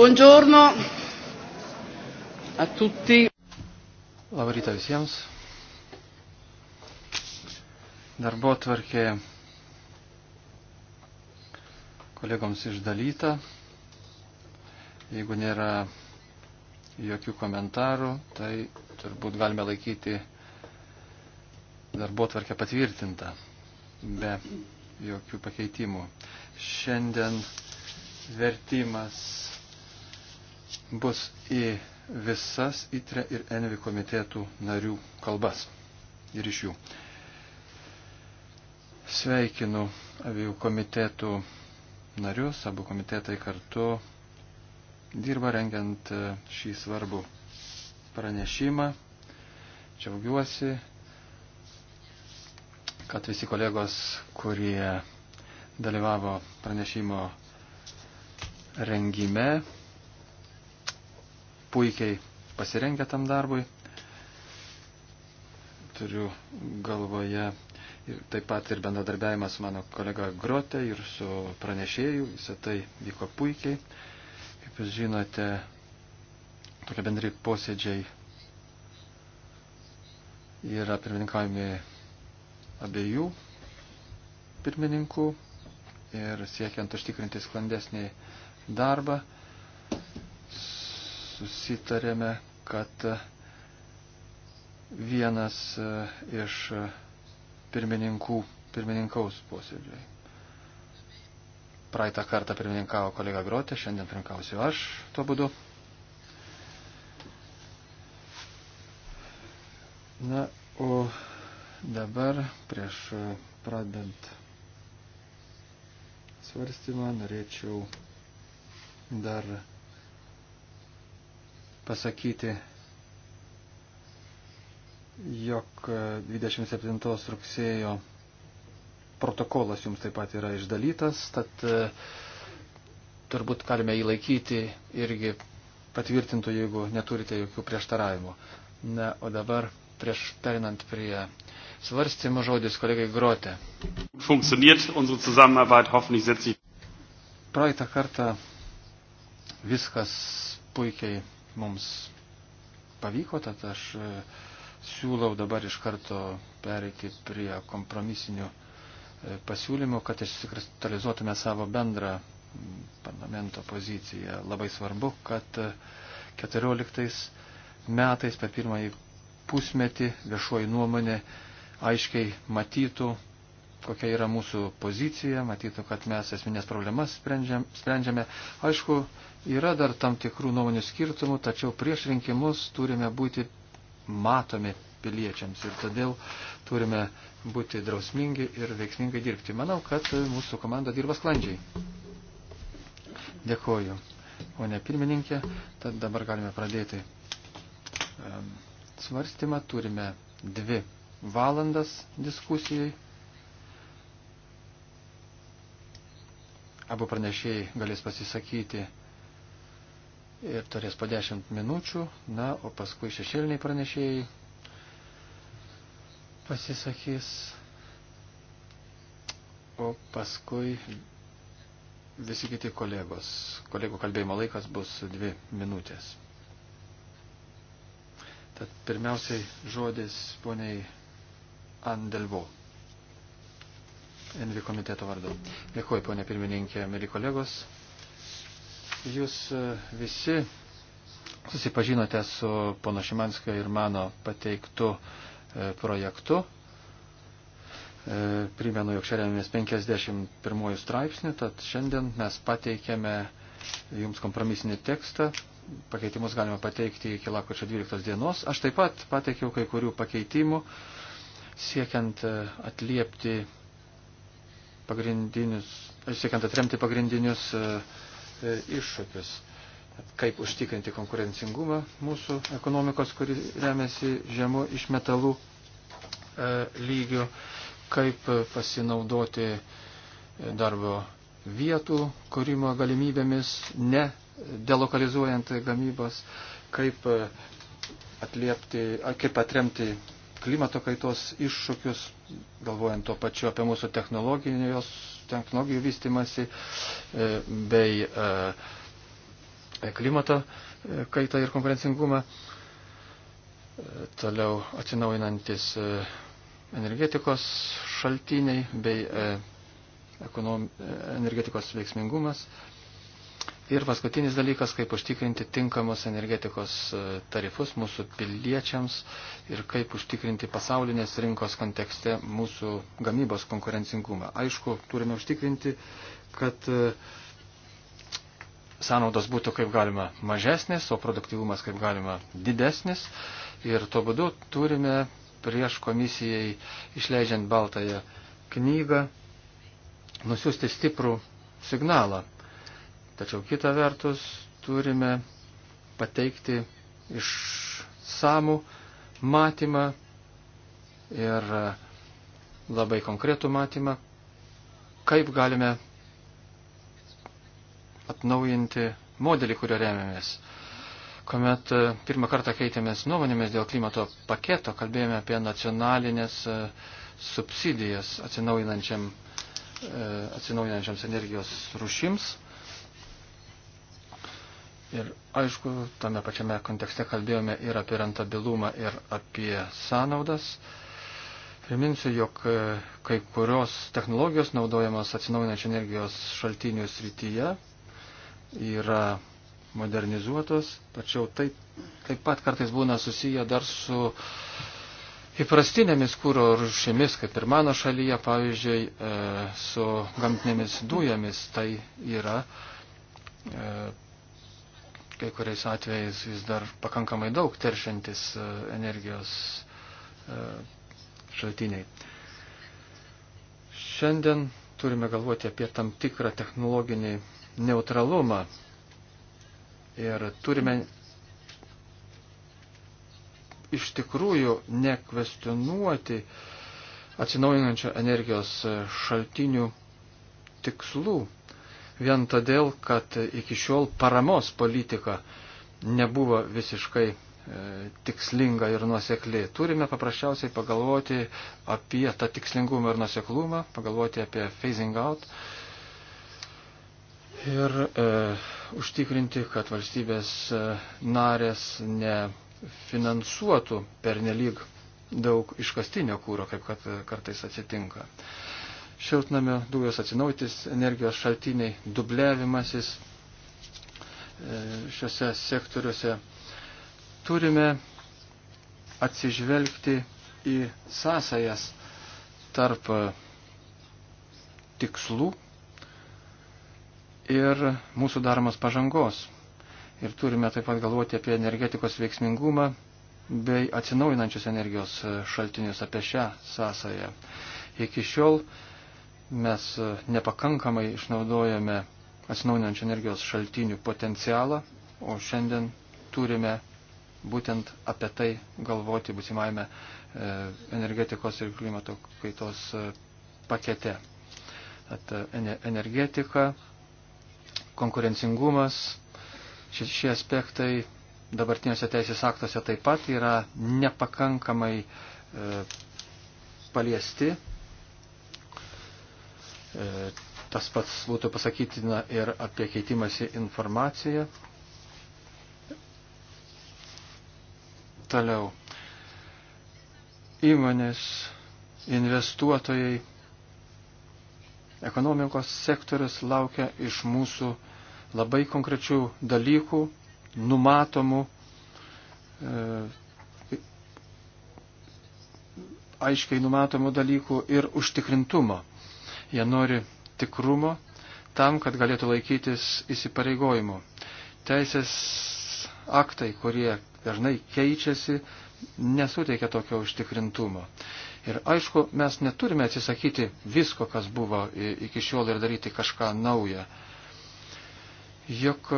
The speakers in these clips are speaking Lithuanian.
Buongiorno a tutti. Labą rytą visiems. Darbo tvarkė kolegoms išdalyta. Jeigu nėra jokių komentarų, tai turbūt galime laikyti darbo tvarkę patvirtintą be jokių pakeitimų. Šiandien vertimas bus į visas ITRE ir ENVI komitetų narių kalbas ir iš jų. Sveikinu abiejų komitetų narius, abu komitetai kartu dirba rengiant e, šį svarbų pranešimą. Džiaugiuosi, kad visi kolegos, kurie dalyvavo pranešimo rengime, puikiai pasirengę tam darbui. Turiu galvoje ir taip pat ir bendradarbiavimas mano kolega Grote ir su pranešėju, visą tai vyko puikiai. Kaip jūs žinote, tokie bendri posėdžiai yra pirmininkavimi abiejų pirmininkų ir siekiant užtikrinti sklandesnį darbą susitarėme, kad vienas iš pirmininkų pirmininkaus posėdžiai. Praeitą kartą pirmininkavo kolega Grotė, šiandien pirmininkausiu aš tuo būdu. Na, o dabar prieš pradant svarstymą norėčiau dar pasakyti, jog 27 rugsėjo protokolas jums taip pat yra išdalytas, tad e, turbūt galime jį laikyti irgi patvirtintų, jeigu neturite jokių prieštaravimų. Na, o dabar prieš perinant prie svarstymo žodis kolegai Grote. Praeitą kartą viskas puikiai mums pavyko, tad aš e, siūlau dabar iš karto pereiti prie kompromisinių e, pasiūlymų, kad išsikristalizuotume savo bendrą parlamento poziciją. Labai svarbu, kad 14 e, metais per pirmąjį pusmetį viešoji nuomonė aiškiai matytų, kokia yra mūsų pozicija, matytų, kad mes esminės problemas sprendžiam, sprendžiame. Aišku, Yra dar tam tikrų nuomonių skirtumų, tačiau prieš rinkimus turime būti matomi piliečiams ir todėl turime būti drausmingi ir veiksmingai dirbti. Manau, kad mūsų komanda dirba sklandžiai. Dėkoju, o ne pirmininkė, tad dabar galime pradėti svarstymą. Turime dvi valandas diskusijai. Abu pranešėjai galės pasisakyti ir turės po 10 minučių, na, o paskui šešėliniai pranešėjai pasisakys, o paskui visi kiti kolegos. Kolegų kalbėjimo laikas bus dvi minutės. Tad pirmiausiai žodis poniai Andelvo. Envi komiteto vardu. Dėkuoju, ponė pirmininkė, mėly kolegos. Jūs e, visi susipažinote su pono Šimanskio ir mano pateiktu e, projektu. E, primenu, jog šiandienomės 51 straipsnių, tad šiandien mes pateikėme jums kompromisinį tekstą. Pakeitimus galima pateikti iki lakočio 12 dienos. Aš taip pat pateikiau kai kurių pakeitimų, siekiant atliepti pagrindinius, siekiant atremti pagrindinius uh, E, iššūkius. Kaip užtikrinti konkurencingumą mūsų ekonomikos, kuri remiasi žemų išmetalų e, lygių, kaip pasinaudoti e, darbo vietų kūrimo galimybėmis, ne delokalizuojant gamybos, kaip atliepti, kaip atremti klimato kaitos iššūkius, galvojant to pačiu apie mūsų technologijų vystimasi e, bei e, e, klimato kaitą ir konkurencingumą. Toliau atsinaujinantis energetikos šaltiniai bei energetikos veiksmingumas. Ir paskutinis dalykas, kaip užtikrinti tinkamus energetikos e, tarifus mūsų piliečiams ir kaip užtikrinti pasaulinės rinkos kontekste mūsų gamybos konkurencingumą. Aišku, turime užtikrinti, kad e, sąnaudos būtų kaip galima mažesnės, o produktyvumas kaip galima didesnis. Ir tuo būdu turime prieš komisijai išleidžiant baltąją knygą nusiųsti stiprų signalą Tačiau kita vertus turime pateikti iš samų matymą ir labai konkretų matymą, kaip galime atnaujinti modelį, kurio remiamės. Komet e, pirmą kartą keitėmės nuomonėmis dėl klimato paketo, kalbėjome apie nacionalinės e, subsidijas atsinaujinančiam, e, atsinaujinančiams energijos rušims. Ir aišku, tame pačiame kontekste kalbėjome ir apie rentabilumą, ir apie sąnaudas. Priminsiu, jog e, kai kurios technologijos naudojamos atsinaujinančių energijos šaltinių srityje yra modernizuotos, tačiau tai taip pat kartais būna susiję dar su įprastinėmis kūro rušimis, kaip ir mano šalyje, pavyzdžiui, e, su gamtinėmis dujomis. Tai yra e, kai kuriais atvejais jis dar pakankamai daug teršiantis e, energijos e, šaltiniai. Šiandien turime galvoti apie tam tikrą technologinį neutralumą ir turime iš tikrųjų nekvestionuoti atsinaujinančio energijos šaltinių tikslų vien todėl, kad iki šiol paramos politika nebuvo visiškai e, tikslinga ir nuosekli. Turime paprasčiausiai pagalvoti apie tą tikslingumą ir nuoseklumą, pagalvoti apie phasing out ir e, užtikrinti, kad valstybės e, narės nefinansuotų pernelyg daug iškastinio kūro, kaip kad kartais atsitinka. E, šiltnamio dujos atsinautis energijos šaltiniai, dubliavimasis e, šiuose sektoriuose. Turime atsižvelgti į sąsajas tarp tikslų ir mūsų daromos pažangos. Ir turime taip pat galvoti apie energetikos veiksmingumą bei atsinaujinančius energijos šaltinius apie šią sąsają. Iki šiol Mes e, nepakankamai išnaudojame atsinaujinančių energijos šaltinių potencialą, o šiandien turime būtent apie tai galvoti būsimajame e, energetikos ir klimato kaitos e, pakete. At energetika, konkurencingumas, šie aspektai dabartiniuose teisės aktuose taip pat yra nepakankamai paliesti E, tas pats būtų pasakytina ir apie keitimąsi informaciją. Toliau. Įmonės, investuotojai, ekonomikos sektorius laukia iš mūsų labai konkrečių dalykų, numatomų, e, aiškiai numatomų dalykų ir užtikrintumo. Jie nori tikrumo tam, kad galėtų laikytis įsipareigojimų. Teisės aktai, kurie dažnai keičiasi, nesuteikia tokio užtikrintumo. Ir aišku, mes neturime atsisakyti visko, kas buvo iki šiol ir daryti kažką naują. Juk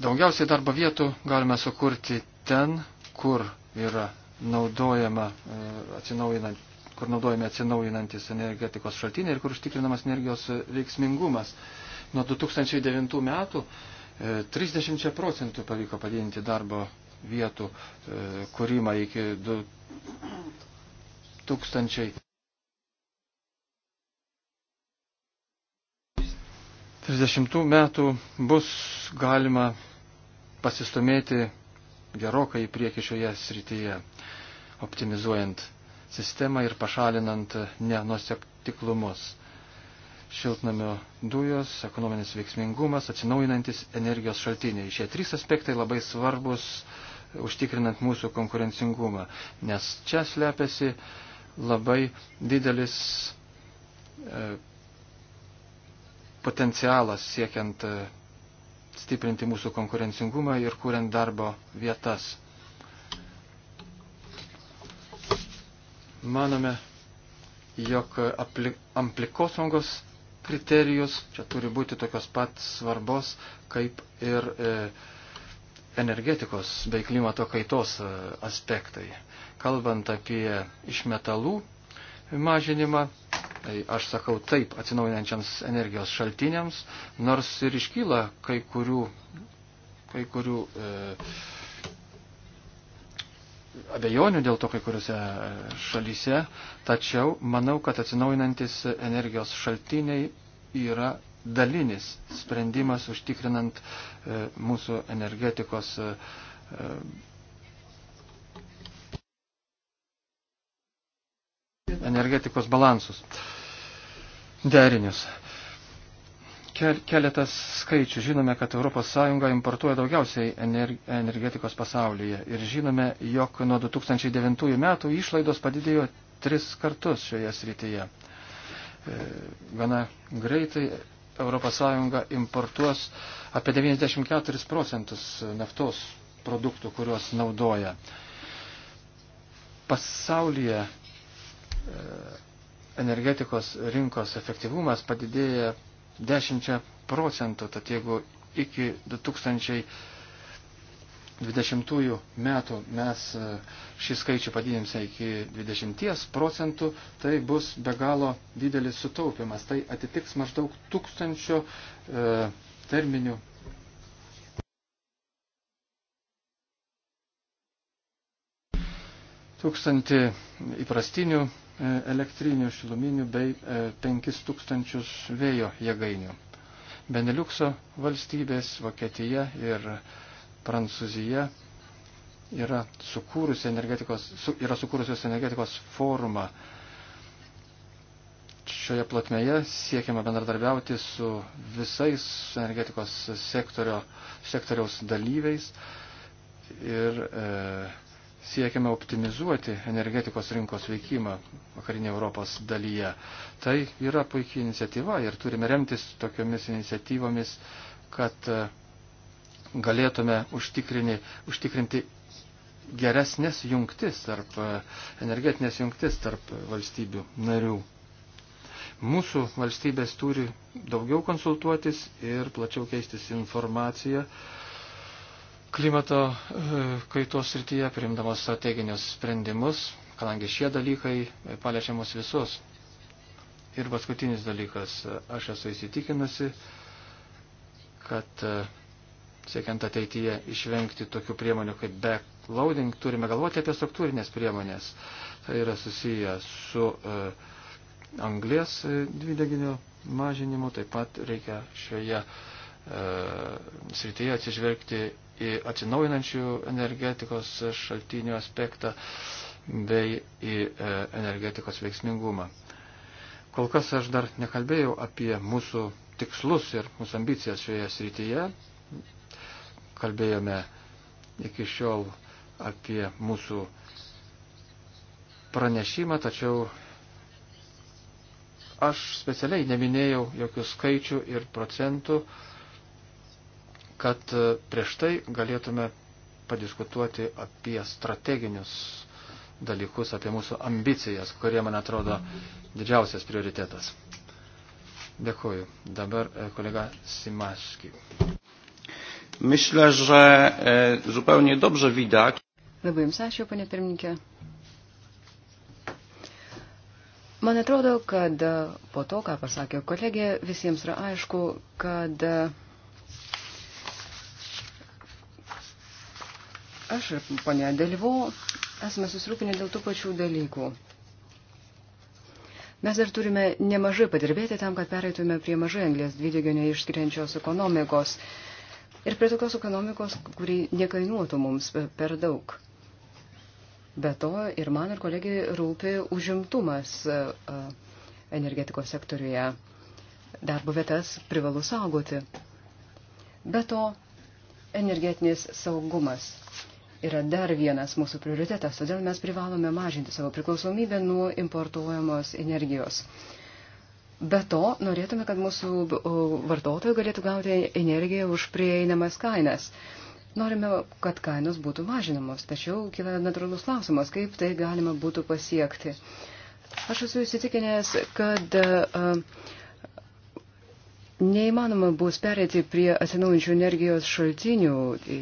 daugiausiai darbo vietų galime sukurti ten, kur yra naudojama e, atsinaujinant kur naudojami atsinaujinantis energetikos šaltiniai ir kur užtikrinamas energijos veiksmingumas. Nuo 2009 metų 30 e, procentų pavyko padidinti darbo vietų e, kūrimą iki 2000. 30 metų bus galima pasistumėti gerokai į priekį šioje srityje, optimizuojant sistemą ir pašalinant nenusektiklumus. Šiltnamio dujos, ekonominis veiksmingumas, atsinaujinantis energijos šaltiniai. Šie trys aspektai labai svarbus e, užtikrinant mūsų konkurencingumą, nes čia slepiasi labai didelis e, potencialas siekiant e, stiprinti mūsų konkurencingumą ir kuriant darbo vietas. manome, jog aplikosaugos kriterijus čia turi būti tokios pat svarbos, kaip ir e, energetikos bei klimato kaitos e, aspektai. Kalbant apie išmetalų mažinimą, tai aš sakau taip atsinaujinančiams energijos šaltiniams, nors ir iškyla kai kurių, kai kurių e, abejonių dėl to kai kuriuose šalyse, tačiau manau, kad atsinaujinantis energijos šaltiniai yra dalinis sprendimas užtikrinant e, mūsų energetikos e, e, energetikos balansus, derinius keletas skaičių. Žinome, kad ES importuoja daugiausiai energetikos pasaulyje ir žinome, jog nuo 2009 metų išlaidos padidėjo tris kartus šioje srityje. E, gana greitai ES importuos apie 94 procentus naftos produktų, kuriuos naudoja. Pasaulyje e, energetikos rinkos efektyvumas padidėja 10 procentų, tad jeigu iki 2020 metų mes e, šį skaičių padidinsime iki 20 procentų, tai bus be galo didelis sutaupimas. Tai atitiks maždaug tūkstančio e, terminių tūkstantį įprastinių e, elektrinių, šiluminių bei 5000 e, vėjo jėgainių. Beneliukso valstybės, Vokietija ir Prancūzija yra, sukūrusi energetikos, su, yra sukūrusios energetikos forumą. Šioje plotmėje siekiama bendradarbiauti su visais energetikos sektorio, sektoriaus dalyviais ir e, siekiame optimizuoti energetikos rinkos veikimą vakarinė Europos dalyje. Tai yra puikia iniciatyva ir turime remtis tokiomis iniciatyvomis, kad e, galėtume užtikrinti geresnės jungtis tarp, e, energetinės jungtis tarp valstybių narių. Mūsų valstybės turi daugiau konsultuotis ir plačiau keistis informaciją klimato e, kaitos srityje, priimdamas strateginius sprendimus, kadangi šie dalykai e, paliečia mus visus. Ir paskutinis dalykas, e, aš esu įsitikinusi, kad siekiant ateityje išvengti tokių priemonių kaip backloading, turime galvoti apie struktūrinės priemonės. Tai yra susiję su uh, anglės dvideginio mažinimu, taip pat reikia šioje uh, E, srityje atsižvelgti į atsinaujinančių energetikos šaltinių aspektą bei į e, energetikos veiksmingumą. Kol kas aš dar nekalbėjau apie mūsų tikslus ir mūsų ambicijas šioje srityje. Kalbėjome iki šiol apie mūsų pranešimą, tačiau aš specialiai neminėjau jokių skaičių ir procentų, uh, kad e, prieš tai galėtume padiskutuoti apie strateginius dalykus, apie mūsų ambicijas, kurie, man atrodo, didžiausias prioritetas. Dėkuoju. Dabar e, kolega Simaški. Myślę, że e, zupełnie dobrze widać. Labai jums ačiū, panė pirmininkė. Man atrodo, kad e, po to, ką pasakė kolegė, visiems yra aišku, kad e, Aš ir ponė dalyvau, esame susirūpinę dėl tų pačių dalykų. Mes dar turime nemažai padirbėti tam, kad pereitume prie mažai anglės dvideginio neišskiriančios ekonomikos ir prie tokios ekonomikos, kuri nekainuotų mums per daug. Be to ir man ir kolegiai rūpi užimtumas e, e, energetikos sektoriuje. Darbo vietas privalu saugoti. Be to energetinis saugumas yra dar vienas mūsų prioritetas, todėl mes privalome mažinti savo priklausomybę nuo importuojamos energijos. Be to, norėtume, kad mūsų vartotojai galėtų gauti energiją už prieinamas kainas. Norime, kad kainos būtų mažinamos, tačiau kyla natūralus klausimas, kaip tai galima būtų pasiekti. Aš esu įsitikinęs, kad neįmanoma bus perėti prie atsinaujančių energijos šaltinių. Tai,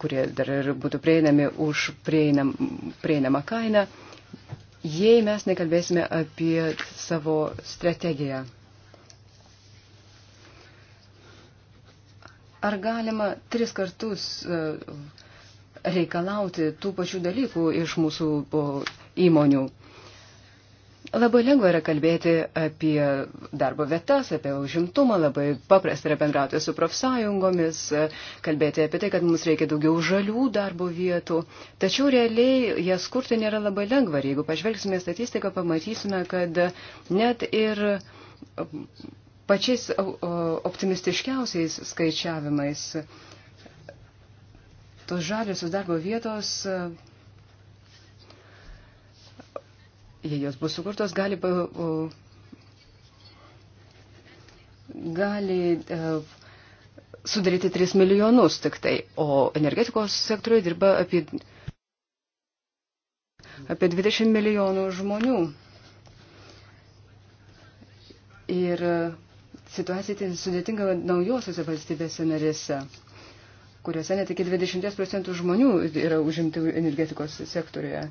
kurie dar ir būtų prieinami už prieinam, prieinamą kainą, jei mes nekalbėsime apie savo strategiją. Ar galima tris kartus e, reikalauti tų pačių dalykų iš mūsų įmonių? Labai lengva yra kalbėti apie darbo vietas, apie užimtumą, labai paprasta yra bendrauti su profsąjungomis, kalbėti apie tai, kad mums reikia daugiau žalių darbo vietų. Tačiau realiai jas kurti nėra labai lengva. Ir jeigu pažvelgsime statistiką, pamatysime, kad net ir pačiais optimistiškiausiais skaičiavimais tos žaliosios darbo vietos jei jos bus sukurtos, gali, gali e, sudaryti 3 milijonus tik tai, o energetikos sektoriuje dirba apie, apie 20 milijonų žmonių. Ir situacija ten sudėtinga naujosiuose valstybėse narėse, kuriuose net iki 20 procentų žmonių yra užimti energetikos sektoriuje.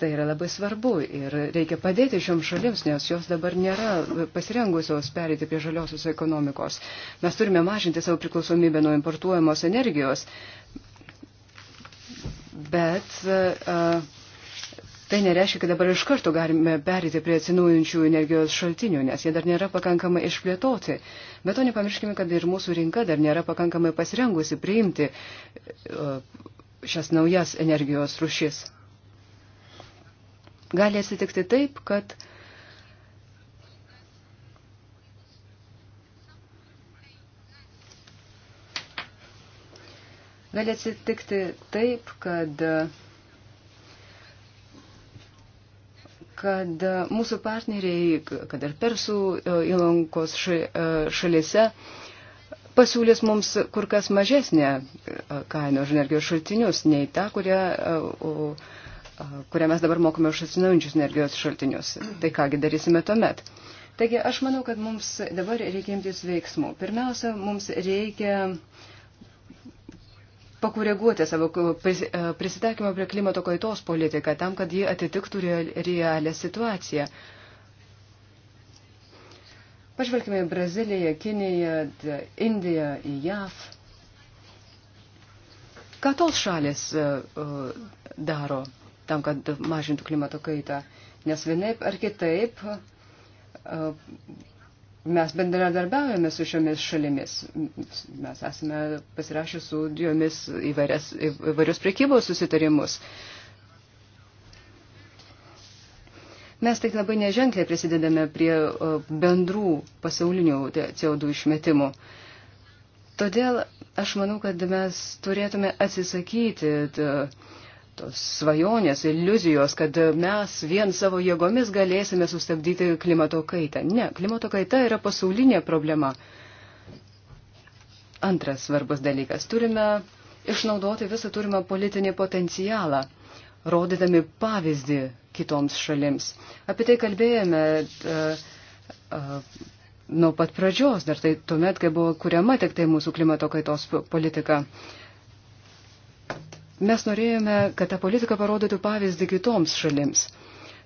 Tai yra labai svarbu ir reikia padėti šioms šalims, nes jos dabar nėra pasirengusios perėti prie žaliosios ekonomikos. Mes turime mažinti savo priklausomybę nuo importuojamos energijos, bet a, tai nereiškia, kad dabar iš karto galime perėti prie atsinaujančių energijos šaltinių, nes jie dar nėra pakankamai išplėtoti. Bet to nepamirškime, kad ir mūsų rinka dar nėra pakankamai pasirengusi priimti a, šias naujas energijos rušis gali atsitikti taip, kad gali atsitikti taip, kad kad mūsų partneriai, kad ir persų e, įlankos e, šalyse, pasiūlys mums kur kas mažesnę e, kainą už energijos šaltinius nei tą, kurią kurią mes dabar mokome už atsinaujančius energijos šaltinius. Tai kągi darysime tuomet. Taigi aš manau, kad mums dabar reikia imtis veiksmų. Pirmiausia, mums reikia pakoreguoti savo prisitaikymą prie klimato kaitos politiką tam, kad ji atitiktų realią situaciją. Pažvelkime į Braziliją, Kiniją, Indiją, į JAV. Ką tos šalis daro? tam, kad mažintų klimato kaitą. Nes vienaip ar kitaip mes bendradarbiaujame su šiomis šalimis. Mes esame pasirašę su jomis įvairias, įvairius prekybos susitarimus. Mes tik labai neženkliai prisidedame prie bendrų pasaulinių CO2 išmetimų. Todėl aš manau, kad mes turėtume atsisakyti. Tė, tos svajonės, iliuzijos, kad mes vien savo jėgomis galėsime sustabdyti klimato kaitą. Ne, klimato kaita yra pasaulinė problema. Antras svarbus dalykas. Turime išnaudoti visą turimą politinį potencialą, rodydami pavyzdį kitoms šalims. Apie tai kalbėjome uh, uh, nuo pat pradžios, dar tai tuomet, kai buvo kuriama tik tai mūsų klimato kaitos politika. Uh, Mes norėjome, kad ta politika parodytų pavyzdį kitoms šalims.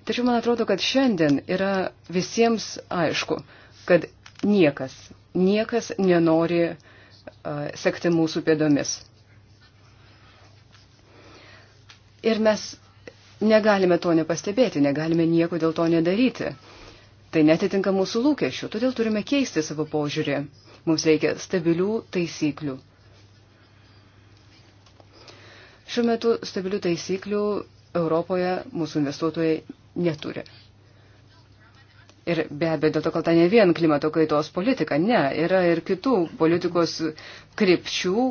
Tačiau man atrodo, kad šiandien yra visiems aišku, kad niekas, niekas nenori uh, sekti mūsų pėdomis. Ir mes negalime to nepastebėti, negalime nieko dėl to nedaryti. Tai netitinka mūsų lūkesčių, todėl turime keisti savo požiūrį. Mums reikia stabilių taisyklių, Šiuo metu stabilių taisyklių Europoje mūsų investuotojai neturi. Ir be abejo, dėl to kalta ne vien klimato kaitos politika, ne, yra ir kitų politikos krypčių,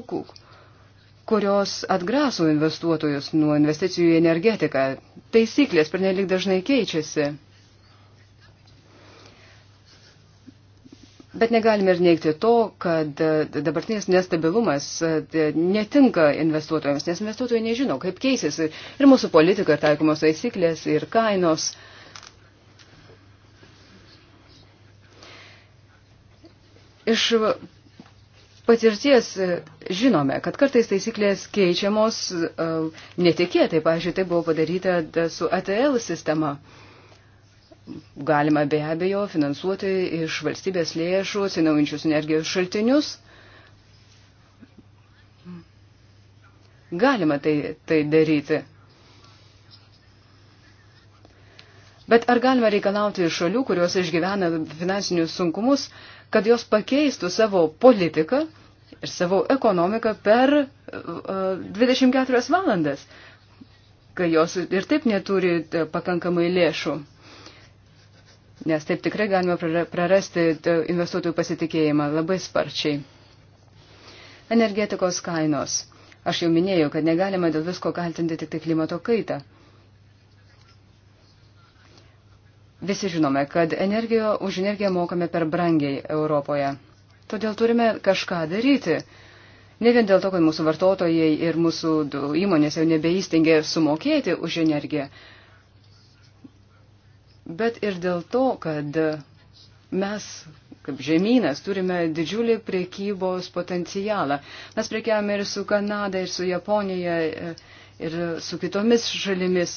kurios atgraso investuotojus nuo investicijų į energetiką. Taisyklės pernelik dažnai keičiasi. Bet negalime ir neigti to, kad e, dabartinis nestabilumas e, netinka investuotojams, nes investuotojai nežino, kaip keisis ir mūsų politika, ir taikomos taisyklės, ir kainos. Iš patirties e, žinome, kad kartais taisyklės keičiamos netikėtai, pavyzdžiui, tai buvo padaryta su ATL sistema galima be abejo finansuoti iš valstybės lėšų atsinaujančius energijos šaltinius. Galima tai, tai daryti. Bet ar galima reikalauti iš šalių, kurios išgyvena finansinius sunkumus, kad jos pakeistų savo politiką ir savo ekonomiką per e, uh, 24 valandas, kai jos ir taip neturi e, pakankamai lėšų? nes taip tikrai galime prarasti e, investuotojų pasitikėjimą labai sparčiai. Energetikos kainos. Aš jau minėjau, kad negalima dėl visko kaltinti tik tai klimato kaitą. Visi žinome, kad energijo, už energiją mokame per brangiai Europoje. Todėl turime kažką daryti. Ne vien dėl to, kad mūsų vartotojai ir mūsų įmonės jau nebeįstingė sumokėti už energiją, bet ir dėl to, kad mes kaip žemynas turime didžiulį priekybos potencialą. Mes priekiavame ir su Kanada, ir su Japonija, e, ir su kitomis šalimis.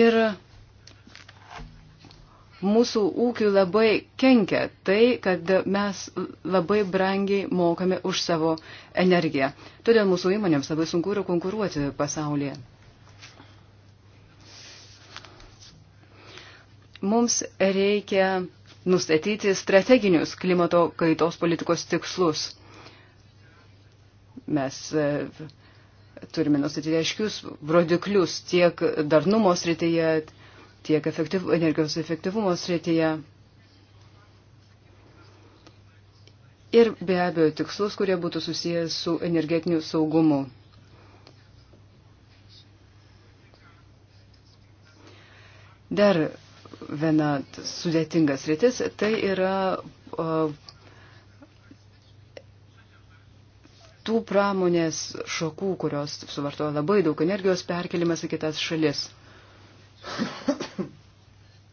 Ir mūsų ūkiu labai kenkia tai, kad mes labai brangiai mokame už savo energiją. Todėl mūsų įmonėms labai sunku yra konkuruoti pasaulyje. mums reikia nustatyti strateginius klimato kaitos politikos tikslus. Mes e, turime nustatyti aiškius rodiklius tiek darnumo srityje, tiek efektyv, energijos efektyvumo srityje. Ir be abejo tikslus, kurie būtų susijęs su energetiniu saugumu. Dar viena sudėtingas rytis, tai yra tų pramonės šakų, kurios suvartoja labai daug energijos perkelimas į kitas šalis.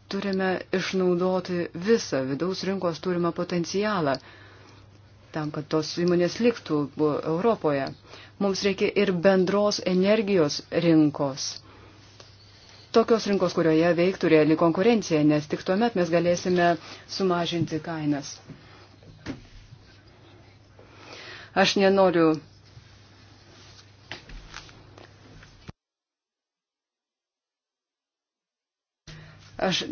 Turime išnaudoti visą vidaus rinkos turimą potencialą tam, kad tos įmonės liktų Europoje. Mums reikia ir bendros energijos rinkos tokios rinkos, kurioje veiktų reali konkurencija, nes tik tuomet mes galėsime sumažinti kainas. Aš nenoriu. Aš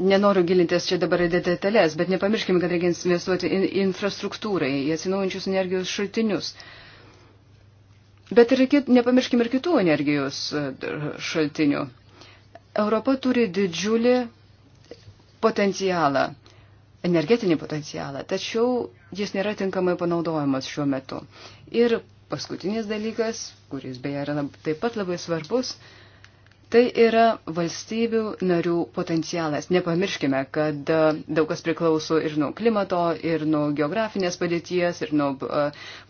nenoriu gilintis čia dabar į detalės, bet nepamirškime, kad reikia investuoti in infrastruktūrai, į atsinaujančius energijos šaltinius. Uh, Bet ir kit, nepamirškime ir kitų energijos e, šaltinių. Europa turi didžiulį potencialą, energetinį potencialą, tačiau jis nėra tinkamai panaudojamas šiuo metu. Ir paskutinis dalykas, kuris beje yra taip pat labai svarbus, tai yra valstybių narių potencialas. Nepamirškime, kad e, daug kas priklauso ir nuo klimato, ir nuo geografinės padėties, ir nuo e,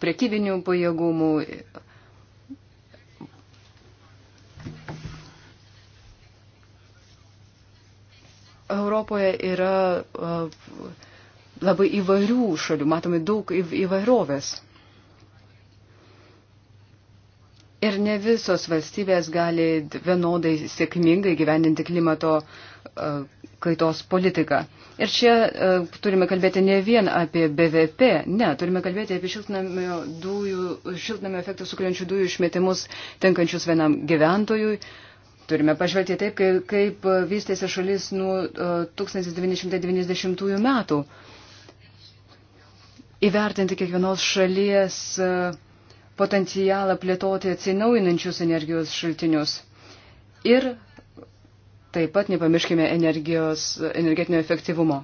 prekybinių pajėgumų. Ir Europoje yra labai įvairių šalių, matome daug įvairovės. Ir ne visos valstybės gali vienodai sėkmingai gyvendinti klimato kaitos politiką. Ir čia uh, turime kalbėti ne vien apie BVP, ne, turime kalbėti apie šiltnamio, dujų, šiltnamio efektą sukeliančių dujų išmetimus tenkančius vienam gyventojui, uh, turime pažvelgti taip, kaip, kaip vystėsi šalis nuo 1990 e, metų. Įvertinti kiekvienos šalies e, potencialą plėtoti atsinaujinančius energijos šaltinius. Ir taip pat nepamirškime energijos, energetinio efektyvumo.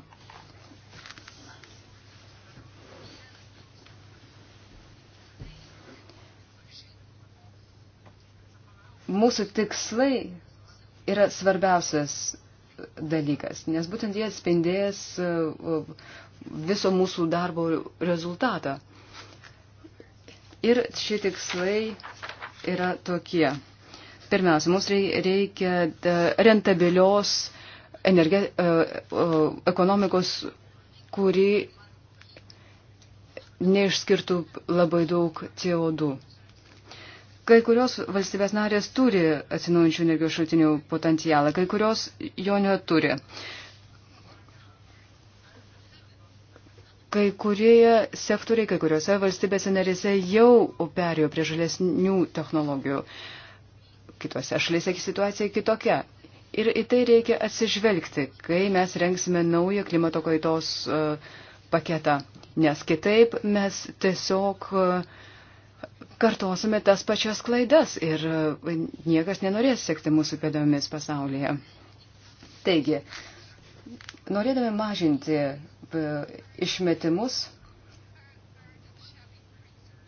mūsų tikslai yra svarbiausias dalykas, nes būtent jie atspindės uh, viso mūsų darbo rezultatą. Ir šie tikslai yra tokie. Pirmiausia, mums reikia uh, rentabilios energe, uh, ekonomikos, kuri neišskirtų labai daug CO2. Kai kurios valstybės narės turi atsinaujančių energijos šaltinių potencialą, kai kurios jo neturi. Kai kurie sektoriai, kai kuriuose valstybėse narėse jau perėjo prie žalesnių technologijų. Kitose šalyse situacija kitokia. Ir į tai reikia atsižvelgti, kai mes rengsime naują klimato kaitos e, paketą. Nes kitaip mes tiesiog uh, kartosime tas pačias klaidas ir e, niekas nenorės sekti mūsų pėdomis pasaulyje. Taigi, norėdami mažinti e, išmetimus,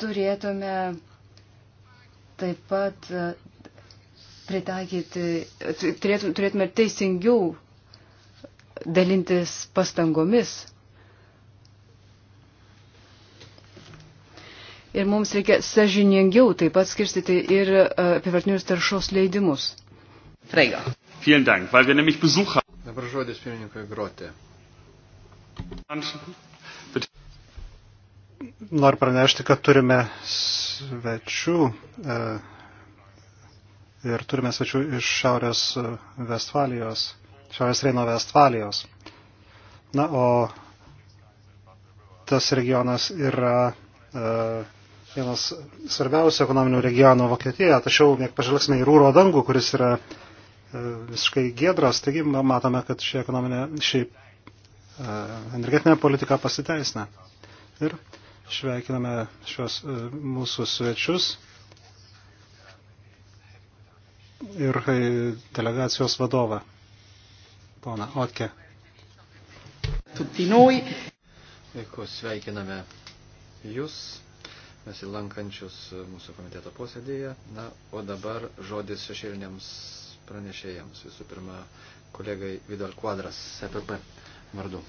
turėtume taip pat e, pritaikyti, turėtume teisingiau dalintis pastangomis Ir mums reikia sažiningiau taip pat skirstyti ir e, apivartinius taršos leidimus. Freigo. Vielen Dank, weil wir nämlich Besuch haben. Dabar žodis pirmininkui Grotė. Noriu pranešti, kad turime svečių e, ir turime svečių iš Šiaurės e, Vestfalijos, Šiaurės Reino Vestfalijos. Na, o tas regionas yra e, vienas svarbiausių ekonominių regionų Vokietijoje, tačiau, jeigu pažvelgsime į rūro dangų, kuris yra e, visiškai giedras, taigi matome, kad ši ekonominė, ši e, energetinė politika pasiteisina. Ir šveikiname šios e, mūsų svečius ir delegacijos vadovą, poną Otke. Tutti noi. Ecco, sveikiname jūs besilankančius mūsų komiteto posėdėje. Na, o dabar žodis šešėliniams pranešėjams. Visų pirma, kolegai Vidal Quadras, CPP e vardu.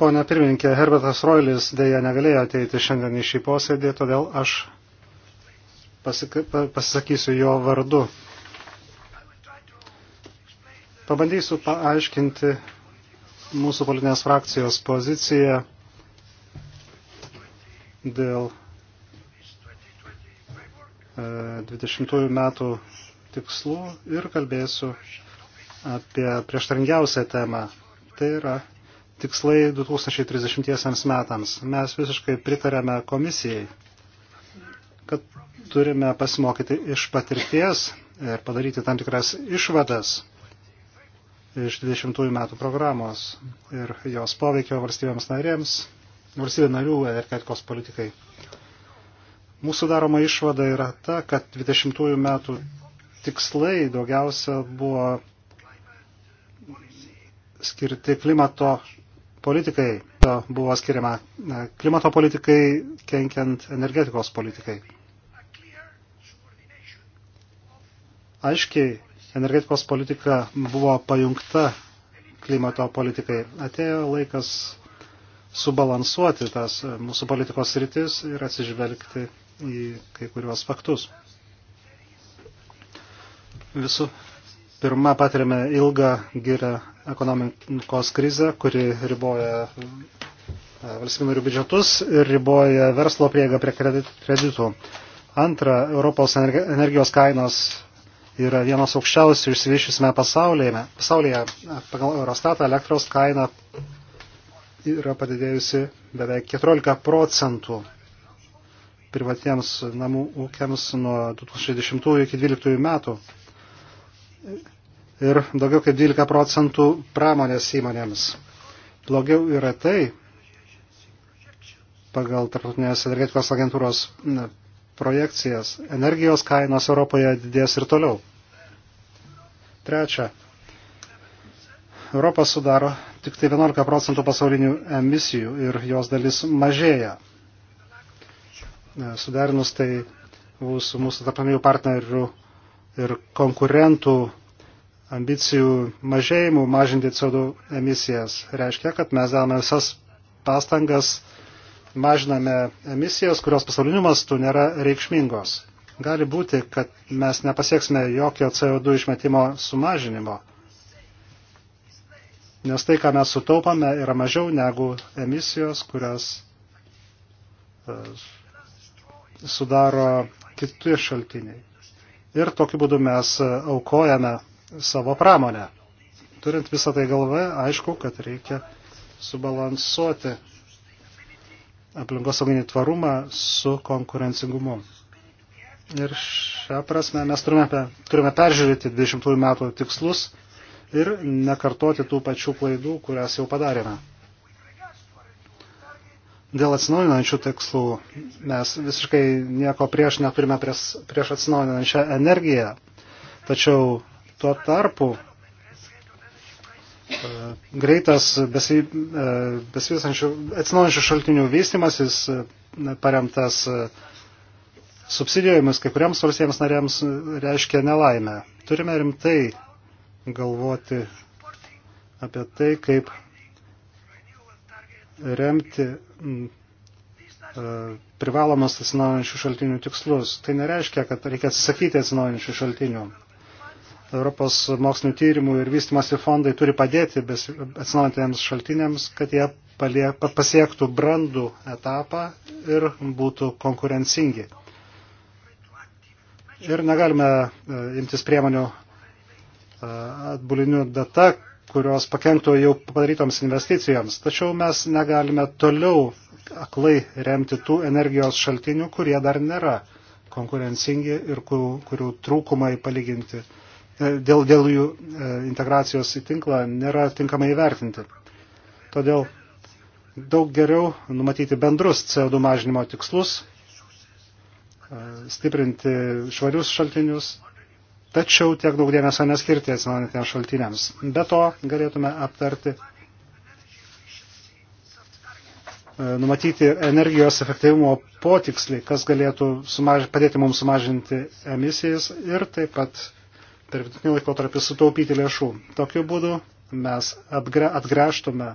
Pone pirmininkė, Herbertas Roilis dėja negalėjo ateiti šiandien į šį posėdį, todėl aš pasisakysiu jo vardu. Pabandysiu paaiškinti mūsų politinės frakcijos poziciją dėl 20 e, metų tikslų ir kalbėsiu apie prieštaringiausią temą. Tai yra tikslai 2030 metams. Mes visiškai pritarėme komisijai, kad turime pasimokyti iš patirties ir padaryti tam tikras išvadas iš 20 metų programos ir jos poveikio valstybėms narėms valstybė narių energetikos politikai. Mūsų daroma išvada yra ta, kad 20 metų tikslai daugiausia buvo skirti klimato politikai, buvo skiriama klimato politikai kenkiant energetikos politikai. Aiškiai, energetikos politika buvo pajungta klimato politikai. Atėjo laikas subalansuoti tas e, mūsų politikos rytis ir atsižvelgti į kai kuriuos faktus. Visų pirma, patiriame ilgą gyrę ekonomikos krizę, kuri riboja e, valstybių narių biudžetus ir riboja verslo prieigą prie kreditų. Antra, Europos energijos kainos yra vienos aukščiausių išsivyšysime pasaulyje. Pasaulyje pagal Eurostatą elektros kaina yra padidėjusi beveik 14 procentų privatiems namų ūkiams nuo 2010 iki 2012 metų ir daugiau kaip 12 procentų pramonės įmonėms. Blogiau yra tai, pagal tarptautinės energetikos agentūros projekcijas, energijos kainos Europoje didės ir toliau. Trečia, Europą sudaro tik tai 11 procentų pasaulinių emisijų ir jos dalis mažėja. E, suderinus tai su mūsų tarptautinių partnerių ir konkurentų ambicijų mažėjimų mažinti CO2 emisijas. Reiškia, kad mes dame visas pastangas, mažiname emisijas, kurios pasauliniu mastu nėra reikšmingos. Gali būti, kad mes nepasieksime jokio CO2 išmetimo sumažinimo nes tai, ką mes sutaupame, yra mažiau negu emisijos, kurias e, sudaro kiti šaltiniai. Ir tokiu būdu mes aukojame savo pramonę. Turint visą tai galvoje, aišku, kad reikia subalansuoti aplinkosauginį tvarumą su konkurencingumu. Ir šią prasme mes turime, turime peržiūrėti 20 metų tikslus ir nekartoti tų pačių klaidų, kurias jau padarėme. Dėl atsinaujinančių tikslų mes visiškai nieko prieš neturime prieš, prieš atsinaujinančią energiją, tačiau tuo tarpu e, greitas e, besivysančių atsinaujančių šaltinių vystimasis e, paremtas subsidijomis kai kuriams valstybėms narėms reiškia nelaimę. Turime rimtai galvoti apie tai, kaip remti e, privalomas atsinaujančių šaltinių tikslus. Tai nereiškia, kad reikia atsisakyti atsinaujančių šaltinių. Europos mokslinių tyrimų ir vystimasi fondai turi padėti atsinaujantiems šaltiniams, kad jie palie, pasiektų brandų etapą ir būtų konkurencingi. Ir negalime e, imtis priemonių atbulinių data, kurios pakenktų jau padarytoms investicijoms. Tačiau mes negalime toliau aklai remti tų energijos šaltinių, kurie dar nėra konkurencingi ir kurių, kurių trūkumai palyginti e, dėl, dėl jų e, integracijos į tinklą nėra tinkamai įvertinti. Todėl daug geriau numatyti bendrus CO2 mažinimo tikslus, e, stiprinti švarius šaltinius tačiau tiek daug dėmesio neskirti atsinaujantiems šaltiniams. Be to galėtume aptarti e, numatyti energijos efektyvumo potikslį, kas galėtų sumaž... padėti mums sumažinti emisijas ir taip pat per vidutinį laikotarpį sutaupyti lėšų. Tokiu būdu mes atgre... atgręžtume,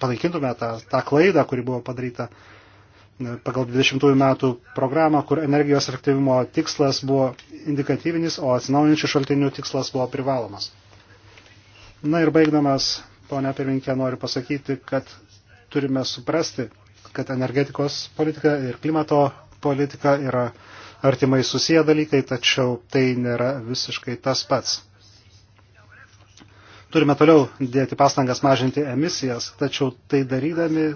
panaikintume tą, tą klaidą, kuri buvo padaryta pagal 20 metų programą, kur energijos efektyvimo tikslas buvo indikatyvinis, o atsinaujinčių šaltinių tikslas buvo privalomas. Na ir baigdamas, ponia pirminkė, noriu pasakyti, kad turime suprasti, kad energetikos politika ir klimato politika yra artimai susiję dalykai, tačiau tai nėra visiškai tas pats. Turime toliau dėti pastangas mažinti emisijas, tačiau tai darydami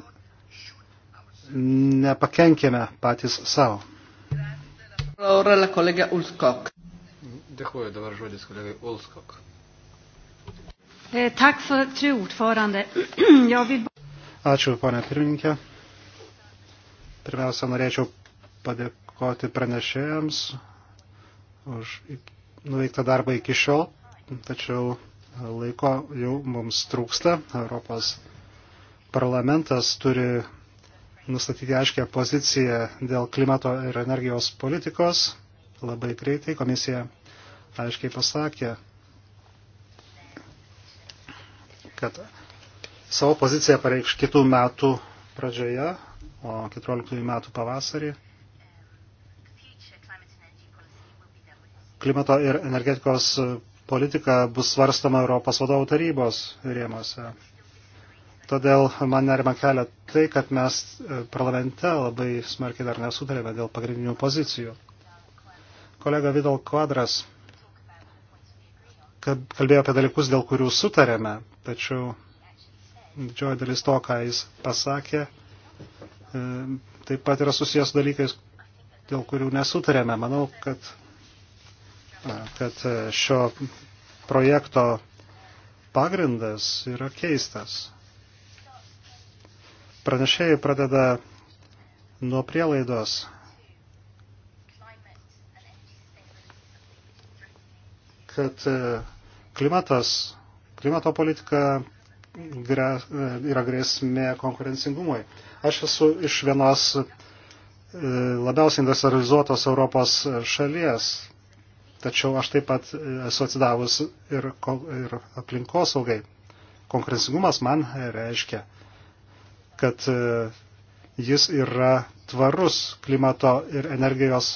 nepakenkėme patys savo. Dėkuoju dabar žodis kolegai Ulskok. Eh, Ačiū, ponė pirmininkė. Pirmiausia, norėčiau padėkoti pranešėjams už nuveiktą darbą iki šiol, tačiau laiko jau mums trūksta. Europos parlamentas turi nustatyti aiškę poziciją dėl klimato ir energijos politikos. Labai greitai komisija aiškiai pasakė, kad savo poziciją pareikš kitų metų pradžioje, o 14 metų pavasarį. Klimato ir energetikos politika bus svarstama Europos vadovų tarybos rėmose. Todėl man nerima kelia tai, kad mes e, parlamente labai smarkiai dar nesutarėme dėl pagrindinių pozicijų. Kolega Vidal Kvadras kalbėjo apie dalykus, dėl kurių sutarėme, tačiau didžioji dalis to, ką jis pasakė, e, taip pat yra susijęs dalykais, dėl kurių nesutarėme. Manau, kad, e, kad šio projekto pagrindas yra keistas. Pranešėjai pradeda nuo prielaidos, kad e, klimatas, klimato politika e, yra grėsmė konkurencingumui. Aš esu iš vienos e, labiausiai industrializuotos Europos šalies, tačiau aš taip pat esu atsidavus ir, ir aplinkosaugai. Konkurencingumas man reiškia kad e, jis yra tvarus klimato ir energijos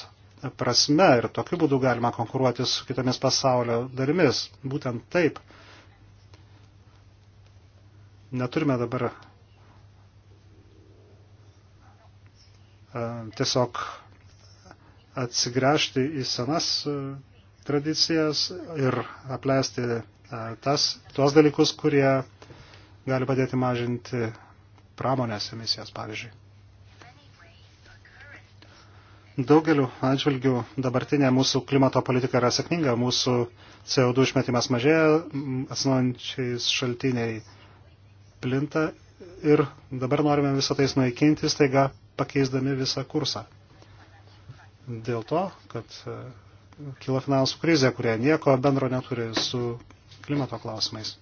prasme ir tokiu būdu galima konkuruoti su kitomis pasaulio dalimis. Būtent taip. Neturime dabar e, tiesiog atsigręžti į senas e, tradicijas ir apleisti tas, tuos dalykus, kurie gali padėti mažinti pramonės emisijas, pavyzdžiui. Daugeliu atžvilgių dabartinė mūsų klimato politika yra sėkminga, mūsų CO2 išmetimas mažėja, atsinaujančiais šaltiniai plinta ir dabar norime visą tai sunaikinti, staiga pakeisdami visą kursą. Dėl to, kad e, kilo finansų krizė, kurie nieko bendro neturi su klimato klausimais.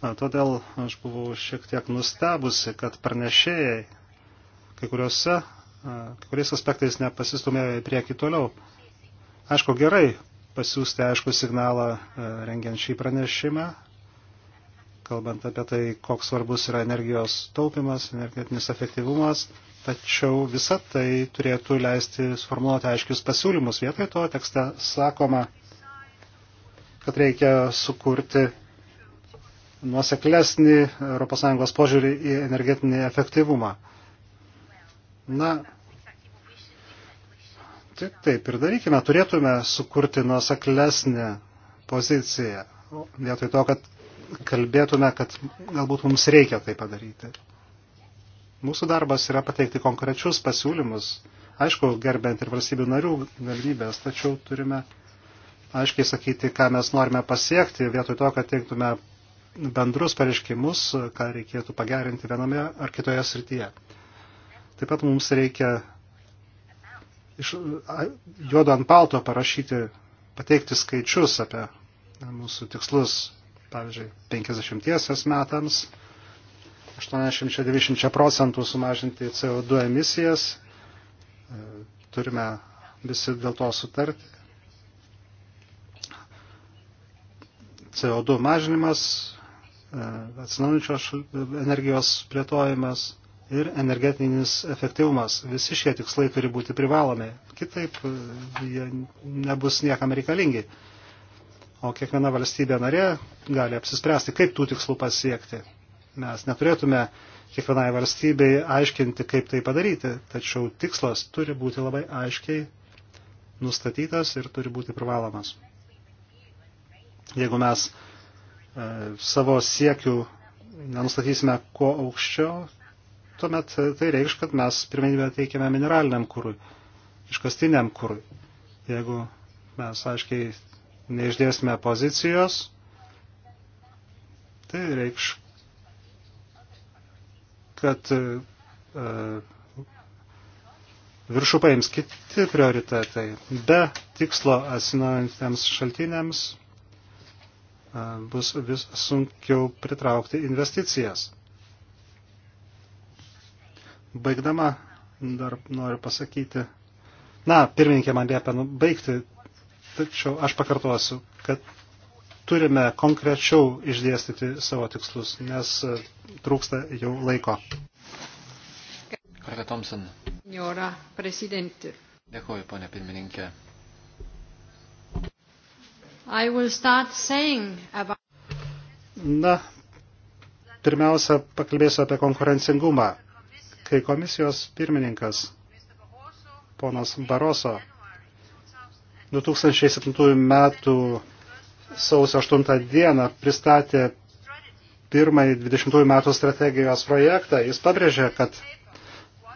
Todėl aš buvau šiek tiek nustebusi, kad pranešėjai kai, kuriuose, kai kuriais aspektais nepasistumėjo į priekį toliau. Aišku, gerai pasiūsti aišku signalą rengiant šį pranešimą, kalbant apie tai, koks svarbus yra energijos taupimas, energetinis efektyvumas, tačiau visa tai turėtų leisti sformuoluoti aiškius pasiūlymus. Vietoj to tekste sakoma, kad reikia sukurti nuoseklesnį ES požiūrį į energetinį efektyvumą. Na, tai taip ir darykime, turėtume sukurti nuoseklesnę poziciją, vietoj to, kad kalbėtume, kad galbūt mums reikia tai padaryti. Mūsų darbas yra pateikti konkrečius pasiūlymus, aišku, gerbent ir valstybių narių galimybės, tačiau turime aiškiai sakyti, ką mes norime pasiekti, vietoj to, kad teiktume bendrus pareiškimus, ką reikėtų pagerinti viename ar kitoje srityje. Taip pat mums reikia iš juodo ant palto parašyti, pateikti skaičius apie mūsų tikslus, pavyzdžiui, 50 metams, 80-90 procentų sumažinti CO2 emisijas, e, turime visi dėl to sutarti. CO2 mažinimas E, atsinaujančios e, energijos plėtojimas ir energetinis efektyvumas. Visi šie tikslai turi būti privalomi, kitaip e, jie nebus niekam reikalingi. O kiekviena valstybė narė gali apsispręsti, kaip tų tikslų pasiekti. Mes neturėtume kiekvienai valstybei aiškinti, kaip tai padaryti, tačiau tikslas turi būti labai aiškiai nustatytas ir turi būti privalomas. Jeigu mes E, savo siekių nenustatysime kuo aukščiau, tuomet e, tai reikš, kad mes pirmenybę teikiame mineraliniam kūrui, iškastiniam kūrui. Jeigu mes aiškiai neišdėsime pozicijos, tai reikš, kad e, viršų paims kiti prioritetai. Be tikslo atsinaujantiems šaltiniams bus vis sunkiau pritraukti investicijas. Baigdama dar noriu pasakyti, na, pirmininkė man liepia nu, baigti, tačiau aš pakartosiu, kad turime konkrečiau išdėstyti savo tikslus, nes trūksta jau laiko. Kolega Thompson. Jora, prezidentė. Dėkuoju, ponė pirmininkė. About... Na, pirmiausia, pakalbėsiu apie konkurencingumą. Kai komisijos pirmininkas, ponas Baroso, 2007 metų sausio 8 dieną pristatė pirmąjį 20 metų strategijos projektą, jis pabrėžė, kad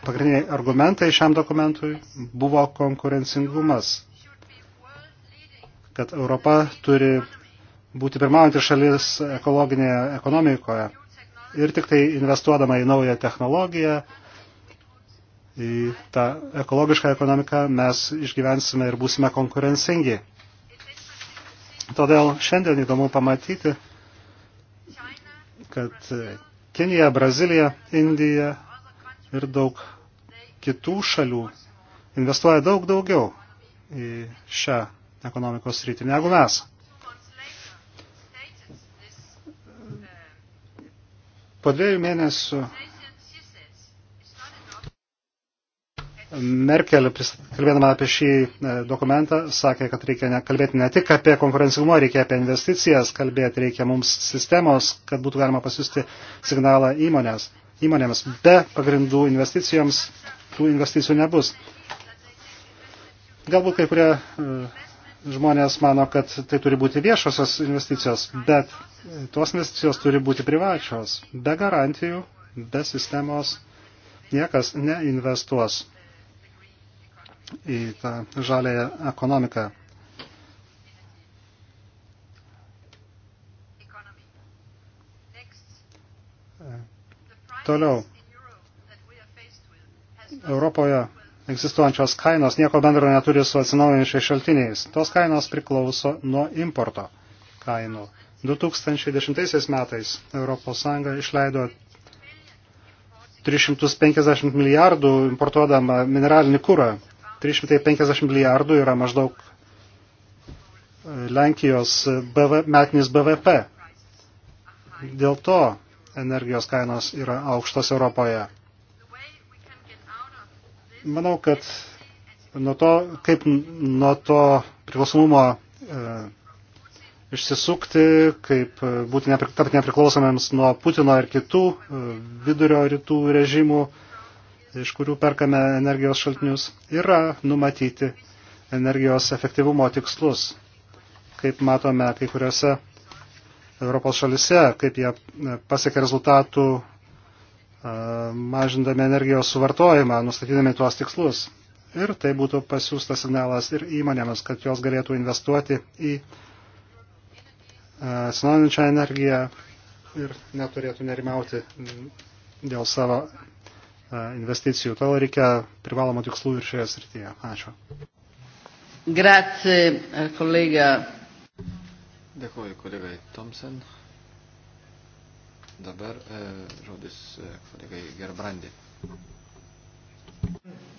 pagrindiniai argumentai šiam dokumentui buvo konkurencingumas kad Europa turi būti pirmaujantį šalis ekologinėje ekonomikoje. Ir tik tai investuodama į naują technologiją, į tą ekologišką ekonomiką mes išgyvensime ir būsime konkurencingi. Todėl šiandien įdomu pamatyti, kad Kinija, Brazilija, Indija ir daug kitų šalių investuoja daug daugiau į šią ekonomikos rytį negu mes. Po dviejų mėnesių Merkel, kalbėdama apie šį e, dokumentą, sakė, kad reikia kalbėti ne tik apie konkurencingumą, reikia apie investicijas kalbėti, reikia mums sistemos, kad būtų galima pasiūsti signalą įmonės. įmonėms. Be pagrindų investicijoms tų investicijų nebus. Galbūt kai kurie e, žmonės mano, kad tai turi būti viešosios investicijos, bet tos investicijos turi būti privačios. Be garantijų, be sistemos niekas neinvestuos į tą žalėją ekonomiką. Toliau. Europoje egzistuojančios kainos nieko bendro neturi su atsinaujančiais šaltiniais. Tos kainos priklauso nuo importo kainų. 2010 metais ES išleido 350 milijardų importuodama mineralinį kūrą. 350 milijardų yra maždaug e, Lenkijos BV, metinis BVP. Dėl to energijos kainos yra aukštos Europoje. Manau, kad nuo to, kaip nuo to priklausomumo e, išsisukti, kaip būti nepri, tapti nepriklausomiems nuo Putino ir kitų e, vidurio rytų režimų, iš kurių perkame energijos šaltinius, yra numatyti energijos efektyvumo tikslus, kaip matome kai kuriuose Europos šalise, kaip jie e, pasiekia rezultatų mažindami energijos suvartojimą, nustatydami tuos tikslus. Ir tai būtų pasiūstas signalas ir įmonėms, kad jos galėtų investuoti į atsinaujinančią energiją ir neturėtų nerimauti dėl savo investicijų. Tol reikia privalomų tikslų ir šioje srityje. Ačiū. Grazie, kolega. Dėkuoju kolegai Thompson. Dabar e, žodis e, kolegai Gerbrandi.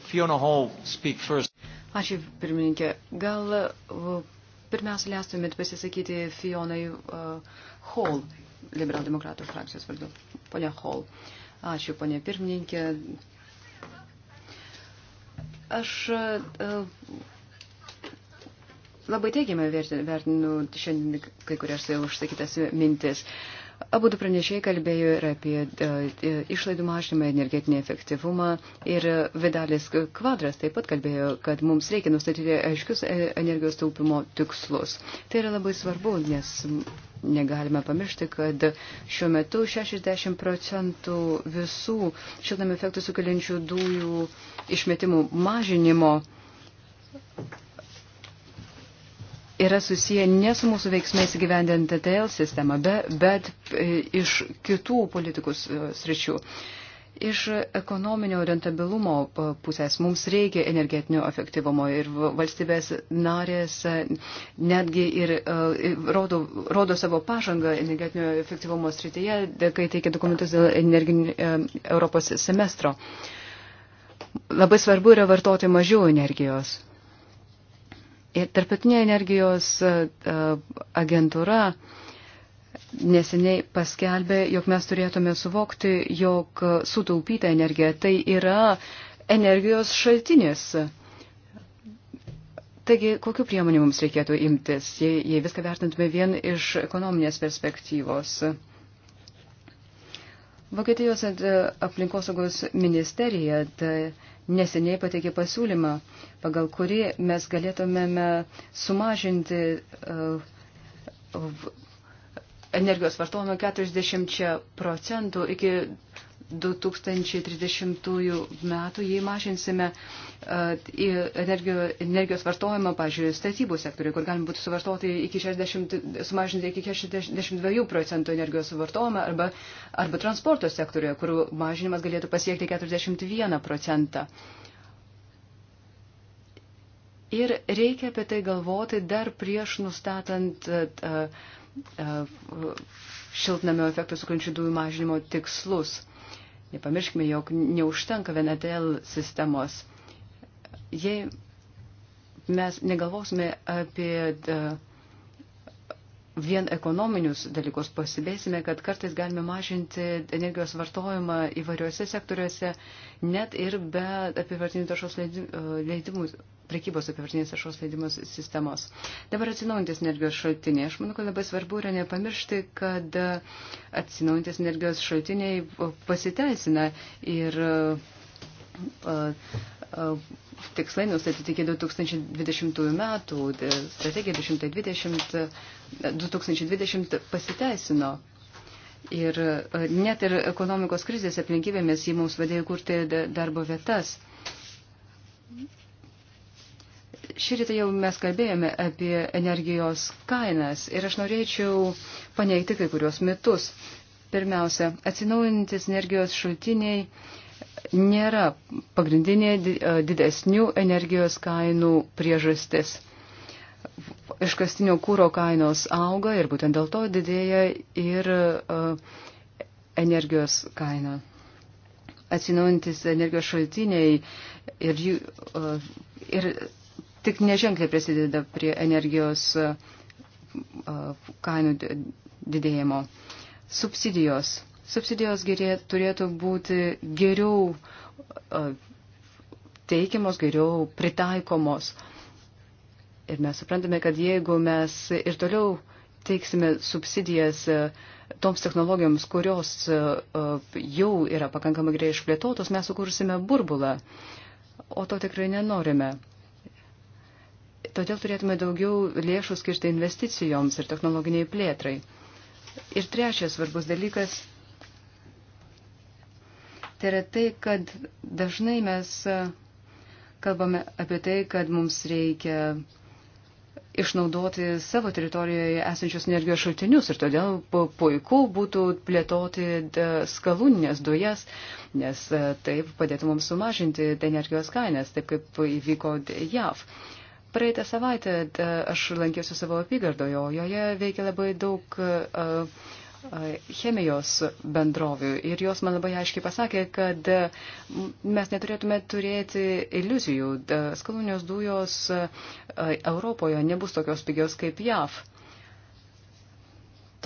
Fiona Hall, speak first. Ačiū, pirmininkė. Gal pirmiausia leistumėt pasisakyti Fionai uh, Hall, liberaldemokratų frakcijos vardu. Pone Hall. Ačiū, ponė pirmininkė. Aš uh, labai teigiamai vertinu šiandien kai kurias užsakytas mintis. Uh, Abu du pranešėjai kalbėjo ir apie e, e, išlaidų mažinimą, energetinį efektyvumą ir Vidalis Kvadras taip pat kalbėjo, kad mums reikia nustatyti aiškius e, energijos taupimo tikslus. Tai yra labai svarbu, nes negalime pamiršti, kad šiuo metu 60 procentų visų šiltnamio efektų sukeliančių dujų išmetimų mažinimo yra susiję ne su mūsų veiksmais gyvendinti TL sistemą, be, bet e, iš kitų politikus e, sričių. Iš ekonominio rentabilumo e, pusės mums reikia energetinio efektyvumo ir valstybės narės netgi ir rodo, rodo savo pažangą energetinio efektyvumo srityje, kai teikia dokumentus dėl energinio Europos semestro. Labai svarbu yra vartoti mažiau energijos. Ir tarptautinė energijos e, e, agentūra neseniai paskelbė, jog mes turėtume suvokti, jog sutaupyta energija tai yra energijos šaltinis. Taigi, kokiu priemonių mums reikėtų imtis, jei, jei viską vertintume vien iš ekonominės perspektyvos? Vokietijos e, aplinkosaugos ministerija tai neseniai pateikė pasiūlymą, pagal kurį mes galėtumėme sumažinti uh, energijos vartojimą 40 procentų iki 2030 metų, jei mažinsime e, energijos vartojimą, pažiūrėjau, statybų sektoriui, kur galima būtų suvartoti iki 60, sumažinti iki 62 procentų energijos vartojimą, arba, arba transporto sektoriuje, kur mažinimas galėtų pasiekti 41 procentą. Ir reikia apie tai galvoti dar prieš nustatant uh, uh, šiltnamio efektą sukrančių dujų mažinimo tikslus. Nepamirškime, jog neužtenka vienatel sistemos. Jei mes negalvosime apie e, vien ekonominius dalykus, pasibėsime, kad kartais galime mažinti energijos vartojimą įvairiuose sektoriuose, net ir be apivartinių taršos e, leidimų prekybos apivartinės taršos leidimus sistemos. Dabar atsinaujantis energijos šaltiniai. Aš manau, kad labai svarbu yra nepamiršti, kad e, atsinaujantis energijos šaltiniai e, pasiteisina ir e, tikslai nustatyti iki 2020 metų, strategija 2020, 2020 pasiteisino. Ir net ir ekonomikos krizės aplinkybėmis jį mums vadėjo kurti darbo vietas. Šį rytą jau mes kalbėjome apie energijos kainas ir aš norėčiau paneigti kai kurios mitus. Pirmiausia, atsinaujantis energijos šaltiniai nėra pagrindinė e, didesnių energijos kainų priežastis. Iškastinio kūro kainos auga ir būtent dėl to didėja ir uh, energijos kaina. Atsinaujantis energijos šaltiniai ir, jų, uh, ir tik neženkliai prisideda prie energijos e, kainų didėjimo. Subsidijos. Subsidijos gerė, turėtų būti geriau teikiamos, geriau pritaikomos. Ir mes suprantame, kad jeigu mes ir toliau teiksime subsidijas e, toms technologijoms, kurios e, jau yra pakankamai gerai išplėtotos, mes sukursime burbulą, o to tikrai nenorime. Todėl turėtume daugiau lėšų skirti investicijoms ir technologiniai plėtrai. Ir trečias svarbus dalykas tai yra tai, kad dažnai mes e, kalbame apie tai, kad mums reikia išnaudoti savo teritorijoje esančius energijos šaltinius ir todėl puiku būtų plėtoti e, skalūninės dujas, nes e, taip padėtų mums sumažinti energijos kainas, taip kaip įvyko JAV. Praeitą savaitę aš lankiausi savo apygardoje, o joje veikia labai daug e, e, chemijos bendrovių ir jos man labai aiškiai pasakė, kad mes neturėtume turėti iliuzijų. Skalūnios dujos e, Europoje nebus tokios pigios kaip JAV.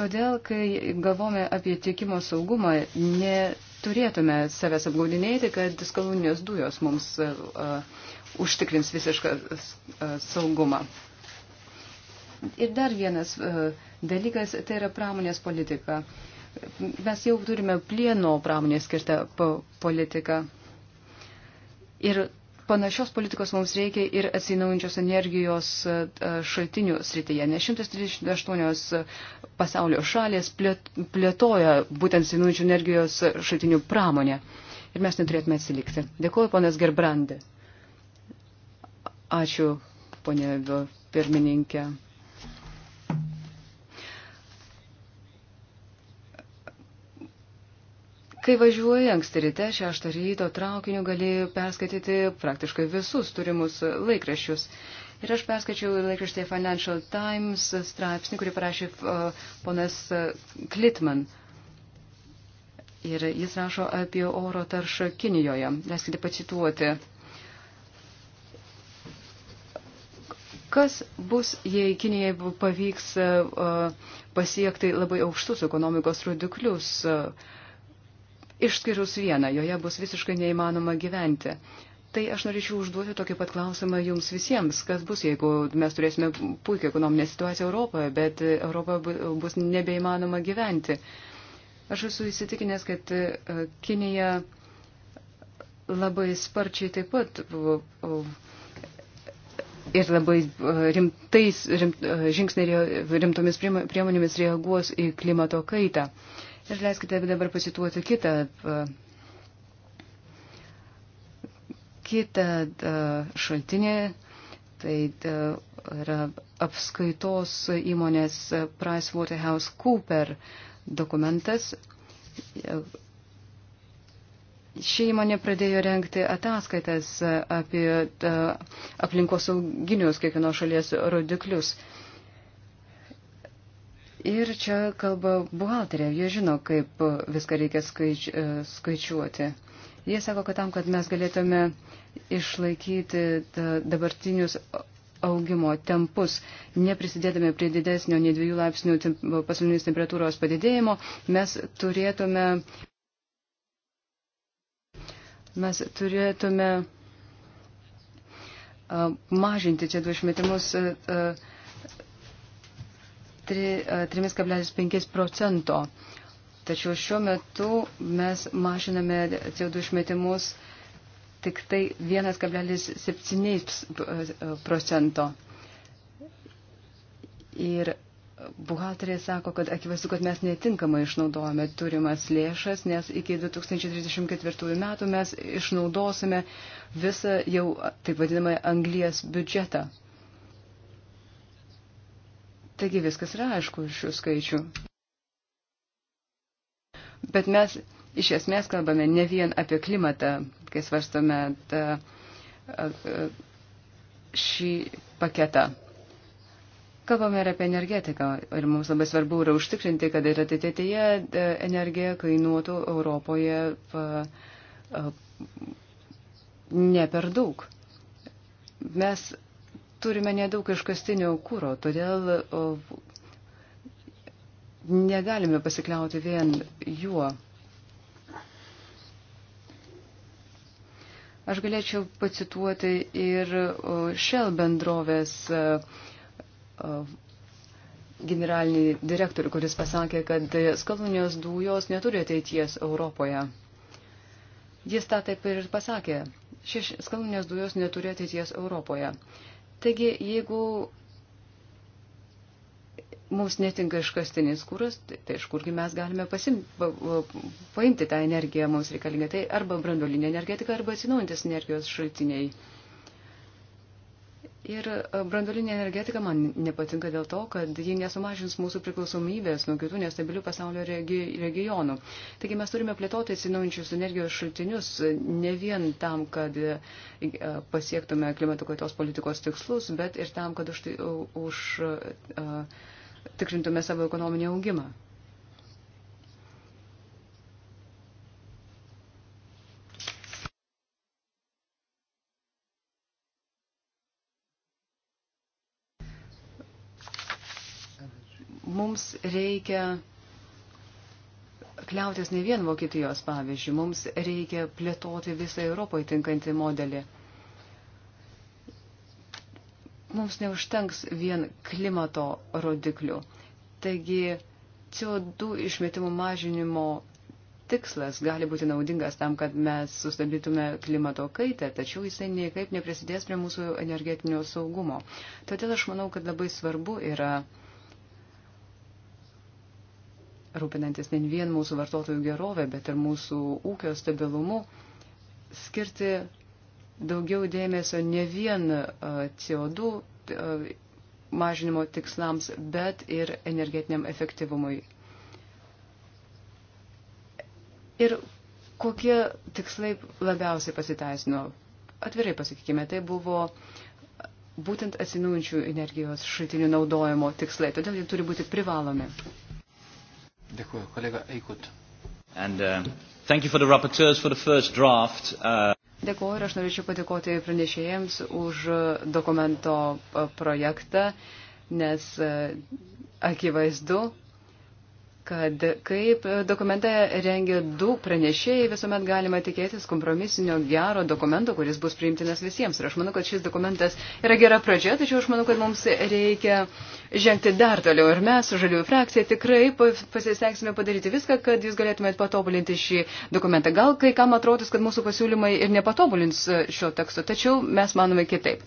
Todėl, kai galvome apie tiekimo saugumą, neturėtume savęs apgaudinėti, kad skalūnės dujos mums uh, užtikrins visišką e, saugumą. Ir dar vienas e, dalykas, tai yra pramonės politika. Mes jau turime plieno pramonės skirtą politiką. Ir panašios politikos mums reikia ir atsinaujančios energijos e, šaltinių srityje, nes 138 pasaulio šalės plėtoja būtent atsinaujančių energijos šaltinių pramonę. Ir mes neturėtume atsilikti. Dėkuoju, ponas Gerbrandi. Ačiū, ponė pirmininkė. Kai važiuoji anksti ryte, šeštą ryto traukiniu gali perskaityti praktiškai visus turimus laikraščius. Ir aš perskaičiau laikraštį Financial Times straipsnį, kurį parašė uh, ponas uh, Klitman. Ir jis rašo apie oro taršą Kinijoje. Leiskite pacituoti. Kas bus, jei Kinijai pavyks e, e, pasiekti labai aukštus ekonomikos rodiklius, e, išskyrus vieną, joje bus visiškai neįmanoma gyventi. Tai aš norėčiau užduoti tokį pat klausimą jums visiems, kas bus, jeigu mes turėsime puikią ekonominę situaciją Europoje, bet Europoje bus nebeįmanoma gyventi. Aš esu įsitikinęs, kad Kinija labai sparčiai taip pat ir labai e, rimtais rimt, e, žingsniai rimtomis priemonėmis reaguos į klimato kaitą. Ir leiskite dabar pasituoti kitą, e, kitą šaltinį, tai yra apskaitos įmonės PricewaterhouseCooper dokumentas Ši įmonė pradėjo renkti ataskaitas apie e, aplinkosauginius kiekvienos šalies rodiklius. Ir čia kalba buhalterė, jie žino, kaip viską reikia skaič, e, skaičiuoti. Jie sako, kad tam, kad mes galėtume išlaikyti dabartinius augimo tempus, neprisidėdami prie didesnio nei dviejų laipsnių pasaulinės temperatūros padidėjimo, mes turėtume mes turėtume mažinti čia du išmetimus 3,5 procento. Tačiau šiuo metu mes mažiname CO2 išmetimus tik tai 1,7 procento. Ir Buhalterė sako, kad akivaizdu, kad mes netinkamai išnaudojame turimas lėšas, nes iki 2034 metų mes išnaudosime visą jau taip vadinamą anglijas biudžetą. Taigi viskas yra aišku iš šių skaičių. Bet mes iš esmės kalbame ne vien apie klimatą, kai svarstome tą, šį paketą. Kalbame ir apie energetiką ir mums labai svarbu yra užtikrinti, kad ir ateityje e, energija kainuotų Europoje e, ne per daug. Mes turime nedaug iškastinio kūro, todėl negalime pasikliauti vien juo. Aš galėčiau pacituoti ir Shell bendrovės uh, generalinį direktorių, kuris pasakė, kad skalūnės dujos neturi ateities Europoje. Jis tą taip ir pasakė. Šeš, skalūnės dujos neturi ateities Europoje. Taigi, jeigu mums netinka iškastinis kūras, tai, tai iš kurgi mes galime pasim, pa, paimti tą energiją mums reikalingą. Tai arba brandolinė energetika, arba atsinaujantis energijos šaltiniai. Uh, Ir e, brandolinė energetika man nepatinka dėl to, kad ji nesumažins mūsų priklausomybės nuo kitų nestabilių pasaulio regi regionų. Taigi mes turime plėtoti atsinaujančius energijos šaltinius e, ne vien tam, kad e, pasiektume klimato kaitos politikos tikslus, bet ir tam, kad už, už, uh, tikrintume savo ekonominį augimą. mums reikia kliautis ne vien Vokietijos pavyzdžių, mums reikia plėtoti visą Europoje tinkantį modelį. Mums neužtenks vien klimato rodiklių. Taigi CO2 išmetimų mažinimo tikslas gali būti naudingas tam, kad mes sustabdytume klimato kaitą, tačiau jisai niekaip neprisidės prie mūsų energetinio saugumo. Todėl aš manau, kad labai svarbu yra rūpinantis ne vien mūsų vartotojų gerovę, bet ir mūsų ūkio stabilumu, skirti daugiau dėmesio ne vien e, CO2 e, mažinimo tikslams, bet ir energetiniam efektyvumui. Ir kokie tikslai labiausiai pasiteisino? Atvirai pasakykime, tai buvo būtent atsinaujančių energijos šaltinių naudojimo tikslai, todėl jie turi būti privalomi. Dėkuoju, kolega Eikut. And, uh, draft, uh... Dėkuoju ir aš norėčiau padėkoti pranešėjams už uh, dokumento uh, projektą, nes uh, akivaizdu, kad kaip dokumente rengia du pranešėjai, visuomet galima tikėtis kompromisinio gero dokumento, kuris bus priimtinas visiems. Ir aš manau, kad šis dokumentas yra gera pradžia, tačiau aš manau, kad mums reikia žengti dar toliau. Ir mes su žaliųjų frakcija tikrai pasistengsime padaryti viską, kad jūs galėtumėte patobulinti šį dokumentą. Gal kai kam atrodys, kad mūsų pasiūlymai ir nepatobulins šio teksto, tačiau mes manome kitaip.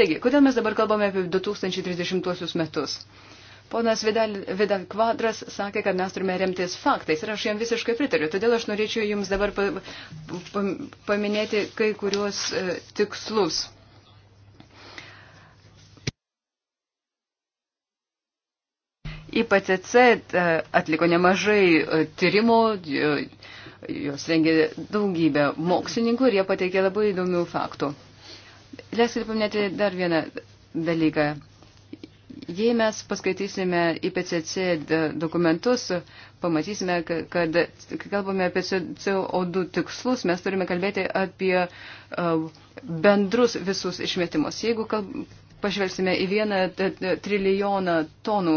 Taigi, kodėl mes dabar kalbame apie 2030 metus? Ponas Vidal, Vidal Kvadras sakė, kad mes turime remtis faktais ir aš jam visiškai pritariu. Todėl aš norėčiau Jums dabar pa, pa, paminėti kai kuriuos e, tikslus. IPCC e, atliko nemažai e, tyrimų, e, jos rengė daugybę mokslininkų ir jie pateikė labai įdomių faktų. Leiskite paminėti dar vieną dalyką. Jei mes paskaitysime IPCC dokumentus, pamatysime, kad kai kalbame apie CO2 tikslus, mes turime kalbėti apie bendrus visus išmetimus. Jeigu kalb, pažvelgsime į vieną trilijoną tonų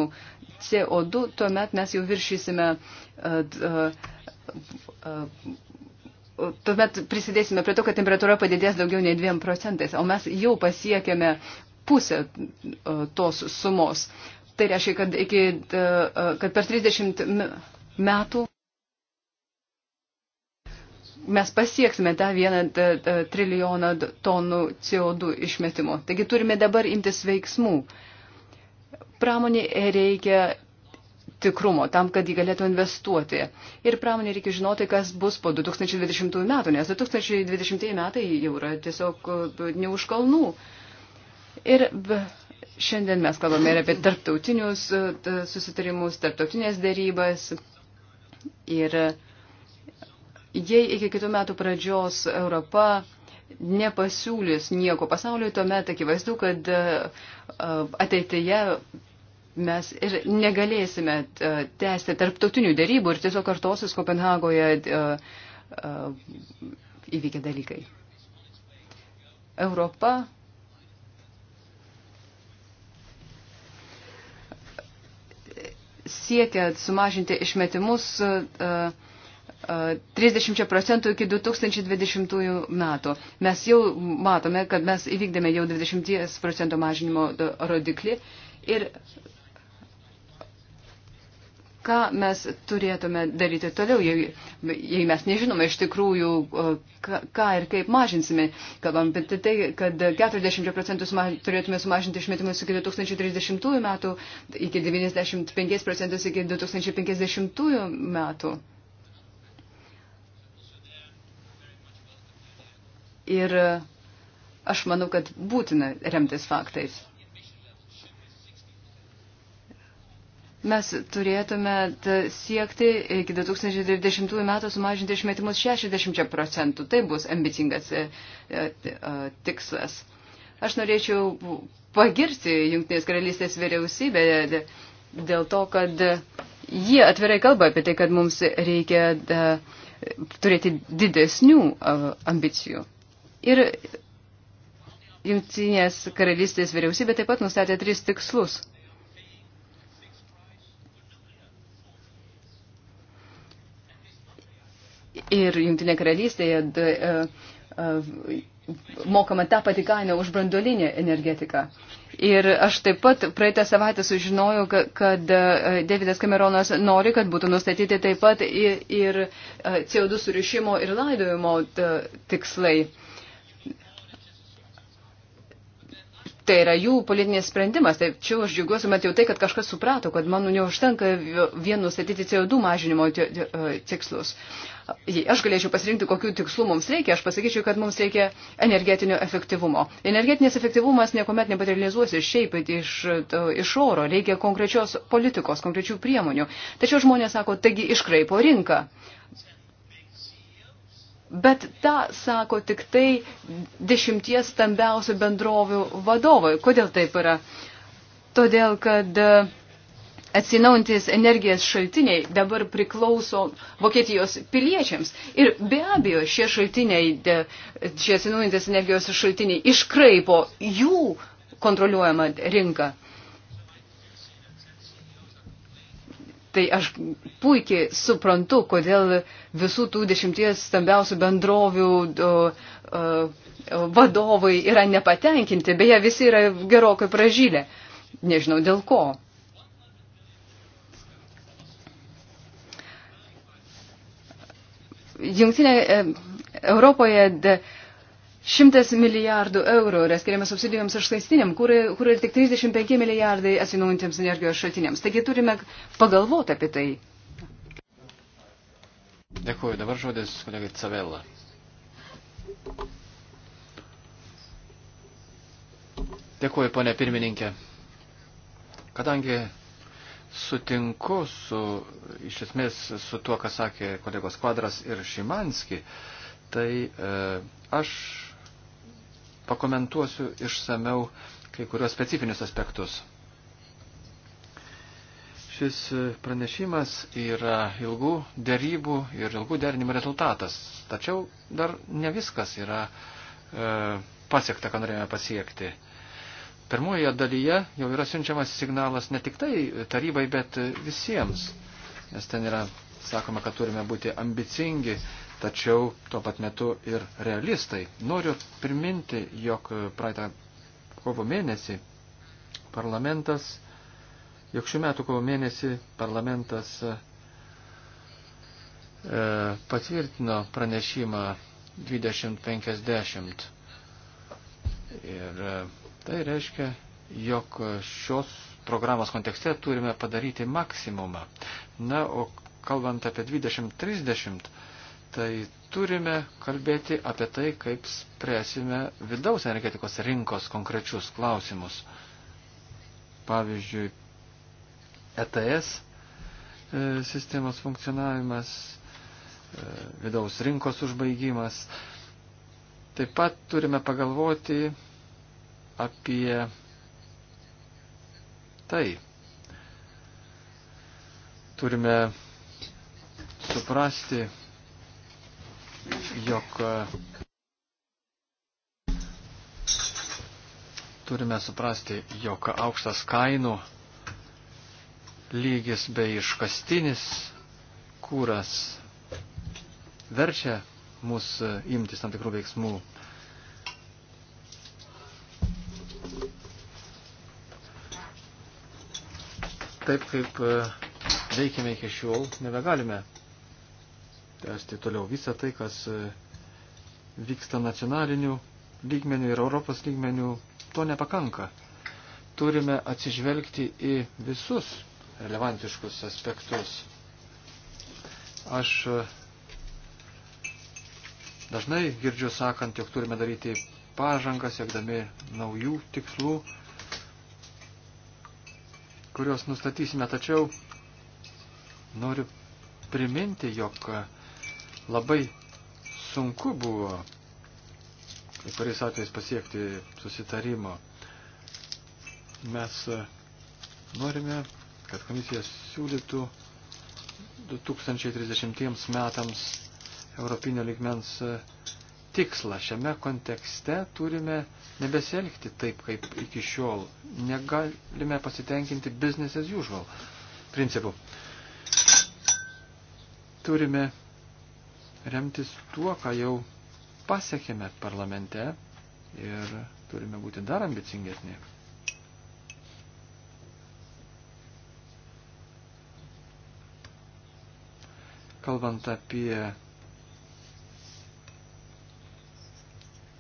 CO2, tuomet mes jau viršysime. Tuomet prisidėsime prie to, kad temperatūra padidės daugiau nei 2 procentais, o mes jau pasiekėme pusę e, tos sumos. Tai reiškia, kad, iki, e, e, kad per 30 metų mes pasieksime tą vieną trilijoną tonų CO2 išmetimo. Taigi turime dabar imtis veiksmų. Pramonė reikia tikrumo tam, kad jį galėtų investuoti. Ir pramonė reikia žinoti, kas bus po 2020 metų, nes 2020 metai jau yra tiesiog neuž kalnų. Uh, Ir šiandien mes kalbame ir apie tarptautinius e, susitarimus, tarptautinės dėrybas. Ir jei iki kitų metų pradžios Europa nepasiūlys nieko pasauliui, tuomet akivaizdu, kad e, e, ateityje mes ir negalėsime tęsti tarptautinių dėrybų ir tiesiog kartosis Kopenhagoje įvykę dalykai. Europa siekia sumažinti išmetimus 30 e, e, e, procentų iki 2020 metų. Mes jau matome, kad mes įvykdėme jau 20 procentų mažinimo rodiklį ir ką mes turėtume daryti toliau, jei, jei mes nežinome iš tikrųjų, ką ir kaip mažinsime. Kalbam apie tai, tai kad 40 procentų turėtume sumažinti išmetimus iki 2030 metų, iki 95 procentus iki 2050 metų. Ir aš manau, kad būtina remtis faktais. mes turėtume siekti iki 2020 metų sumažinti išmetimus 60 procentų. Tai bus ambicingas e, e, e, tikslas. Aš norėčiau pagirti Junktinės karalystės vyriausybę dėl to, kad jie atvirai kalba apie tai, kad mums reikia turėti didesnių ambicijų. Ir Junktinės karalystės vyriausybė taip pat nustatė tris tikslus ir Junktinė karalystėje e, e, mokama tą patį kainą už brandolinę energetiką. Ir aš taip pat praeitą savaitę sužinojau, kad e, Davidas Cameronas nori, kad būtų nustatyti taip pat ir CO2 surišimo ir laidojimo tikslai. Tai yra jų politinės sprendimas. Tačiau aš džiugiuosi, bet jau tai, kad kažkas suprato, kad man neužtenka vien nustatyti CO2 mažinimo e, tikslus. Jei aš galėčiau pasirinkti, kokiu tikslu mums reikia, aš pasakyčiau, kad mums reikia energetinio efektyvumo. Energetinės efektyvumas niekuomet nepatrealizuosi šiaip iš, iš oro, reikia konkrečios politikos, konkrečių priemonių. Tačiau žmonės sako, taigi iškraipo rinką. Bet tą sako tik tai dešimties stambiausių bendrovių vadovai. Kodėl taip yra? Todėl, kad e, atsinaujantis energijos šaltiniai dabar priklauso Vokietijos piliečiams. Ir be abejo, šie šaltiniai, šie atsinaujantis energijos šaltiniai iškraipo jų kontroliuojamą rinką. Tai aš puikiai suprantu, kodėl visų tų dešimties stambiausių bendrovių o, o, vadovai yra nepatenkinti, beje, visi yra gerokai pražylę. Nežinau dėl ko. Jungtinė e, Europoje de, Šimtas milijardų eurų yra skiriamas subsidijoms ir šlaistiniam, kur, kur ir tik 35 milijardai atsinaujantiems energijos šaltiniams. Taigi turime pagalvoti apie tai. Dėkuoju. Dabar žodis kolegai Cavella. Dėkuoju, ponė pirmininkė. Kadangi sutinku su, iš esmės, su tuo, ką sakė kolegos Kvadras ir Šimanski, tai e, aš pakomentuosiu išsameu kai kurios specifinius aspektus. Šis pranešimas yra ilgų dėrybų ir ilgų derinimų rezultatas. Tačiau dar ne viskas yra e, pasiekta, ką norėjome pasiekti. Pirmoje dalyje jau yra siunčiamas signalas ne tik tai tarybai, bet visiems. Nes ten yra sakoma, kad turime būti ambicingi, tačiau tuo pat metu ir realistai. Noriu priminti, jog praeitą kovo mėnesį parlamentas, jog šių metų kovo mėnesį parlamentas e, patvirtino pranešimą 2050. Ir e, tai reiškia, jog šios programos kontekste turime padaryti maksimumą. Na, o kalbant apie 2030, tai turime kalbėti apie tai, kaip spręsime vidaus energetikos rinkos konkrečius klausimus. Pavyzdžiui, ETS e, sistemos funkcionavimas, e, vidaus rinkos užbaigimas. Taip pat turime pagalvoti apie tai. Turime suprasti, jog e, turime suprasti, jog aukštas kainų lygis bei iškastinis kūras verčia mus imtis tam tikrų veiksmų. Taip kaip e, veikime iki šiol, nebegalime tęsti toliau visą tai, kas e, vyksta nacionaliniu lygmeniu ir Europos lygmeniu, to nepakanka. Turime atsižvelgti į visus relevantiškus aspektus. Aš e, dažnai girdžiu sakant, jog turime daryti pažangą, siekdami naujų tikslų, kuriuos nustatysime. Tačiau noriu priminti, jog Labai sunku buvo kai kuriais atvejais pasiekti susitarimo. Mes e, norime, kad komisija siūlytų 2030 metams Europinio ligmens e, tikslą. Šiame kontekste turime nebesielgti taip, kaip iki šiol. Negalime pasitenkinti business as usual principų. Turime remtis tuo, ką jau pasiekėme parlamente ir turime būti dar ambicingesni. Kalbant apie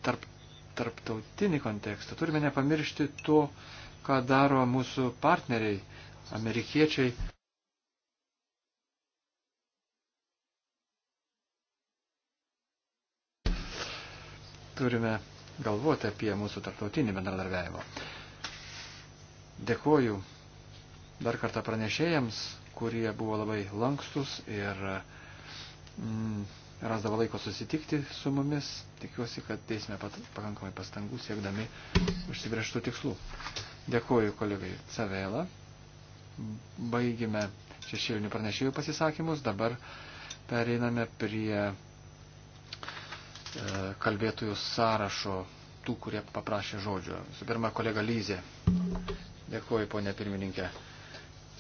tarp, tarptautinį kontekstą, turime nepamiršti to, ką daro mūsų partneriai, amerikiečiai. turime galvoti apie mūsų tarptautinį bendradarbiavimą. Dėkuoju dar kartą pranešėjams, kurie buvo labai lankstus ir mm, rasdavo laiko susitikti su mumis. Tikiuosi, kad teisime pat, pakankamai pastangų siekdami užsibrieštų tikslų. Dėkuoju kolegai Cavela. Baigime šešėlinių pranešėjų pasisakymus. Dabar pereiname prie E, kalbėtojų sąrašo tų, kurie paprašė žodžio. Su pirma, kolega Lyzė. Dėkuoju, ponė pirmininkė.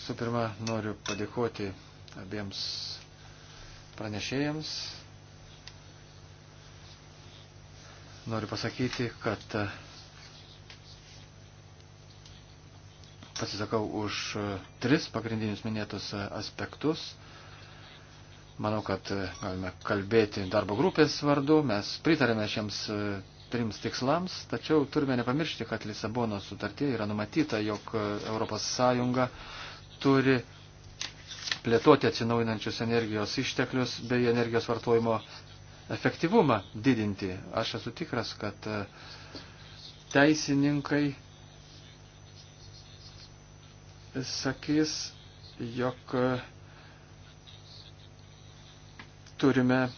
Su pirma, noriu padėkoti abiems pranešėjams. Noriu pasakyti, kad e, pasisakau už e, tris pagrindinius minėtus aspektus Manau, kad e, galime kalbėti darbo grupės vardu, mes pritarėme šiems e, trims tikslams, tačiau turime nepamiršti, kad Lisabono sutartė yra numatyta, jog ES turi plėtoti atsinaujinančius energijos išteklius bei energijos vartojimo efektyvumą didinti. Aš esu tikras, kad e, teisininkai sakys, jog turime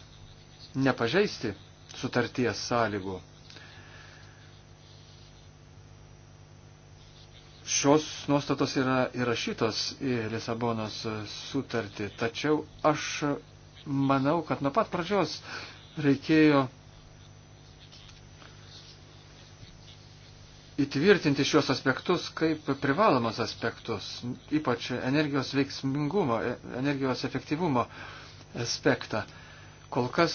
nepažeisti sutarties sąlygų. Šios nuostatos yra įrašytos į Lisabonos sutartį, tačiau aš manau, kad nuo pat pradžios reikėjo įtvirtinti šios aspektus kaip privalomas aspektus, ypač energijos veiksmingumo, energijos efektyvumo aspektą. Kol kas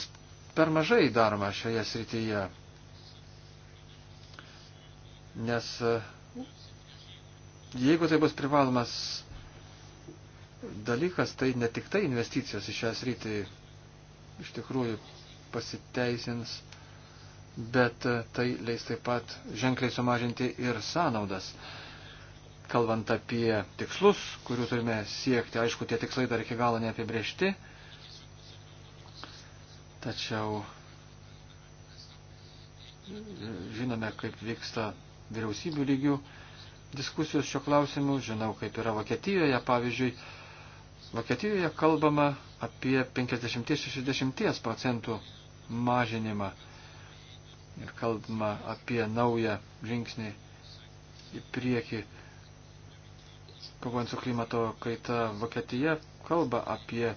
per mažai daroma šioje srityje, nes e, jeigu tai bus privalomas dalykas, tai ne tik tai investicijos į šią sritį iš tikrųjų pasiteisins, bet e, tai leis taip pat ženkliai sumažinti ir sąnaudas. Kalbant apie tikslus, kurių turime siekti, aišku, tie tikslai dar iki galo neapibriešti, Tačiau žinome, kaip vyksta vyriausybių lygių diskusijos šio klausimu. Žinau, kaip yra Vokietijoje, pavyzdžiui. Vokietijoje kalbama apie 50-60 procentų mažinimą ir kalbama apie naują žingsnį į priekį. Kovojant su klimato kaita, Vokietija kalba apie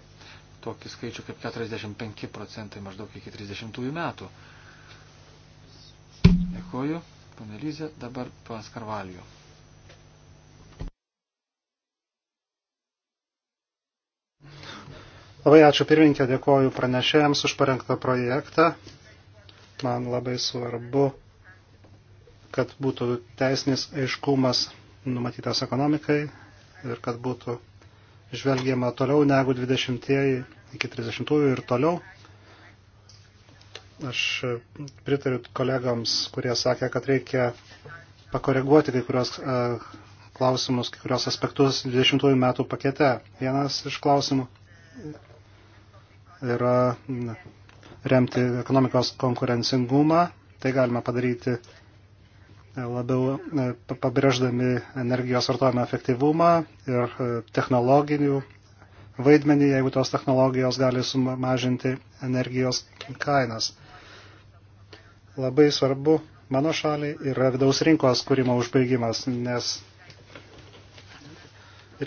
tokį skaičių kaip 45 procentai maždaug iki 30 metų. Dėkuoju, panelizė, dabar pas Karvalijų. Labai ačiū pirminkė, dėkoju pranešėjams už parengtą projektą. Man labai svarbu, kad būtų teisinis aiškumas numatytas ekonomikai ir kad būtų žvelgiama toliau negu 20-ieji iki 30-ųjų ir toliau. Aš pritariu kolegams, kurie sakė, kad reikia pakoreguoti kai kurios e, klausimus, kai kurios aspektus 20-ųjų metų pakete. Vienas iš klausimų yra remti ekonomikos konkurencingumą. Tai galima padaryti labiau e, pabrėždami energijos vartojimo efektyvumą ir e, technologinių vaidmenį, jeigu tos technologijos gali sumažinti energijos kainas. Labai svarbu mano šaliai yra vidaus rinkos kūrimo užbaigimas, nes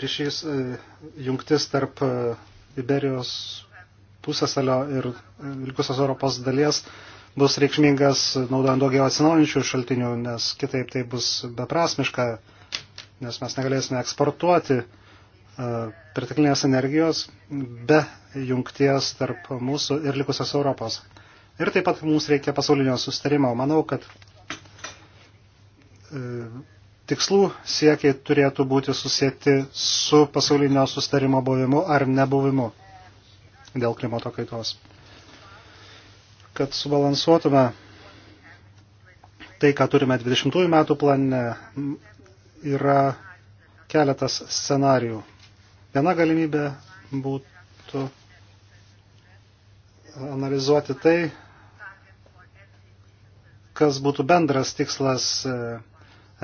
ryšys e, jungtis tarp Iberijos pusėsalio ir likusios Europos dalies bus reikšmingas naudojant daugiau atsinaujančių šaltinių, nes kitaip tai bus beprasmiška, nes mes negalėsime eksportuoti e, perteklinės energijos be jungties tarp mūsų ir likusios Europos. Ir taip pat mums reikia pasaulinio sustarimo. Manau, kad e, tikslų siekiai turėtų būti susijęti su pasaulinio sustarimo buvimu ar nebuvimu dėl klimato kaitos kad subalansuotume tai, ką turime 20 metų plane, yra keletas scenarių. Viena galimybė būtų analizuoti tai, kas būtų bendras tikslas e,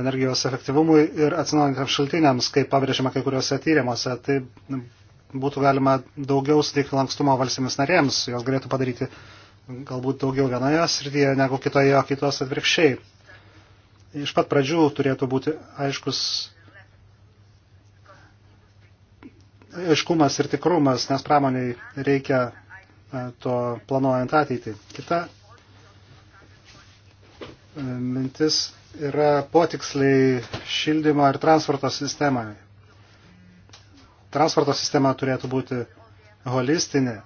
energijos efektyvumui ir atsinaujantams šaltiniams, kaip pabrėžiama kai kuriuose tyrimuose. Tai būtų galima daugiau suteikti lankstumo valstybės narėms, jos galėtų padaryti galbūt daugiau vienoje srityje negu kitoje, o kitos atvirkščiai. Iš pat pradžių turėtų būti aiškus aiškumas ir tikrumas, nes pramoniai reikia e, to planuojant ateitį. Kita e, mintis yra potiksliai šildymo ir transporto sistemai. Transporto sistema turėtų būti holistinė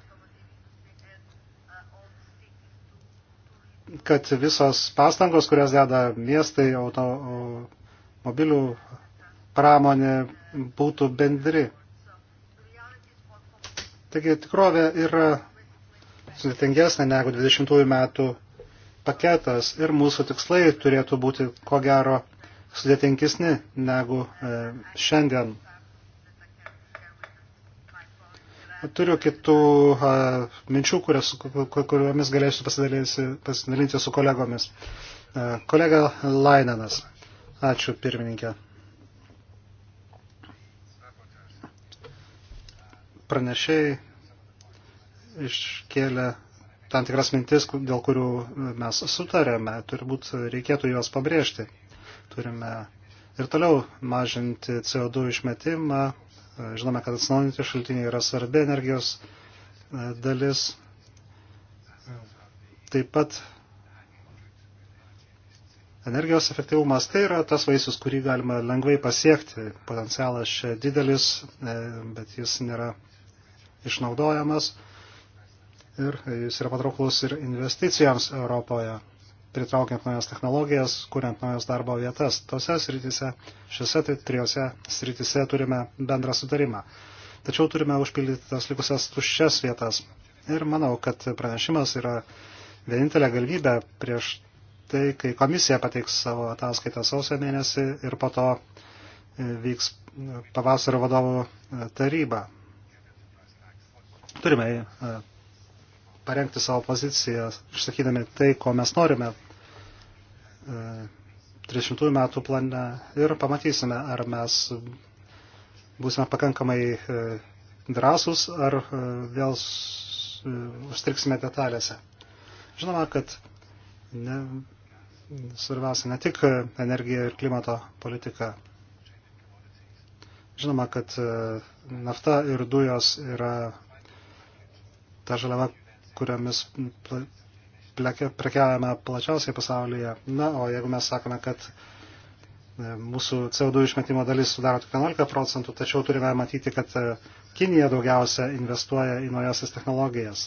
kad visos pastangos, kurias deda miestai, automobilių pramonė, būtų bendri. Taigi tikrovė yra sudėtingesnė negu 20 metų paketas ir mūsų tikslai turėtų būti ko gero sudėtingesni negu e, šiandien. Turiu kitų a, minčių, kurias, kuriomis galėsiu pasidalinti, pasidalinti su kolegomis. A, kolega Lainanas. Ačiū, pirmininkė. Pranešiai iškėlė tam tikras mintis, dėl kurių mes sutarėme, turbūt reikėtų juos pabrėžti. Turime ir toliau mažinti CO2 išmetimą, E, žinome, kad atsinaujinti šaltiniai yra svarbi energijos e, dalis. Taip pat energijos efektyvumas tai yra tas vaisius, kurį galima lengvai pasiekti. Potencialas čia didelis, e, bet jis nėra išnaudojamas ir jis yra patrauklus ir investicijams Europoje pritraukiant naujas technologijas, kuriant naujas darbo vietas. Tose srityse, šiose tai trijose srityse turime bendrą sutarimą. Tačiau turime užpildyti tas likusias tuščias vietas. Ir manau, kad pranešimas yra vienintelė galimybė prieš tai, kai komisija pateiks savo ataskaitą sausio mėnesį ir po to e, vyks pavasario vadovų e, taryba. Turime e, parengti savo poziciją, išsakydami tai, ko mes norime 300 e, metų plane ir pamatysime, ar mes būsime pakankamai e, drąsus, ar e, vėl užstriksime detalėse. Žinoma, kad ne, svarbiausia ne tik energija ir klimato politika. Žinoma, kad nafta ir dujos yra ta žaliava, kuriamis prekiavame plačiausiai pasaulyje. Na, o jeigu mes sakome, kad e, mūsų CO2 išmetimo dalis sudaro tik 11 procentų, tačiau turime matyti, kad e, Kinija daugiausia investuoja į naujasias technologijas.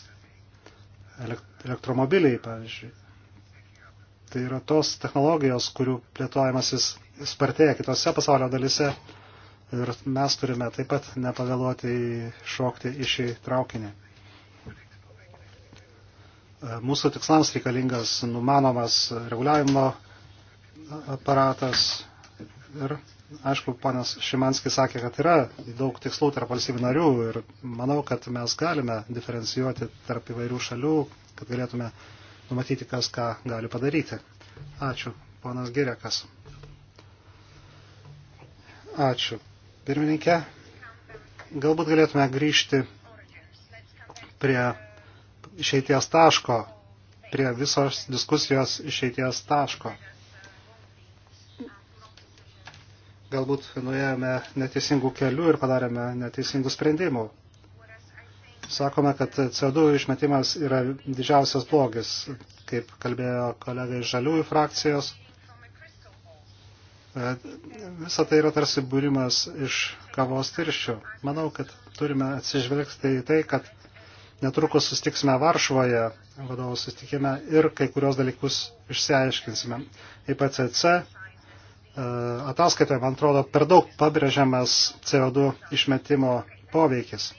Elektromobiliai, pavyzdžiui. Tai yra tos technologijos, kurių plėtojimasis spartėja kitose pasaulio dalise ir mes turime taip pat nepavėluoti šokti iš į traukinį. E, mūsų tikslams reikalingas numanomas reguliavimo aparatas. Ir, aišku, panas Šimanskis sakė, kad yra daug tikslų tarp valstybių narių ir manau, kad mes galime diferencijuoti tarp įvairių šalių, kad galėtume numatyti, kas ką gali padaryti. Ačiū, ponas Girekas. Ačiū. Pirmininkė, galbūt galėtume grįžti prie išeities taško, prie visos diskusijos išeities taško. Galbūt nuėjome neteisingų kelių ir padarėme neteisingų sprendimų. Sakome, kad CO2 išmetimas yra didžiausias blogis, kaip kalbėjo kolegai žaliųjų frakcijos. Visa tai yra tarsi būrimas iš kavos tirščių. Manau, kad turime atsižvelgti į tai, kad Netrukus sustiksime Varšuvoje vadovų sustikime ir kai kurios dalykus išsiaiškinsime. IPCC e, ataskaitoje, man atrodo, per daug pabrėžiamas CO2 išmetimo poveikis.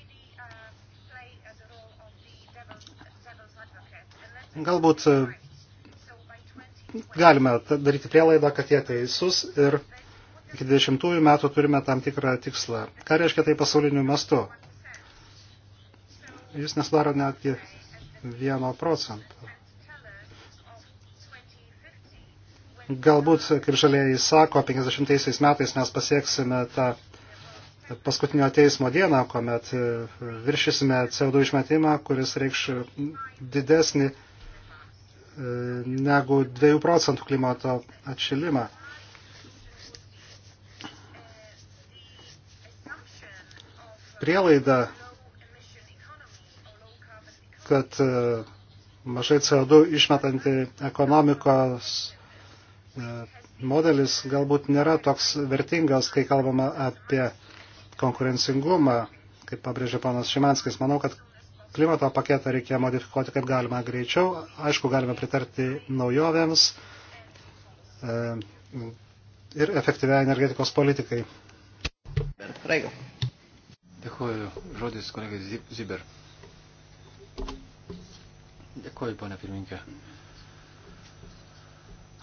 Galbūt e, galime daryti prielaidą, kad jie teisus ir iki 20 metų turime tam tikrą tikslą. Ką reiškia tai pasauliniu mastu? jis nesudaro netgi vieno procento. Galbūt, kaip žalėjai sako, 50 metais mes pasieksime tą paskutinio teismo dieną, kuomet e, viršysime CO2 išmetimą, kuris reikš didesnį e, negu 2 procentų klimato atšilimą. Prielaida, kad e, mažai CO2 išmetanti ekonomikos e, modelis galbūt nėra toks vertingas, kai kalbama apie konkurencingumą, kaip pabrėžė panas Šimanskis. Manau, kad klimato paketą reikia modifikuoti kaip galima greičiau. Aišku, galime pritarti naujovėms e, ir efektyviai energetikos politikai. Dėkuoju. Žodis kolegai Ziber. Dėkuoju, ponia pirminkė.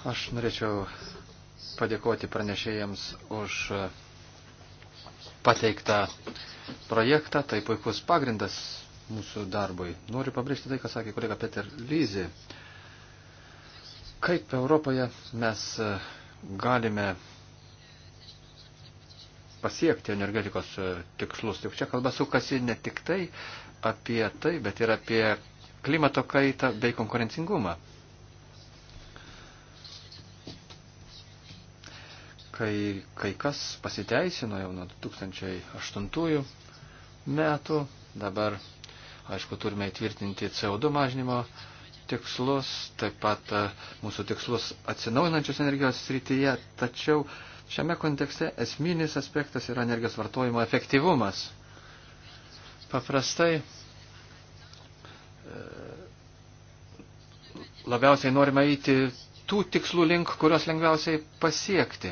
Aš norėčiau padėkoti pranešėjams už pateiktą projektą. Tai puikus pagrindas mūsų darbui. Noriu pabrėžti tai, ką sakė kolega Peter Lyzi. Kaip Europoje mes galime pasiekti energetikos tikslus. Juk čia kalba sukasi ne tik tai apie tai, bet ir apie klimato kaitą bei konkurencingumą. Kai, kai kas pasiteisino jau nuo 2008 metų, dabar, aišku, turime įtvirtinti CO2 mažnymo tikslus, taip pat e, mūsų tikslus atsinaujinančios energijos srityje, tačiau šiame kontekste esminis aspektas yra energijos vartojimo efektyvumas. Paprastai labiausiai norime eiti tų tikslų link, kurios lengviausiai pasiekti.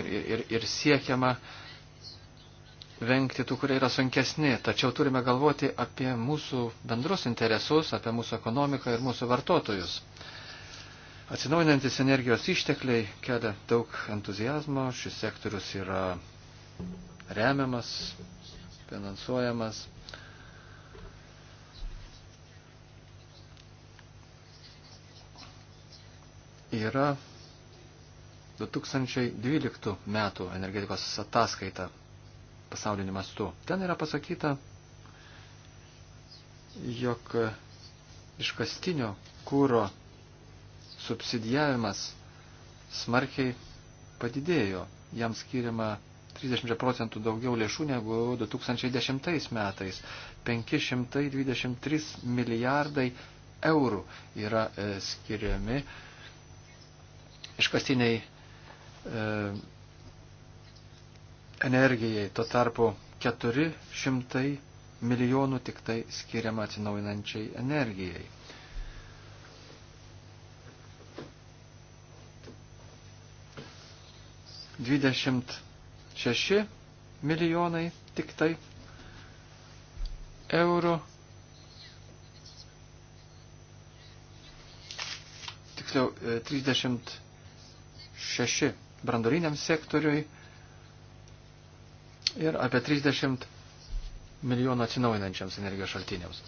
Ir, ir, ir siekiama vengti tų, kurie yra sunkesni. Tačiau turime galvoti apie mūsų bendrus interesus, apie mūsų ekonomiką ir mūsų vartotojus. Atsinaujantis energijos ištekliai kelia daug entuzijazmo, šis sektorius yra remiamas, finansuojamas. yra 2012 metų energetikos ataskaita pasauliniu mastu. Ten yra pasakyta, jog iškastinio kūro subsidijavimas smarkiai padidėjo. Jam skiriama 30 procentų daugiau lėšų negu 2010 metais. 523 milijardai eurų yra e, skiriami e, iškastiniai e, energijai. Tuo tarpu 400 milijonų tik tai skiriama atsinaujinančiai energijai. Dvidešimt šeši milijonai tik tai eurų. Tiksliau, 30 e, 6 brandoliniam sektoriui ir apie 30 milijonų atsinaujinančiams energijos šaltiniams.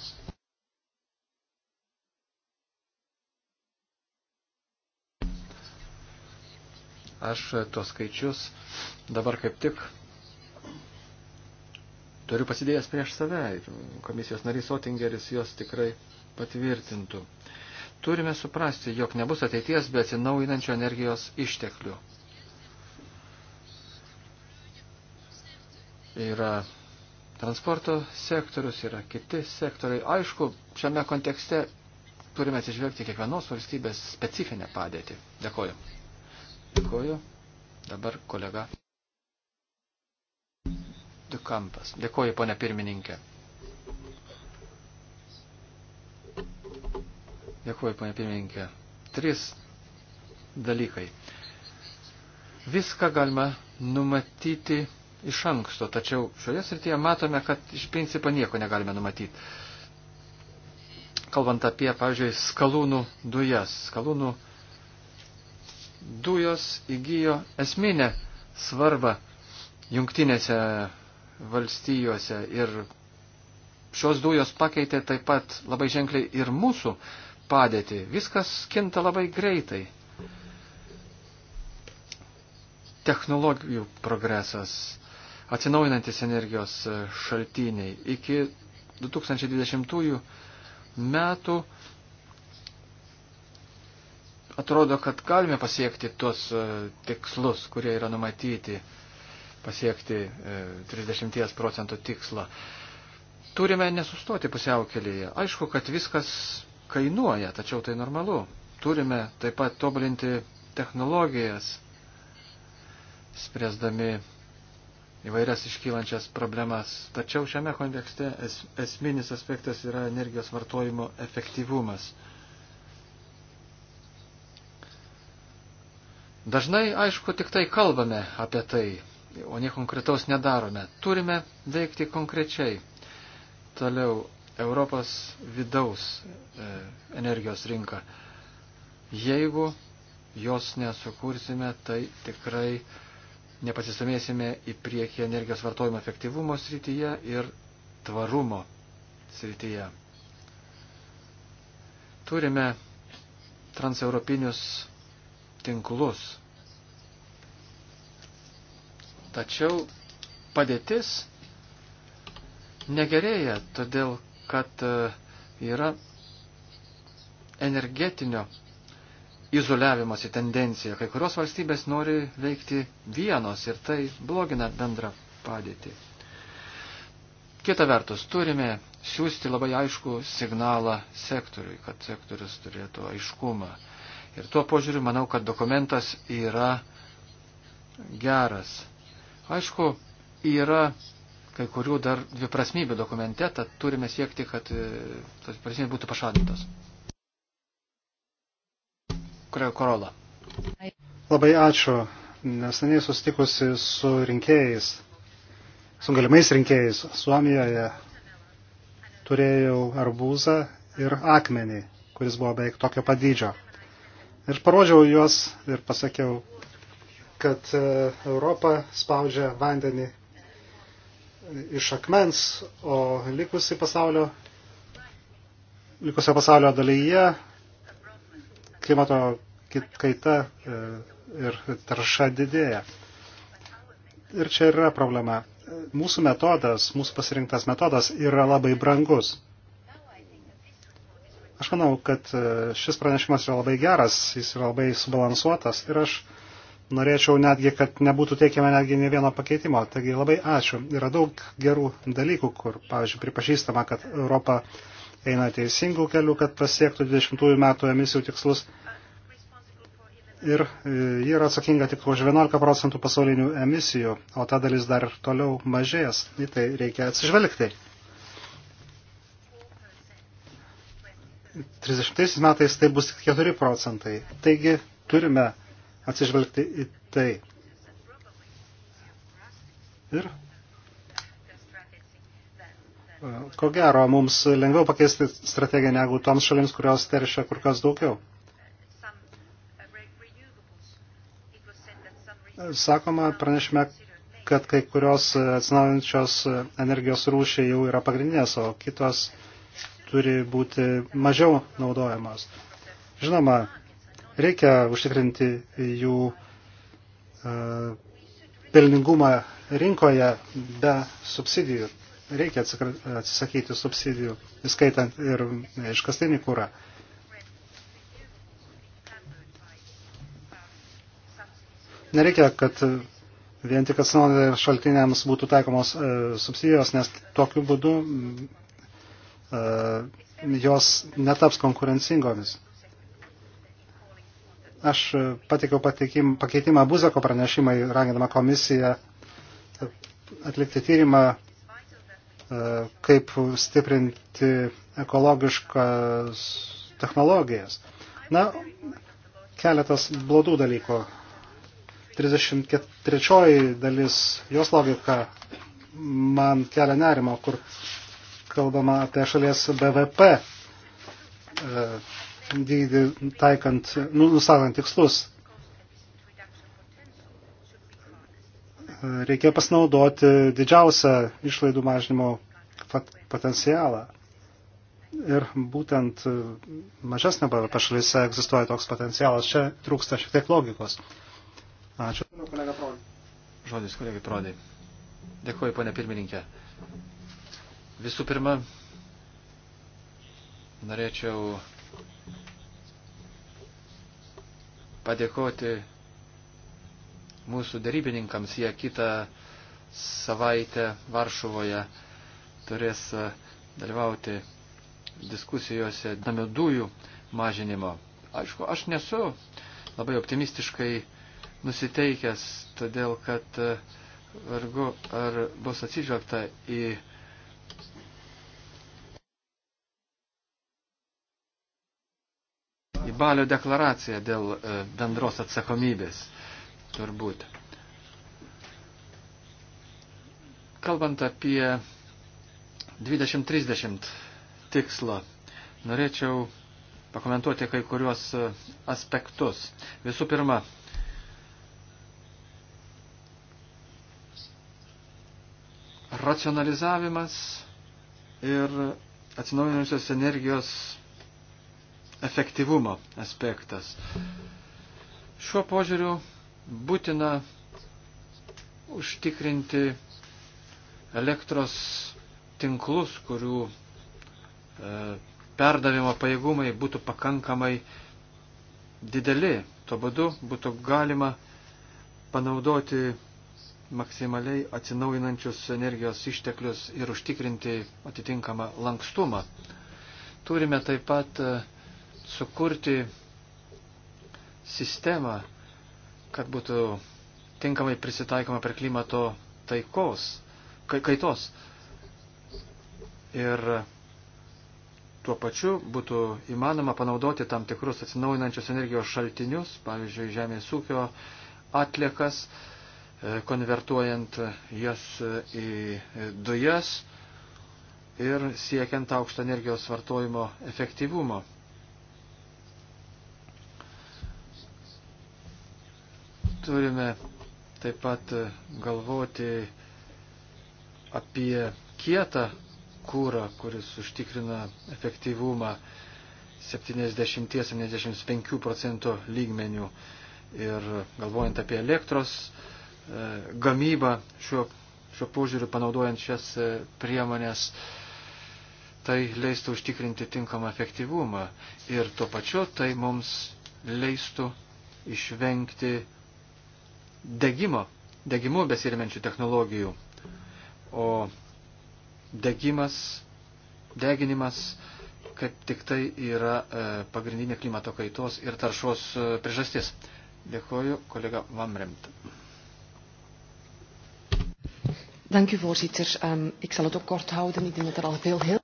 Aš tuos skaičius dabar kaip tik turiu pasidėjęs prieš save ir komisijos narys Otingeris juos tikrai patvirtintų. Turime suprasti, jog nebus ateities be atsinaujinančių energijos išteklių. Yra transporto sektorius, yra kiti sektoriai. Aišku, šiame kontekste turime atsižvelgti kiekvienos valstybės specifinę padėtį. Dėkoju. Dėkoju. Dabar kolega. Dukampas. Dėkoju, ponia pirmininkė. Dėkuoju, ponia pirmininkė. Tris dalykai. Viską galima numatyti iš anksto, tačiau šioje srityje matome, kad iš principo nieko negalime numatyti. Kalbant apie, pavyzdžiui, skalūnų dujas. Skalūnų dujos įgyjo esminę svarbą jungtinėse valstijose ir šios dujos pakeitė taip pat labai ženkliai ir mūsų padėtį. Viskas kinta labai greitai. Technologijų progresas, atsinaujinantis energijos šaltiniai. Iki 2020 metų atrodo, kad galime pasiekti tuos e, tikslus, kurie yra numatyti, pasiekti 30 e, procentų tikslą turime nesustoti pusiaukelėje. Aišku, kad viskas kainuoja, tačiau tai normalu. Turime taip pat tobulinti technologijas, spręsdami įvairias iškylančias problemas. Tačiau šiame kontekste es, esminis aspektas yra energijos vartojimo efektyvumas. Dažnai, aišku, tik tai kalbame apie tai, o ne konkretaus nedarome. Turime veikti konkrečiai. Toliau Europos vidaus e, energijos rinką. Jeigu jos nesukursime, tai tikrai nepasistumėsime į priekį energijos vartojimo efektyvumo srityje ir tvarumo srityje. Turime transeuropinius tinklus. Tačiau padėtis negerėja, todėl kad e, yra energetinio izoliavimosi tendencija. Kai kurios valstybės nori veikti vienos ir tai blogina bendrą padėtį. Kita vertus, turime siūsti labai aišku signalą sektoriui, kad sektorius turėtų aiškumą. Ir tuo požiūriu manau, kad dokumentas yra geras. Aišku, yra kai kurių dar dviprasmybių dokumente, tad turime siekti, kad e, tos dviprasmybės būtų pašalintos. Kurioje korola? Labai ačiū. Neseniai susitikusi su rinkėjais, su galimais rinkėjais Suomijoje turėjau arbūzą ir akmenį, kuris buvo beveik tokio padydžio. Ir parodžiau juos ir pasakiau, kad e, Europa spaudžia vandenį iš akmens, o likusi pasaulio, likusio pasaulio dalyje klimato kaita e, ir tarša didėja. Ir čia yra problema. Mūsų metodas, mūsų pasirinktas metodas yra labai brangus. Aš manau, kad e, šis pranešimas yra labai geras, jis yra labai subalansuotas ir aš norėčiau netgi, kad nebūtų teikiama netgi ne vieno pakeitimo. Taigi labai ačiū. Yra daug gerų dalykų, kur, pavyzdžiui, pripažįstama, kad Europa eina teisingų kelių, kad pasiektų 20 metų emisijų tikslus. Ir e, ji yra atsakinga tik už 11 procentų pasaulinių emisijų, o ta dalis dar toliau mažės. Į tai reikia atsižvelgti. 30 metais tai bus tik 4 procentai. Taigi turime atsižvelgti į tai. Ir e, ko gero, mums lengviau pakeisti strategiją negu toms šalims, kurios teršia kur kas daugiau. Sakoma, pranešime, kad kai kurios atsinaujančios energijos rūšiai jau yra pagrindinės, o kitos turi būti mažiau naudojamos. Žinoma, Reikia užtikrinti jų e, pelningumą rinkoje be subsidijų. Reikia atsisakyti subsidijų, įskaitant ir iškastinį kūrą. Nereikia, kad vien tik atsinaudojantiems šaltiniams būtų taikomos e, subsidijos, nes tokiu būdu e, jos netaps konkurencingomis. Aš e, pateikiau pakeitimą Buzako pranešimai, rangindama komisiją e, atlikti tyrimą, e, kaip stiprinti ekologiškas technologijas. Na, keletas blodų dalykų. 33 dalis, jos logika man kelia nerimo, kur kalbama apie šalies BVP dydį taikant, nu, nusatant tikslus. Reikia pasinaudoti didžiausią išlaidų mažinimo potencialą. Ir būtent mažesnė BVP šalyse egzistuoja toks potencialas. Čia trūksta šiek tiek logikos. Ačiū. Žodis, kolegai Prodai. Dėkuoju, ponė pirmininkė. Visų pirma, norėčiau padėkoti mūsų darybininkams. Jie kitą savaitę Varšuvoje turės e, dalyvauti diskusijose namio dujų mažinimo. Aišku, aš nesu labai optimistiškai nusiteikęs, todėl kad e, vargu ar bus atsižvelgta į balio deklaraciją dėl e, bendros atsakomybės, turbūt. Kalbant apie 2030 tikslą, norėčiau pakomentuoti kai kuriuos e, aspektus. Visų pirma, racionalizavimas ir atsinaujinusios energijos efektyvumo aspektas. Šiuo požiūriu būtina užtikrinti elektros tinklus, kurių e, perdavimo pajėgumai būtų pakankamai dideli. Tuo būdu būtų galima panaudoti maksimaliai atsinaujinančius energijos išteklius ir užtikrinti atitinkamą lankstumą. Turime taip pat e, sukurti sistemą, kad būtų tinkamai prisitaikoma prie klimato taikos, kaitos. Ir tuo pačiu būtų įmanoma panaudoti tam tikrus atsinaujinančius energijos šaltinius, pavyzdžiui, žemės ūkio atliekas, e, konvertuojant jas į dujas ir siekiant aukšto energijos vartojimo efektyvumo. Turime taip pat e, galvoti apie kietą kūrą, kuris užtikrina efektyvumą 70-75 procentų lygmenių. Ir galvojant apie elektros e, gamybą šiuo, šiuo požiūriu, panaudojant šias e, priemonės, tai leistų užtikrinti tinkamą efektyvumą. Ir tuo pačiu tai mums leistų išvengti degimo, degimu besirimenčių technologijų. O degimas, deginimas kaip tik tai yra e, pagrindinė klimato kaitos ir taršos e, priežastis. Dėkoju, kolega Vamremt. Dank u, voorzitter. Um, ik zal het ook kort houden. Ik denk dat er al veel heel.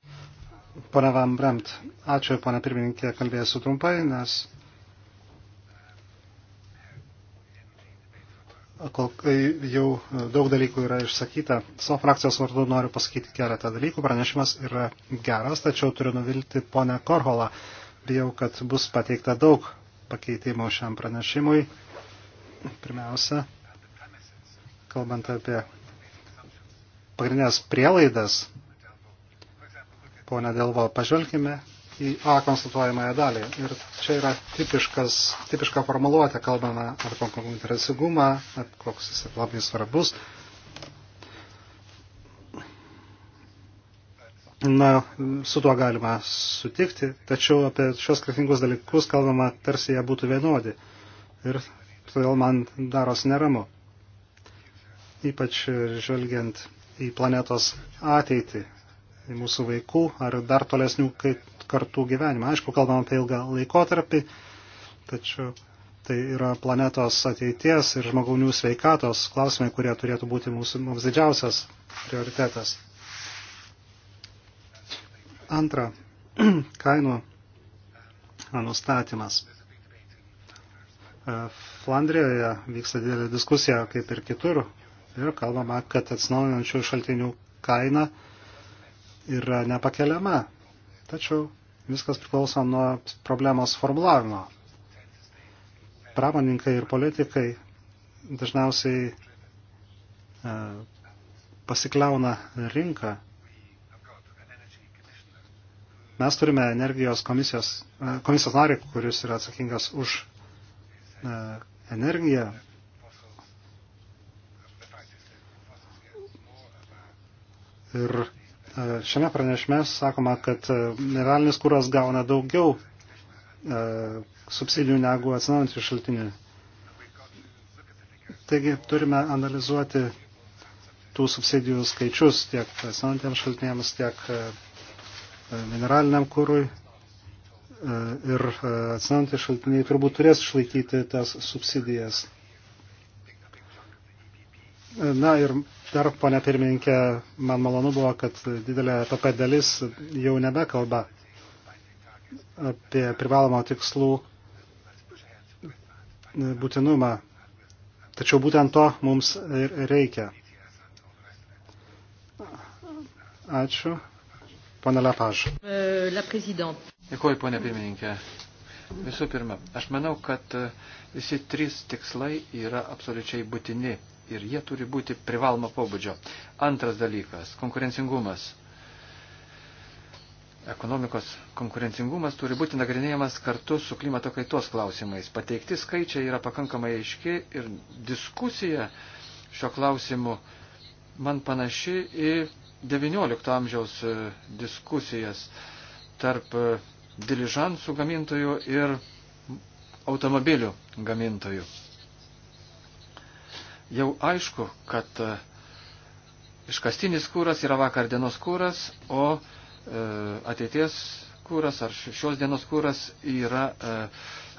Pana Vamremt, ačiū, pana pirmininkė, kalbėsiu trumpai, nes kol jau daug dalykų yra išsakyta. Savo frakcijos vardu noriu pasakyti keletą dalykų. Pranešimas yra geras, tačiau turiu nuvilti ponę Korholą. Bijau, kad bus pateikta daug pakeitimų šiam pranešimui. Pirmiausia, kalbant apie pagrindinės prielaidas, ponė Dėlvo, pažvelkime į A konstatuojamąją dalį. Ir čia yra tipiškas, tipiška formuluotė, kalbame apie konkurencingumą, koks jis labai svarbus. Na, su tuo galima sutikti, tačiau apie šios skirtingus dalykus kalbama tarsi jie būtų vienodi. Ir todėl man daros neramu. Ypač žvelgiant į planetos ateitį, į mūsų vaikų ar dar tolesnių kartų gyvenimą. Aišku, kalbam apie ilgą laikotarpį, tačiau tai yra planetos ateities ir žmogaunių sveikatos klausimai, kurie turėtų būti mūsų, mums didžiausias prioritetas. Antra, kainų nustatymas. E, Flandrijoje vyksta didelė diskusija, kaip ir kitur, ir kalbama, kad atsinaujinančių šaltinių kaina yra nepakeliama. Tačiau viskas priklauso nuo problemos formulavimo. Pramoninkai ir politikai dažniausiai e, pasikliauna rinką. Mes turime energijos komisijos, e, komisijos narį, kuris yra atsakingas už e, energiją. Ir Šiame pranešime sakoma, kad e, mineralinis kūras gauna daugiau e, subsidijų negu atsinaujantys šaltiniai. Taigi turime analizuoti tų subsidijų skaičius tiek atsinaujantiems šaltiniams, tiek e, mineraliniam kūrui. Ir atsinaujantys šaltiniai turbūt turės išlaikyti tas subsidijas. Na ir dar, ponia pirmininkė, man malonu buvo, kad didelė PP dalis jau nebekalba apie privalomą tikslų būtinumą. Tačiau būtent to mums ir reikia. Ačiū. Pone Lepaž. Dėkuoju, ponė pirmininkė. Visų pirma, aš manau, kad visi trys tikslai yra absoliučiai būtini ir jie turi būti privaloma pobūdžio. Antras dalykas - konkurencingumas. Ekonomikos konkurencingumas turi būti nagrinėjamas kartu su klimato kaitos klausimais. Pateikti skaičiai yra pakankamai aiški ir diskusija šio klausimu man panaši į XIX amžiaus e, diskusijas tarp e, diližansų gamintojų ir automobilių gamintojų jau aišku, kad e, iškastinis kūras yra vakar dienos kūras, o e, ateities kūras ar šios dienos kūras yra e,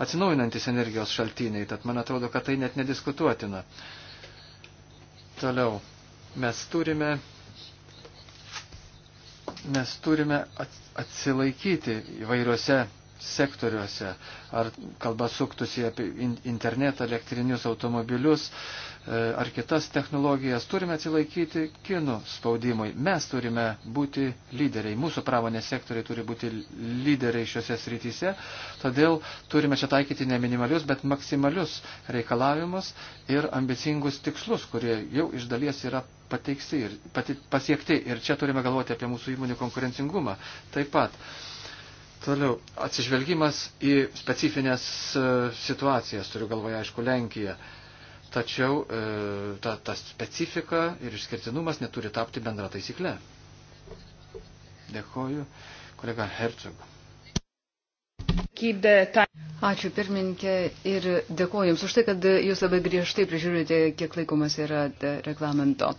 atsinaujinantis energijos šaltiniai, tad man atrodo, kad tai net nediskutuotina. Toliau, mes turime, mes turime atsilaikyti įvairiuose sektoriuose. Ar kalba suktųsi apie internetą, elektrinius automobilius e, ar kitas technologijas. Turime atsilaikyti kinų spaudimui. Mes turime būti lyderiai. Mūsų pramonės sektoriai turi būti lyderiai šiuose srityse. Todėl turime čia taikyti ne minimalius, bet maksimalius reikalavimus ir ambicingus tikslus, kurie jau iš dalies yra pateikti ir pati, pasiekti. Ir čia turime galvoti apie mūsų įmonių konkurencingumą. Taip pat Toliau, atsižvelgimas į specifines e, situacijas, turiu galvoje, aišku, Lenkiją. Tačiau e, ta, ta specifika ir išskirtinumas neturi tapti bendra taisykle. Dėkoju, kolega Hercog. Ačiū pirmininkė ir dėkoju Jums už tai, kad Jūs labai griežtai prižiūrite, kiek laikomas yra e, reglamento.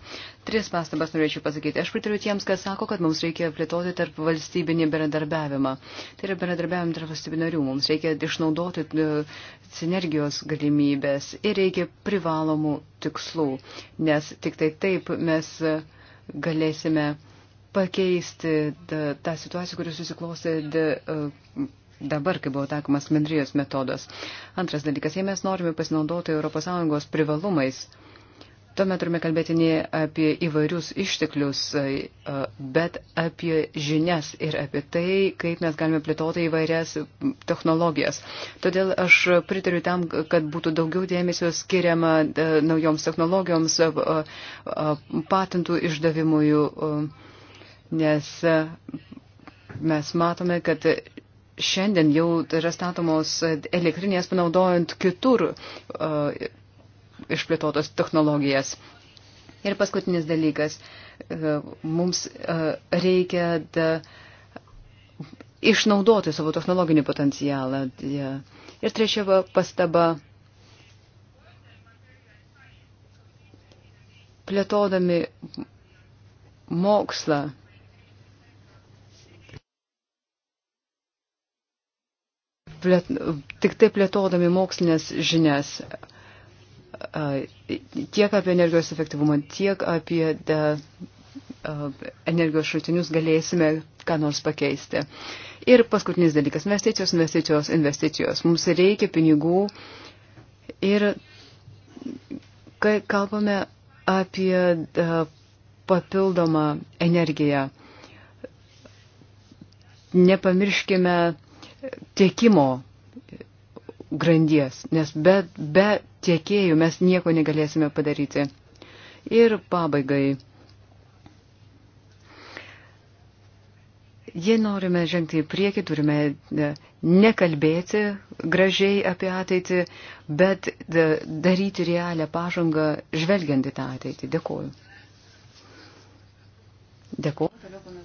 Tris pastabas norėčiau pasakyti. Aš pritariu tiems, kas sako, kad mums reikia plėtoti tarp valstybinį bendradarbiavimą. Tai yra bendradarbiavimą tarp valstybių narių. Mums reikia išnaudoti e, sinergijos galimybės ir reikia privalomų tikslų, nes tik tai taip mes e, galėsime pakeisti tą situaciją, kuri susiklostė dabar, kai buvo taikomas bendrijos metodas. Antras dalykas, jei mes norime pasinaudoti ES privalumais, tuomet turime kalbėti ne apie įvairius išteklius, e, e, bet apie žinias ir apie tai, kaip mes galime plėtoti įvairias technologijas. Todėl aš pritariu tam, kad būtų daugiau dėmesio skiriama e, naujoms technologijoms, patentų išdavimui, nes mes matome, kad šiandien jau yra statomos elektrinės panaudojant kitur uh, e, išplėtotos technologijas. Ir paskutinis dalykas, uh, mums uh, reikia da, išnaudoti savo technologinį potencialą. Ja. Ir trečia pastaba, plėtodami mokslą plėt, tik tai plėtodami mokslinės žinias tiek apie energijos efektyvumą, tiek apie de, energijos šaltinius galėsime ką nors pakeisti. Ir paskutinis dalykas - investicijos, investicijos, investicijos. Mums reikia pinigų ir kai kalbame apie papildomą energiją, nepamirškime tiekimo grandies, nes be, be tiekėjų mes nieko negalėsime padaryti. Ir pabaigai. Jei norime žengti į priekį, turime e, nekalbėti gražiai apie ateitį, bet e, daryti realią pažangą žvelgiant į tą ateitį. Dėkuoju. Dėkuoju.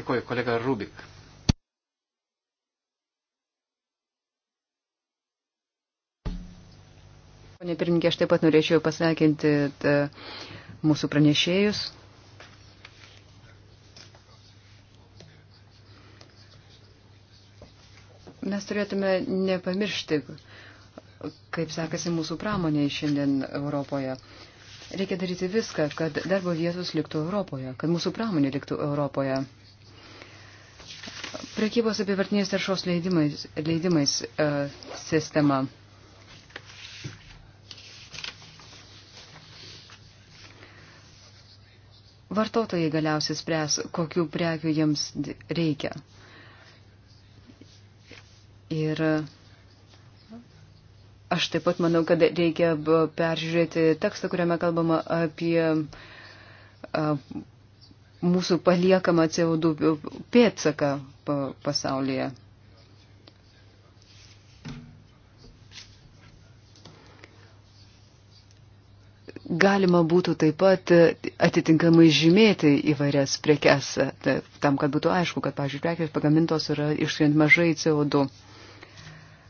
Dėkuoju, kolega Rubik. Pane pirmininkė, aš taip pat norėčiau pasveikinti e, mūsų pranešėjus. Mes turėtume nepamiršti, kaip sekasi mūsų pramoniai šiandien Europoje. Reikia daryti viską, kad darbo vietos liktų Europoje, kad mūsų pramonė liktų Europoje. Prekybos apivartinės taršos leidimais, leidimais uh, sistema. vartotojai galiausiai spręs, kokių prekių jiems reikia. Ir aš taip pat manau, kad reikia peržiūrėti tekstą, kuriame kalbama apie mūsų paliekamą CO2 pėtsaką pasaulyje. galima būtų taip pat e, atitinkamai žymėti įvairias prekes, e, tam, kad būtų aišku, kad, pavyzdžiui, prekės pagamintos yra išskiriant mažai CO2.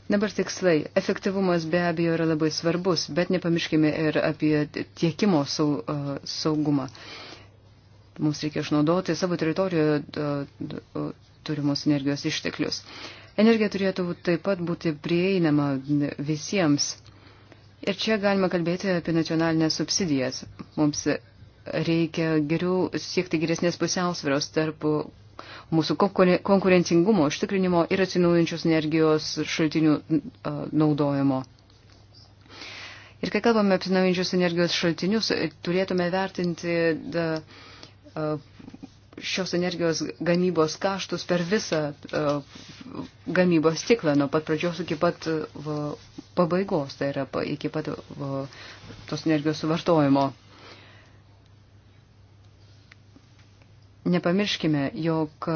Dabar tikslai. Efektyvumas be abejo yra labai svarbus, bet nepamirškime ir apie tiekimo e, saugumą. Mums reikia išnaudoti savo teritorijoje turimus energijos išteklius. Energija turėtų taip pat būti prieinama visiems Ir čia galima kalbėti apie nacionalinės subsidijas. Mums reikia geriau siekti geresnės pusiausvėros tarp mūsų konkurencingumo, užtikrinimo ir atsinaujančios energijos šaltinių naudojimo. Ir kai kalbame apie atsinaujančios energijos šaltinius, turėtume vertinti da, šios energijos gamybos kaštus per visą e, gamybos ciklą nuo pat pradžios iki pat e, pabaigos, tai yra iki pat e, tos energijos suvartojimo. Nepamirškime, jog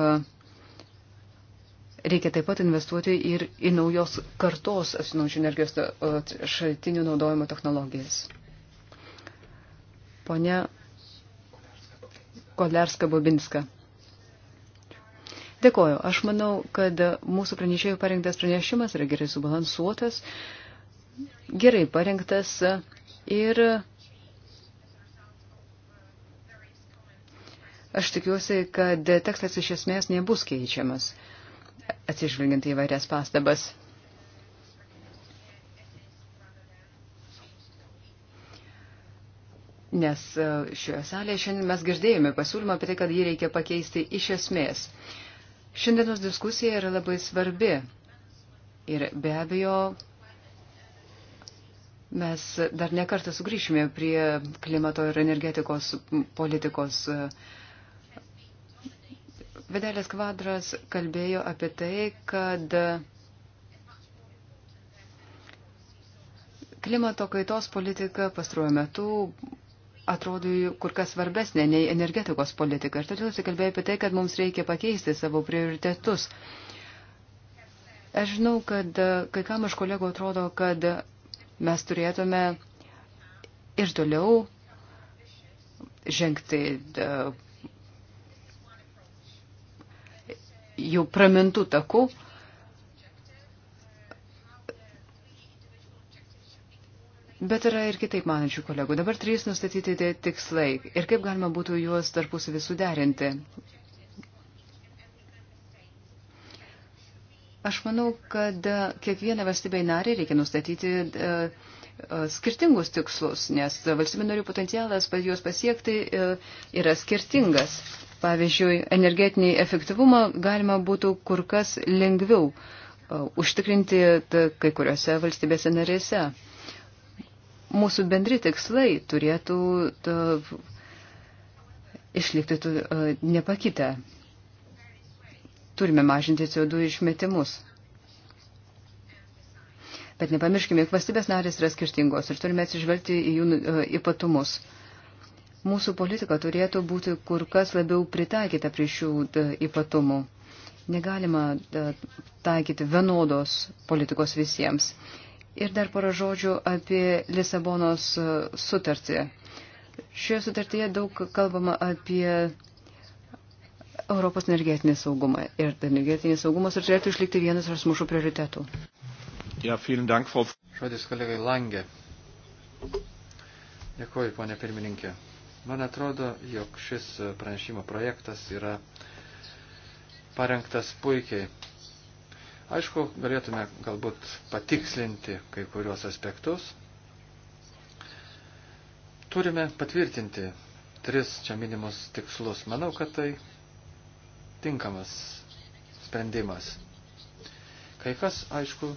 reikia taip pat investuoti ir į naujos kartos atsinaujančių energijos šaltinių naudojimo technologijas. Pone Kolerską Bobinską. Dėkoju. Aš manau, kad mūsų pranešėjų parengtas pranešimas yra gerai subalansuotas, gerai parengtas ir aš tikiuosi, kad tekstas iš esmės nebus keičiamas, atsižvelgiant į vairias pastabas. nes e, šioje salėje šiandien mes girdėjome pasiūlymą apie tai, kad jį reikia pakeisti iš esmės. Šiandienos diskusija yra labai svarbi ir be abejo mes dar nekartą sugrįšime prie klimato ir energetikos politikos. Vedelės kvadras kalbėjo apie tai, kad klimato kaitos politika pastruoju metu atrodo kur kas svarbesnė nei energetikos politika. Ir todėl susikalbėjau apie tai, kad mums reikia pakeisti savo prioritetus. Aš žinau, kad e, kai kam iš kolegų atrodo, kad mes turėtume ir toliau žengti e, jau pramintų takų Bet yra ir kitaip manančių kolegų. Dabar trys nustatyti tikslai ir kaip galima būtų juos tarpusavį suderinti. Aš manau, kad e, kiekvieną valstybę narį reikia nustatyti uh, skirtingus tikslus, nes valstybių narių potencialas juos pasiekti yra skirtingas. Pavyzdžiui, energetinį efektyvumą galima būtų kur kas lengviau užtikrinti kai kuriuose valstybėse narėse mūsų bendri tikslai turėtų to, išlikti to, e, nepakitę. Turime mažinti CO2 išmetimus. Bet nepamirškime, jog valstybės narės yra skirtingos ir turime atsižvelgti į jų e, ypatumus. Mūsų politika turėtų būti kur kas labiau pritaikyta prie šių e, ypatumų. Negalima taikyti vienodos politikos visiems. Ir dar porą žodžių apie Lisabonos e, sutartį. Šioje sutartyje daug kalbama apie Europos energetinį saugumą. Ir energetinis saugumas turėtų išlikti vienas iš mūsų prioritetų. Ja, dank, Frau... Žodis kolegai Langė. Dėkuoju, ponė pirmininkė. Man atrodo, jog šis pranešimo projektas yra parengtas puikiai. Aišku, galėtume galbūt patikslinti kai kuriuos aspektus. Turime patvirtinti tris čia minimus tikslus. Manau, kad tai tinkamas sprendimas. Kai kas, aišku,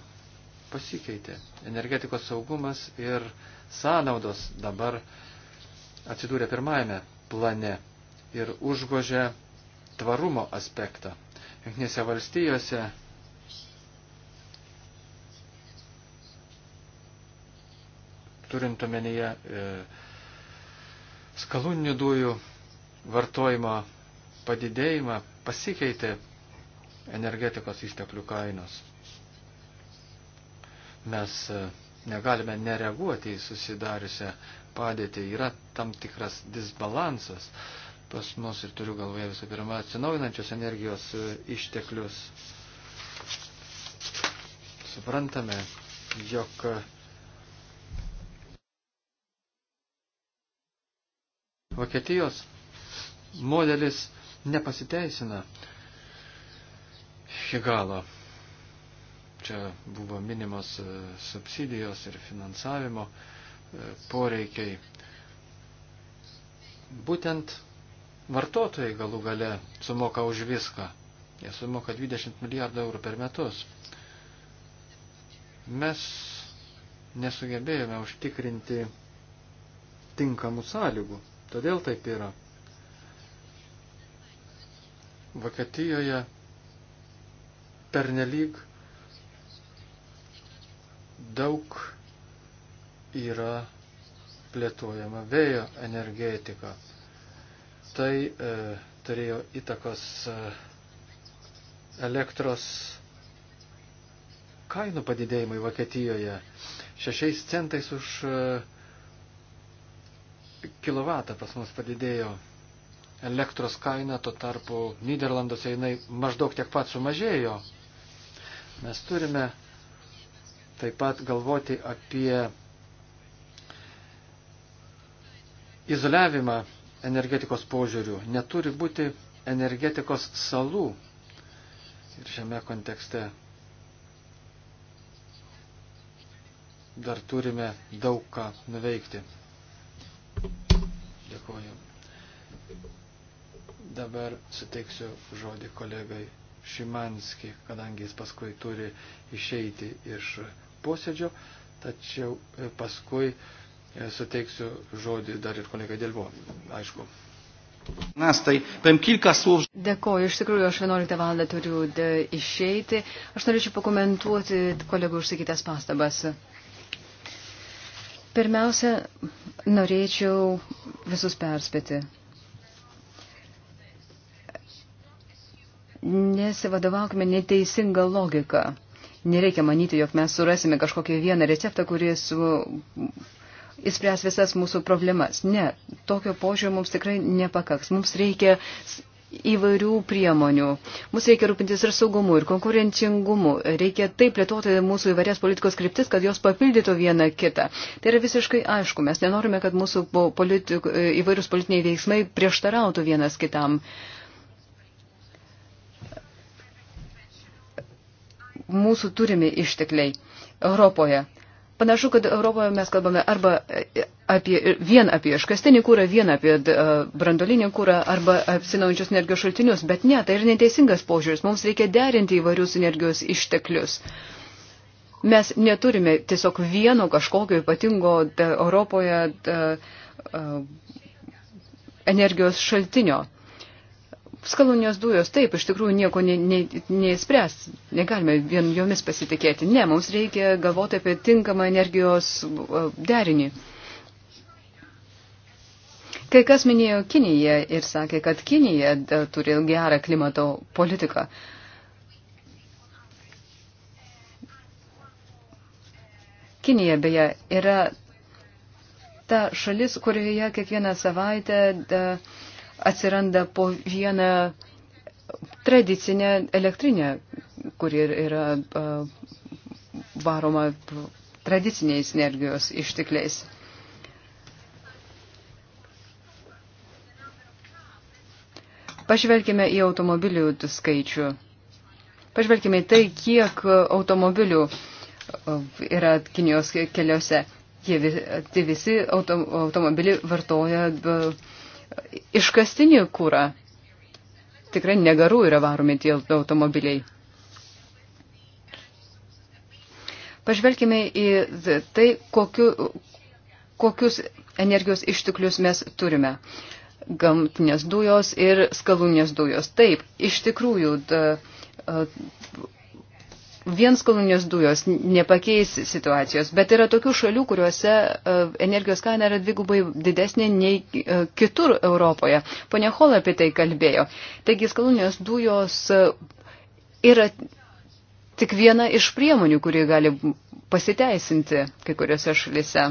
pasikeitė. Energetikos saugumas ir sąnaudos dabar atsidūrė pirmajame plane ir užgožė tvarumo aspektą. Junknėse valstijose turint omenyje e, skalūninių dujų vartojimo padidėjimą, pasikeitė energetikos išteklių kainos. Mes e, negalime nereaguoti į susidariusią padėtį. Yra tam tikras disbalansas pas mus ir turiu galvoje visų pirma atsinaujinančios energijos e, išteklius. Suprantame, jog Vokietijos modelis nepasiteisina iki galo. Čia buvo minimos e, subsidijos ir finansavimo e, poreikiai. Būtent vartotojai galų gale sumoka už viską. Jie sumoka 20 milijardų eurų per metus. Mes nesugebėjome užtikrinti tinkamų sąlygų Todėl taip yra. Vokietijoje pernelyg daug yra plėtojama vėjo energetika. Tai e, turėjo įtakos e, elektros kainų padidėjimui Vokietijoje. Šešiais centais už e, kilovatą pas mus padidėjo elektros kaina, tuo tarpu Niderlanduose jinai maždaug tiek pat sumažėjo. Mes turime taip pat galvoti apie izoliavimą energetikos požiūrių. Neturi būti energetikos salų. Ir šiame kontekste dar turime daug ką nuveikti. Dėkuoju. Dabar suteiksiu žodį kolegai Šimanski, kadangi jis paskui turi išeiti iš posėdžio, tačiau e, paskui e, suteiksiu žodį dar ir kolegai Dėlvo, aišku. Mes tai, paim kilka sūv. Dėkoju, iš tikrųjų aš 11 val. turiu e, išeiti. Aš norėčiau pakomentuoti kolegų užsakytas pastabas. Pirmiausia, norėčiau visus perspėti. Nesivadovaukime neteisinga logika. Nereikia manyti, jog mes surasime kažkokią vieną receptą, kuris su... įspręs visas mūsų problemas. Ne, tokio požiūrio mums tikrai nepakaks. Mums reikia įvairių priemonių. Mums reikia rūpintis ir saugumu, ir konkurencingumu. Reikia taip plėtoti mūsų įvairias politikos kryptis, kad jos papildytų vieną kitą. Tai yra visiškai aišku. Mes nenorime, kad mūsų politik, įvairius politiniai veiksmai prieštarautų vienas kitam. Mūsų turimi ištekliai Europoje Panašu, kad Europoje mes kalbame arba e, apie, vien apie iškastinį kūrą, vien apie e, brandolinį kūrą, arba apsinaujančius energijos šaltinius, bet ne, tai yra neteisingas požiūris. Mums reikia derinti įvairius energijos išteklius. Mes neturime tiesiog vieno kažkokio ypatingo Europoje e, energijos šaltinio. Skalūnės dujos, taip, iš tikrųjų nieko neįspręs, ne, ne negalime vien jomis pasitikėti. Ne, mums reikia galvoti apie tinkamą energijos e, derinį. Kai kas minėjo Kiniją ir sakė, kad Kinija e, turi gerą klimato politiką. Kinija beje yra ta šalis, kurioje kiekvieną savaitę da, e, uh, atsiranda po vieną tradicinę elektrinę, kuri yra varoma tradiciniais energijos ištikliais. Pažvelkime į automobilių skaičių. Pažvelkime į tai, kiek automobilių yra Kinijos keliuose. Tie visi automobiliai vartoja iškastinį kūrą. Tikrai negarų yra varomi tie automobiliai. Pažvelkime į tai, kokiu, kokius energijos išteklius mes turime. Gamtinės dujos ir skalūnės dujos. Taip, iš tikrųjų, da, vien skalūnės dujos nepakeis situacijos, bet yra tokių šalių, kuriuose e, energijos kaina yra dvigubai didesnė nei e, kitur Europoje. Pone Hol apie tai kalbėjo. Taigi skalūnės dujos e, yra tik viena iš priemonių, kuri gali pasiteisinti kai kuriuose šalyse.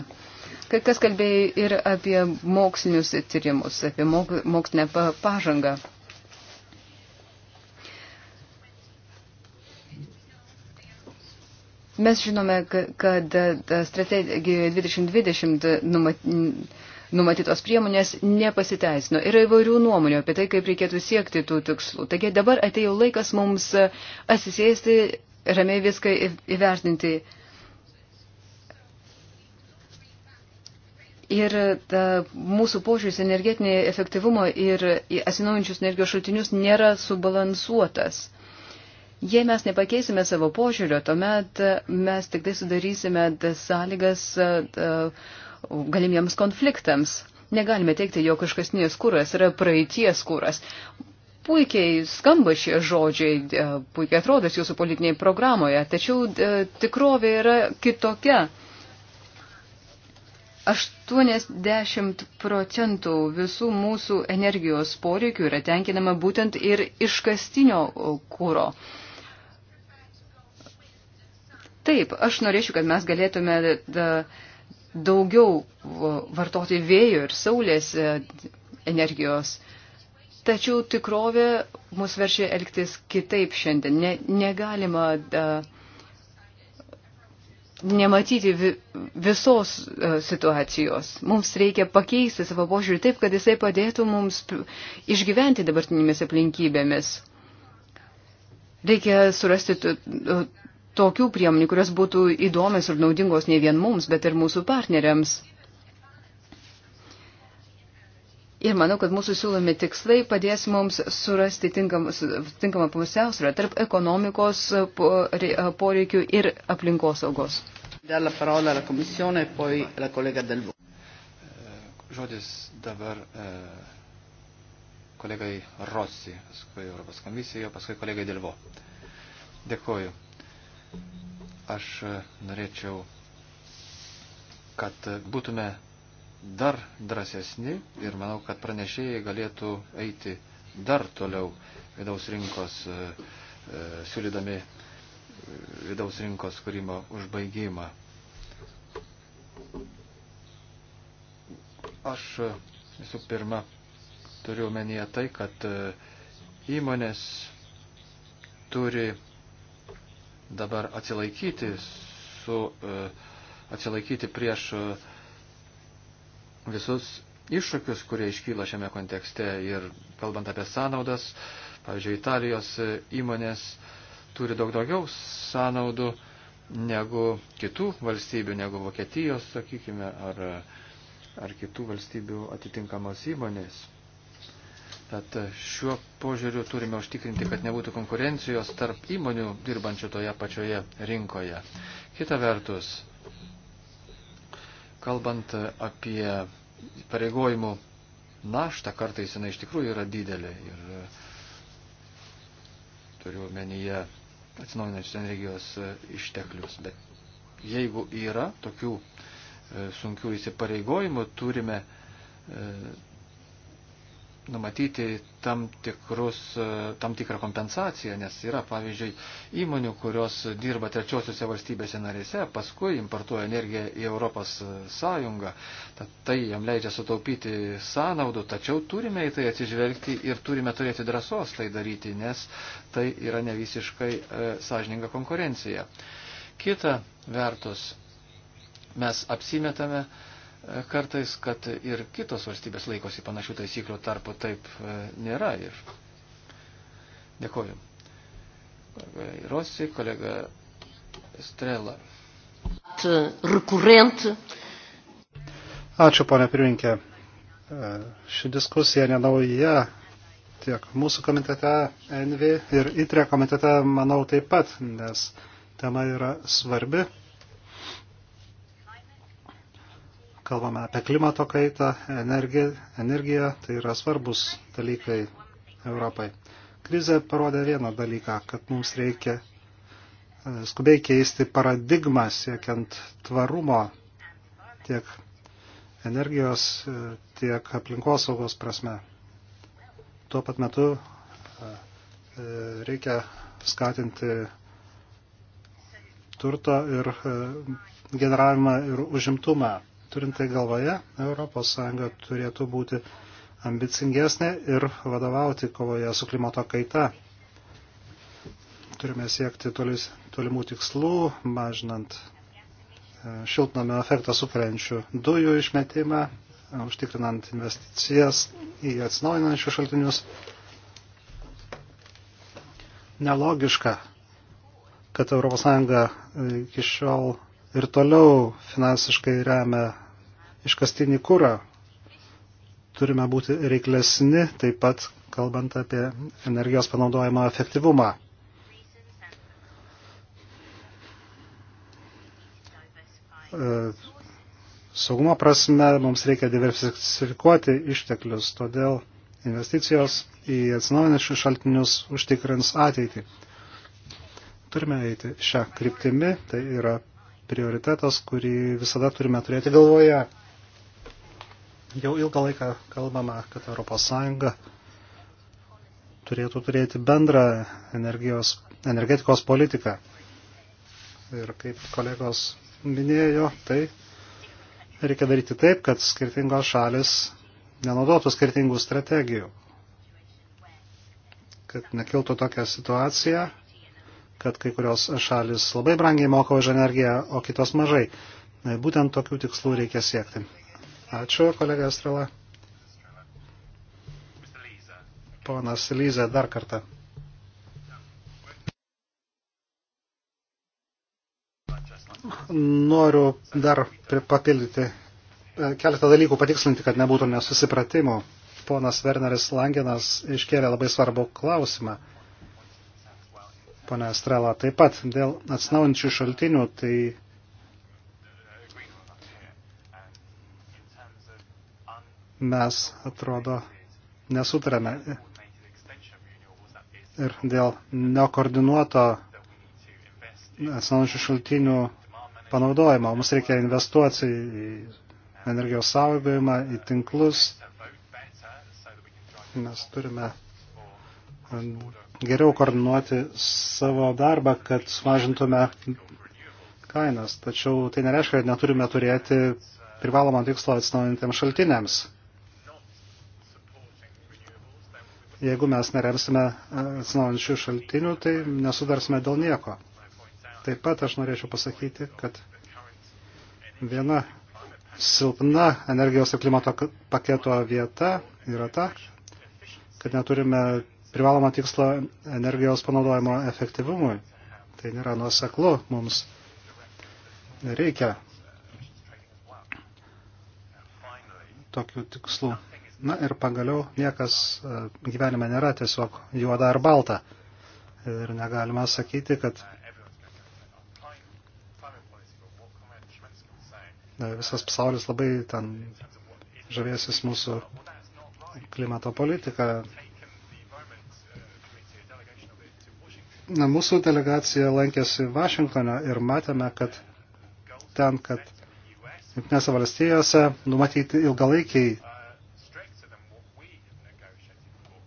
Kai kas kalbėjo ir apie mokslinius tyrimus, apie mokslinę pažangą. Mes žinome, kad e, strategija 2020 numat, numatytos priemonės nepasiteisino. Yra įvairių nuomonių apie tai, kaip reikėtų siekti tų tikslų. Taigi dabar atėjo laikas mums e, asisėsti, ramiai viską įvertinti. Ir ta, e, mūsų požiūris energetinė efektyvumo ir asinaujančius energijos šaltinius nėra subalansuotas. Jei mes nepakeisime savo požiūrio, tuomet mes tik tai sudarysime sąlygas galimiems konfliktams. Negalime teikti, jog kažkasnės kūras yra praeities kūras. Puikiai skamba šie žodžiai, puikiai atrodo jūsų politinėje programoje, tačiau tikrovė yra kitokia. 80 procentų visų mūsų energijos poreikių yra tenkinama būtent ir iškastinio kūro. Uh, Taip, aš norėčiau, kad mes galėtume daugiau vartoti vėjo ir saulės e, energijos. Tačiau tikrovė mus verčia elgtis kitaip šiandien. Ne, negalima da, nematyti vi, visos uh, situacijos. Mums reikia pakeisti savo požiūrį taip, kad jisai padėtų mums išgyventi dabartinėmis aplinkybėmis. Reikia surasti tokių priemonių, kurios būtų įdomios ir naudingos ne vien mums, bet ir mūsų partneriams. Ir manau, kad mūsų siūlomi tikslai padės mums surasti tinkamą, tinkamą pusiausvyrą tarp ekonomikos poreikių ir aplinkosaugos. Eh, žodis dabar e, kolegai Rossi, paskui Europos komisijoje, paskui kolegai Delvo. Dėkuoju. Aš e, norėčiau, kad būtume dar drąsesni ir manau, kad pranešėjai galėtų eiti dar toliau vidaus rinkos, e, e, siūlydami vidaus rinkos kūrimo užbaigimą. Aš visų pirma turiu menyje tai, kad įmonės turi dabar atsilaikyti, su, e, atsilaikyti prieš e, visus iššūkius, kurie iškyla šiame kontekste. Ir kalbant apie sąnaudas, pavyzdžiui, Italijos e, įmonės turi daug daugiau sąnaudų negu kitų valstybių, negu Vokietijos, sakykime, ar, ar kitų valstybių atitinkamos įmonės. Tad šiuo požiūriu turime užtikrinti, kad nebūtų konkurencijos tarp įmonių dirbančių toje pačioje rinkoje. Kita vertus, kalbant apie pareigojimų naštą, kartais jinai iš tikrųjų yra didelė. Ir e, turiu menyje atsinaujinančios energijos e, išteklius. Bet jeigu yra tokių e, sunkių įsipareigojimų, turime numatyti tam, tikrus, e, tam tikrą kompensaciją, nes yra, pavyzdžiui, įmonių, kurios dirba trečiosiuose valstybėse narėse, paskui importuoja energiją į Europos Sąjungą. Tad tai jam leidžia sutaupyti sąnaudų, tačiau turime į tai atsižvelgti ir turime turėti drąsos tai daryti, nes tai yra ne visiškai e, sąžininga konkurencija. Kita vertus, mes apsimetame, e, E, kartais, kad ir kitos valstybės laikosi panašių taisyklių, tarpu taip e, nėra. Ir dėkoju. Kolega Rossi, kolega Strela. E, Ačiū, ponė pirminkė. Ši diskusija nenauja tiek mūsų komitete ENVI ir ITRE komitete, manau, taip pat, nes tema yra svarbi. kalbame apie klimato kaitą, energiją, energiją, tai yra svarbus dalykai Europai. Krize parodė vieną dalyką, kad mums reikia e, skubiai keisti paradigmą siekiant tvarumo tiek energijos, e, tiek aplinkosaugos prasme. Tuo pat metu e, reikia skatinti turto ir generavimą ir užimtumą. Turint tai galvoje, ES turėtų būti ambicingesnė ir vadovauti kovoje su klimato kaita. Turime siekti tolis, tolimų tikslų, mažinant e, šiltnamio efektą sukeliančių dujų išmetimą, užtikrinant investicijas į atsinaujinančius šaltinius. Nelogiška, kad ES iki šiol ir toliau finansiškai remia iškastinį kurą. Turime būti reiklesni taip pat, kalbant apie energijos panaudojimo efektyvumą. E, saugumo prasme mums reikia diversifikuoti išteklius, todėl investicijos į atsinaujinančius šaltinius užtikrins ateitį. Turime eiti šią kryptimį, tai yra prioritetas, kurį visada turime turėti galvoje. Jau ilgą laiką kalbama, kad ES turėtų turėti bendrą energijos, energetikos politiką. Ir kaip kolegos minėjo, tai reikia daryti taip, kad skirtingos šalis nenaudotų skirtingų strategijų. Kad nekiltų tokia situacija, kad kai kurios šalis labai brangiai moka už energiją, o kitos mažai. Būtent tokių tikslų reikia siekti. Ačiū, kolega Estrela. Ponas Lyza, dar kartą. Noriu dar papildyti e, keletą dalykų, patikslinti, kad nebūtų nesusipratimų. Ponas Werneris Langinas iškėlė labai svarbų klausimą. Pone Estrela, taip pat dėl atsinaujančių šaltinių, tai mes atrodo nesutarėme. Ir dėl nekoordinuoto atsinaujančių šaltinių panaudojimo. Mums reikia investuoti į energijos saugojimą, į tinklus. Mes turime e, geriau koordinuoti savo darbą, kad sumažintume kainas. Tačiau tai nereiškia, kad neturime turėti privalomą tikslą atsinaujantiems šaltiniams. Jeigu mes neremsime e, atsinaujančių šaltinių, tai nesudarsime dėl nieko. Taip pat aš norėčiau pasakyti, kad viena silpna energijos ir klimato paketo vieta yra ta, kad neturime privalomą tikslą energijos panaudojimo efektyvumui. Tai nėra nuoseklu mums. Reikia tokių tikslų. Na ir pagaliau niekas e, gyvenime nėra tiesiog juoda ar balta. Ir negalima sakyti, kad e, visas pasaulis labai ten žavėsis mūsų klimato politika. Na, mūsų delegacija lankėsi Vašingtone ir matėme, kad ten, kad Junktinėse valstijose numatyti ilgalaikiai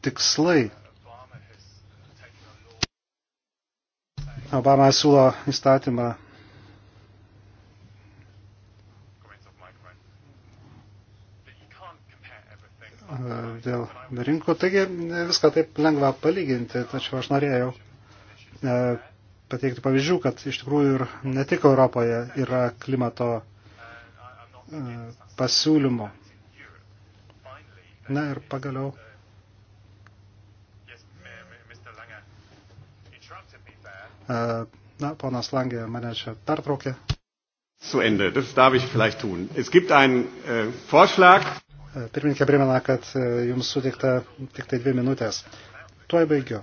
tikslai. Obama siūlo įstatymą dėl rinkų. Taigi viską taip lengva palyginti, tačiau aš norėjau e, pateikti pavyzdžių, kad iš tikrųjų ir ne tik Europoje yra klimato e, pasiūlymų. Na ir pagaliau E, na, ponas Langė mane čia pertraukė. Zu Ende, das darf ich vielleicht tun. Es gibt einen äh, Vorschlag. E, pirmininkė primena, kad e, jums suteikta tik tai dvi minutės. Tuo baigiu.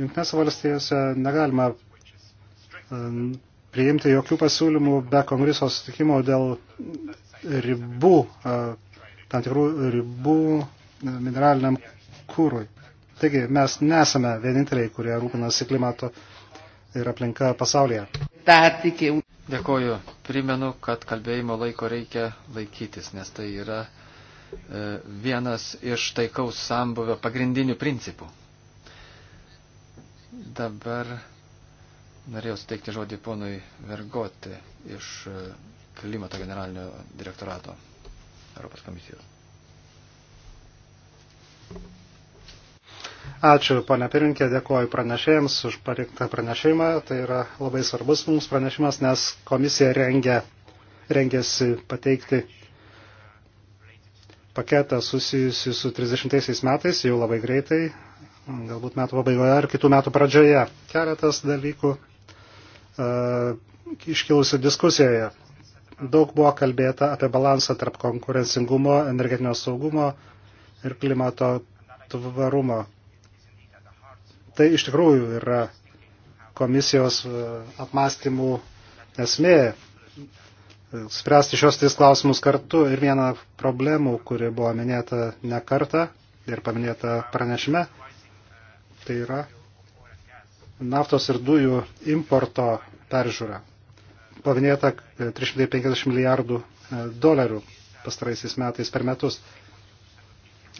Junktinės valstijose negalima priimti jokių pasiūlymų be kongreso sutikimo dėl ribų, tam tikrų ribų mineraliniam kūrui. Taigi mes nesame vieninteliai, kurie rūpinasi klimato ir aplinka pasaulyje. Dėkoju. Primenu, kad kalbėjimo laiko reikia laikytis, nes tai yra e, vienas iš taikaus sambuvio pagrindinių principų. Dabar norėjau suteikti žodį ponui Vergoti iš e, klimato generalinio direktorato Europos komisijos. Ačiū, ponia Pirinkė, dėkuoju pranešėjams už parinktą pranešimą. Tai yra labai svarbus mums pranešimas, nes komisija rengia, rengėsi pateikti paketą susijusi su 30 metais, jau labai greitai, galbūt metų pabaigoje ar kitų metų pradžioje. Keletas dalykų uh, e, iškilusi diskusijoje. Daug buvo kalbėta apie balansą tarp konkurencingumo, energetinio saugumo ir klimato tvarumo Tai iš tikrųjų yra komisijos e, apmąstymų esmė e, spręsti šios tris klausimus kartu ir vieną problemų, kuri buvo minėta ne kartą ir paminėta pranešime, tai yra naftos ir dujų importo peržiūra. Paminėta e, 350 milijardų dolerių pastaraisiais metais per metus.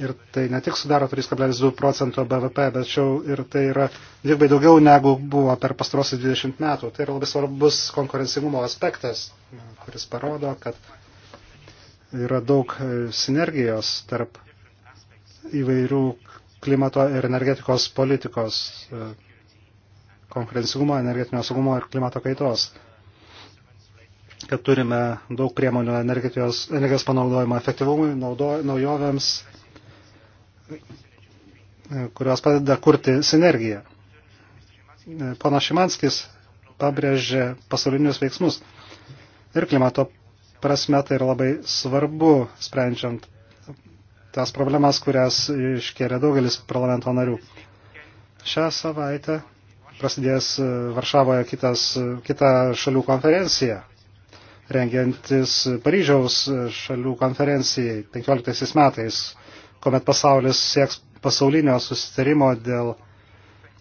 Ir tai ne tik sudaro 3,2 procento BVP, bet šiau ir tai yra dvigubai daugiau negu buvo per pastarosius 20 metų. Tai yra labai svarbus konkurencingumo aspektas, kuris parodo, kad yra daug e, sinergijos tarp įvairių klimato ir energetikos politikos e, konkurencingumo, energetinio saugumo ir klimato kaitos kad turime daug priemonių energetijos, energijos panaudojimo efektyvumui, naudo, naujovėms, kurios padeda kurti sinergiją. Pana Šimanskis pabrėžė pasaulinius veiksmus. Ir klimato prasme tai yra labai svarbu, sprendžiant tas problemas, kurias iškėlė daugelis parlamento narių. Šią savaitę prasidės Varšavoje kitas, kita šalių konferencija, rengiantis Paryžiaus šalių konferencijai 15 metais, kuomet pasaulis sieks pasaulinio susitarimo dėl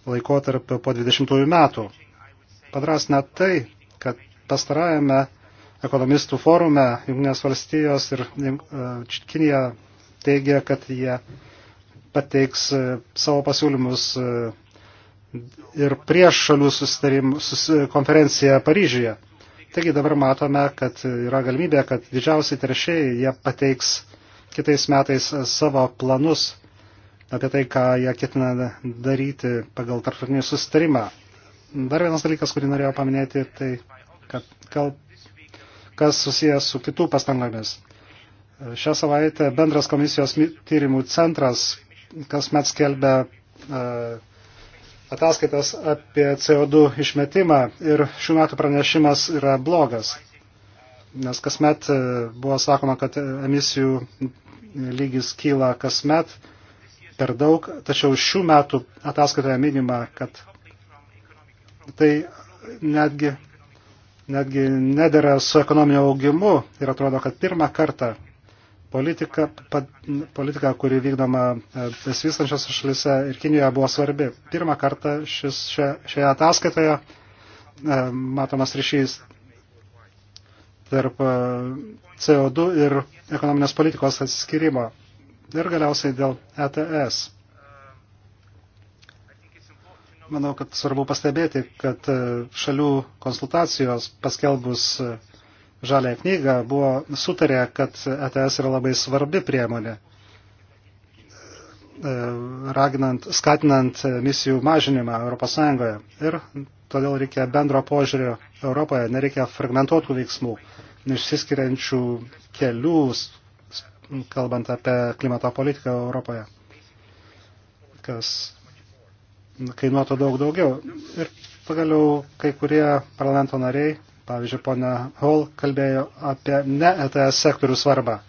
laikotarpio po 20 metų. Padrasna tai, kad pastarajame ekonomistų forume Junginės valstijos ir e, Kinija teigia, kad jie pateiks e, savo pasiūlymus e, ir prieš šalių sus, konferenciją Paryžiuje. Taigi dabar matome, kad yra galimybė, kad didžiausiai teršėjai jie pateiks kitais metais savo planus apie tai, ką jie ketina daryti pagal tarptautinį susitarimą. Dar vienas dalykas, kurį norėjau paminėti, tai kad kal, kas susijęs su kitų pastangomis. Šią savaitę bendras komisijos tyrimų centras kasmet skelbia e, ataskaitas apie CO2 išmetimą ir šių metų pranešimas yra blogas nes kasmet e, buvo sakoma, kad emisijų lygis kyla kasmet per daug, tačiau šių metų ataskaitoje minima, kad tai netgi, netgi nedėra su ekonominiu augimu ir atrodo, kad pirmą kartą politika, pa, politika kuri vykdoma e, besivystančios šalise ir Kinijoje buvo svarbi. Pirmą kartą šis, šia, šioje ataskaitoje e, matomas ryšys tarp e, CO2 ir ekonominės politikos atsiskirimo ir galiausiai dėl ETS. Manau, kad svarbu pastebėti, kad e, šalių konsultacijos paskelbus e, žalę knygą buvo sutarė, kad ETS yra labai svarbi priemonė, raginant, skatinant misijų mažinimą ES. Ir todėl reikia bendro požiūrio Europoje, nereikia fragmentuotų veiksmų išsiskiriančių kelių, kalbant apie klimato politiką Europoje, kas kainuotų daug daugiau. Ir pagaliau kai kurie parlamento nariai, pavyzdžiui, ponia Hall, kalbėjo apie ne ETS sektorių svarbą.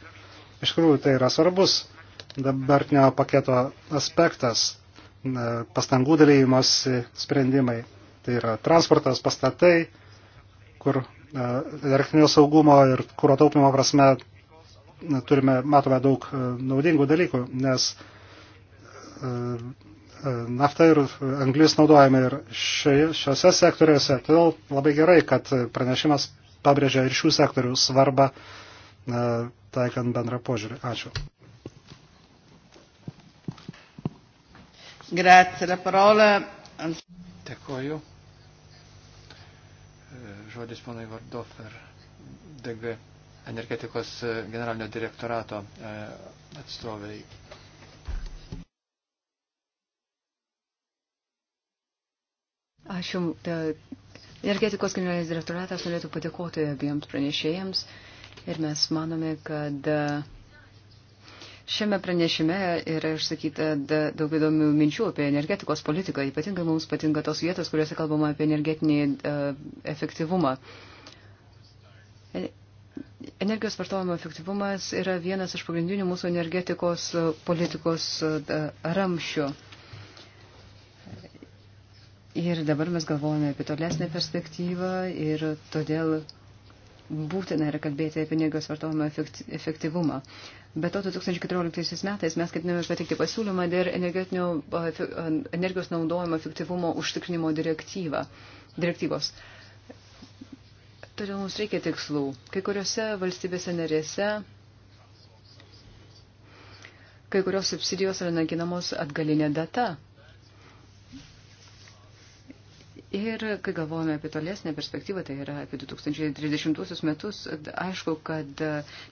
Iš tikrųjų, tai yra svarbus dabartinio paketo aspektas, pastangų dalyjimas sprendimai. Tai yra transportas, pastatai, kur E, elektrinio saugumo ir kūro taupimo prasme turime, matome daug e, naudingų dalykų, nes e, nafta ir anglis naudojame ir šiuose sektoriuose. Todėl labai gerai, kad pranešimas pabrėžia ir šių sektorių svarbą taikant bendrą požiūrį. Ačiū. Grazie, la parola. Dėkuoju žodis ponai Vardofer, DG energetikos generalinio direktorato atstoviai. Aš jums, energetikos generalinis direktoratas norėtų padėkoti abiems pranešėjams ir mes manome, kad e, Šiame pranešime yra išsakyta daug įdomių minčių apie energetikos politiką. Ypatingai mums patinka tos vietos, kuriuose kalbama apie energetinį uh, efektyvumą. E, energijos vartojimo efektyvumas yra vienas iš pagrindinių mūsų energetikos e, politikos ramšių. Ir dabar mes galvojame apie tolesnę perspektyvą ir todėl būtina yra kalbėti apie energijos vartojimo efektyvumą. Be to, 2014 metais mes ketiname pateikti pasiūlymą dėl energijos naudojimo efektyvumo užtikrinimo direktyvą, direktyvos. Todėl mums reikia tikslų. Kai kuriuose valstybėse narėse, kai kurios subsidijos yra naginamos atgalinė data. Ir kai galvojame apie tolesnę perspektyvą, tai yra apie 2030 metus, aišku, kad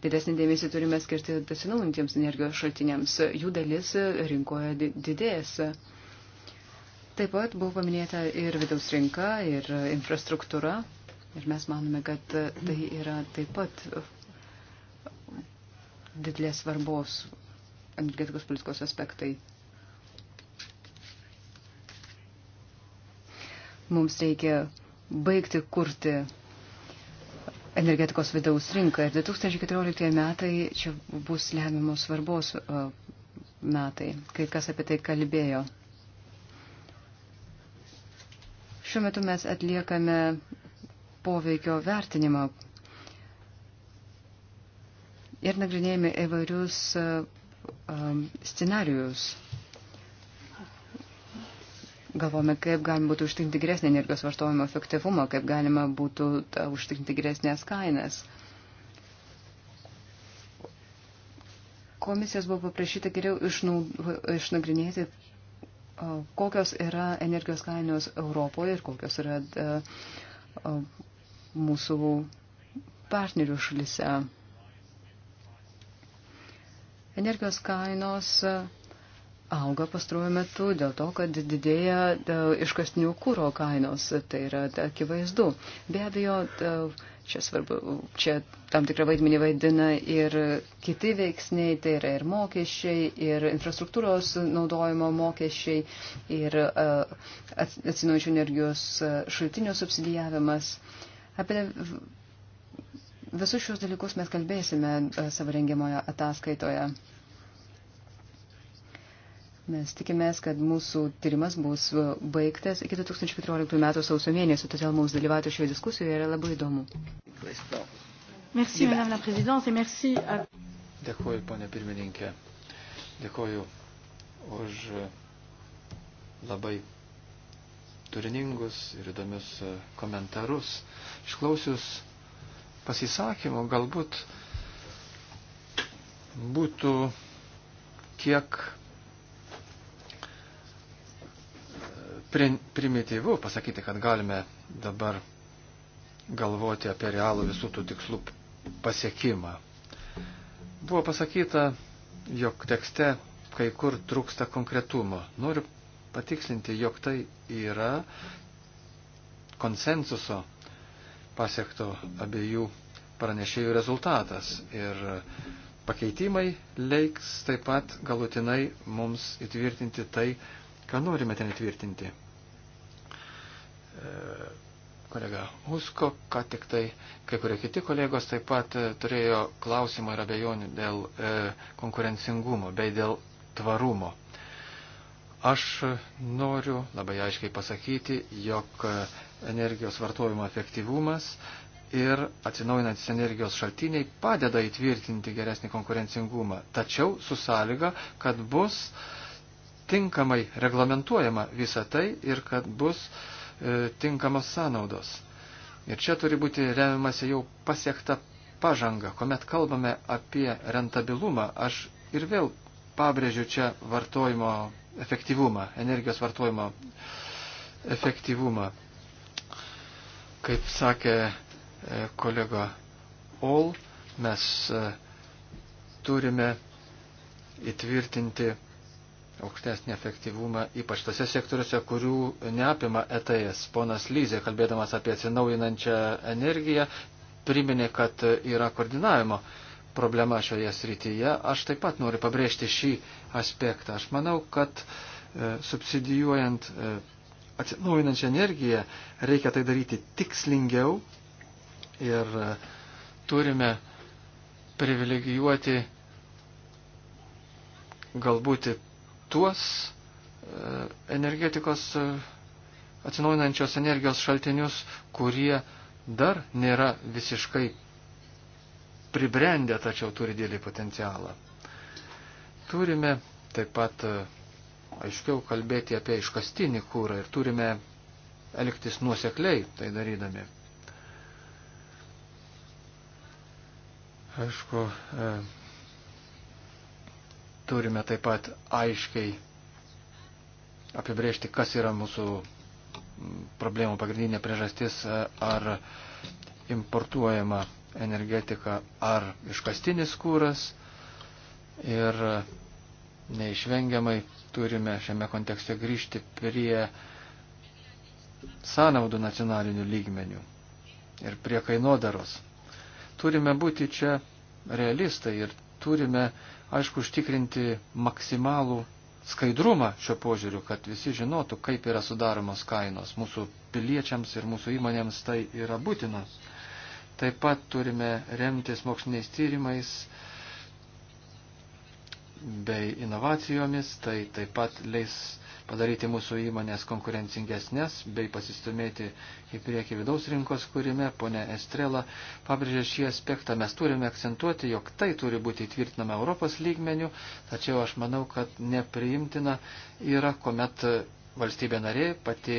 didesnį dėmesį turime skirti atsinaujantiems energijos šaltiniams. Jų dalis rinkoje didės. Taip pat buvo paminėta ir vidaus rinka, ir infrastruktūra. Ir mes manome, kad tai yra taip pat didelės svarbos energetikos politikos aspektai. Mums reikia baigti kurti energetikos vidaus rinką. Ir 2014 metai čia bus lemiamos svarbos metai, kai kas apie tai kalbėjo. Šiuo metu mes atliekame poveikio vertinimą ir nagrinėjame įvairius scenarius. Galvome, kaip galima būtų užtikrinti geresnį energijos vartojimo efektyvumą, kaip galima būtų užtikrinti geresnės kainas. Komisijos buvo paprašyta geriau išnagrinėti, kokios yra energijos kainos Europoje ir kokios yra e, mūsų partnerių šalise. Energijos kainos auga pastruoju metu dėl to, kad didėja e, iškastinių kūro kainos. Tai yra akivaizdu. Be abejo, da, e, čia, svarbu, čia tam tikrą vaidmenį vaidina ir kiti veiksniai, tai yra ir mokesčiai, ir infrastruktūros naudojimo mokesčiai, ir e, atsinaujančių energijos šaltinių subsidijavimas. Apie visus šios dalykus mes kalbėsime savo rengiamoje ataskaitoje. Mes tikimės, kad mūsų tyrimas bus e, baigtas iki 2014 metų sausio mėnesio, todėl mums dalyvauti šioje diskusijoje yra labai įdomu. Merci, madame la présidente, et merci. À... Dėkuoju, ponė pirmininkė. Dėkuoju už labai turiningus ir įdomius komentarus. Išklausius pasisakymų, galbūt būtų kiek primityvu pasakyti, kad galime dabar galvoti apie realų visų tų tikslų pasiekimą. Buvo pasakyta, jog tekste kai kur trūksta konkretumo. Noriu patikslinti, jog tai yra konsensuso pasiekto abiejų pranešėjų rezultatas. Ir pakeitimai leiks taip pat galutinai mums įtvirtinti tai, ką norime ten įtvirtinti. E, kolega Usko, ką tik tai, kai kurie kiti kolegos taip pat e, turėjo klausimą ir abejonių dėl e, konkurencingumo bei dėl tvarumo. Aš noriu labai aiškiai pasakyti, jog energijos vartojimo efektyvumas ir atsinaujinantis energijos šaltiniai padeda įtvirtinti geresnį konkurencingumą, tačiau su sąlyga, kad bus uh, tinkamai reglamentuojama visa tai ir kad bus e, tinkamos sąnaudos. Ir čia turi būti remiamasi jau pasiekta pažanga. Komet kalbame apie rentabilumą, aš ir vėl pabrėžiu čia vartojimo efektyvumą, energijos vartojimo efektyvumą. Kaip sakė e, kolega Ol, mes e, turime įtvirtinti aukštesnį efektyvumą, ypač tose sektoriuose, kurių neapima ETS. Ponas Lyzė, kalbėdamas apie atsinaujinančią energiją, priminė, kad yra koordinavimo problema šioje srityje. Aš taip pat noriu pabrėžti šį aspektą. Aš manau, kad e, subsidijuojant e, atsinaujinančią energiją reikia tai daryti tikslingiau ir e, turime privilegijuoti galbūt tuos e, energetikos e, atsinaujinančios energijos šaltinius, kurie dar nėra visiškai pribrendę, tačiau turi dėlį potencialą. Turime taip pat e, aiškiau kalbėti apie iškastinį kūrą ir turime elgtis nuosekliai tai darydami. Aišku, Turime taip pat aiškiai apibrėžti, kas yra mūsų problemų pagrindinė priežastis, e, ar importuojama energetika, ar iškastinis kūras. Ir neišvengiamai turime šiame kontekste grįžti prie sąnaudų nacionalinių lygmenių ir prie kainodaros. Turime būti čia realistai ir turime aišku, užtikrinti maksimalų skaidrumą šio požiūriu, kad visi žinotų, kaip yra sudaromos kainos. Mūsų piliečiams ir mūsų įmonėms tai yra būtinas. Taip pat turime remtis moksliniais tyrimais bei inovacijomis, tai taip pat leis padaryti mūsų įmonės konkurencingesnės bei pasistumėti į priekį vidaus rinkos kūrime. Pone Estrela pabrėžė šį aspektą. Mes turime akcentuoti, jog tai turi būti įtvirtinama Europos lygmenių, tačiau aš manau, kad nepriimtina yra, kuomet valstybė narė pati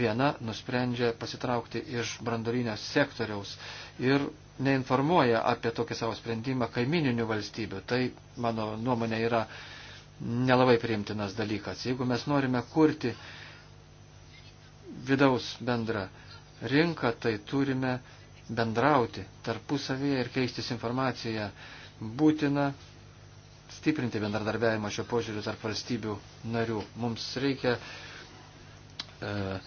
viena nusprendžia pasitraukti iš brandolinio sektoriaus ir neinformuoja apie tokį savo sprendimą kaimininių valstybių. Tai, mano nuomonė, yra nelabai priimtinas dalykas. Jeigu mes norime kurti vidaus bendrą rinką, tai turime bendrauti tarpusavėje ir keistis informaciją. Būtina stiprinti bendradarbiavimą šio požiūriu tarp valstybių narių. Mums reikia e,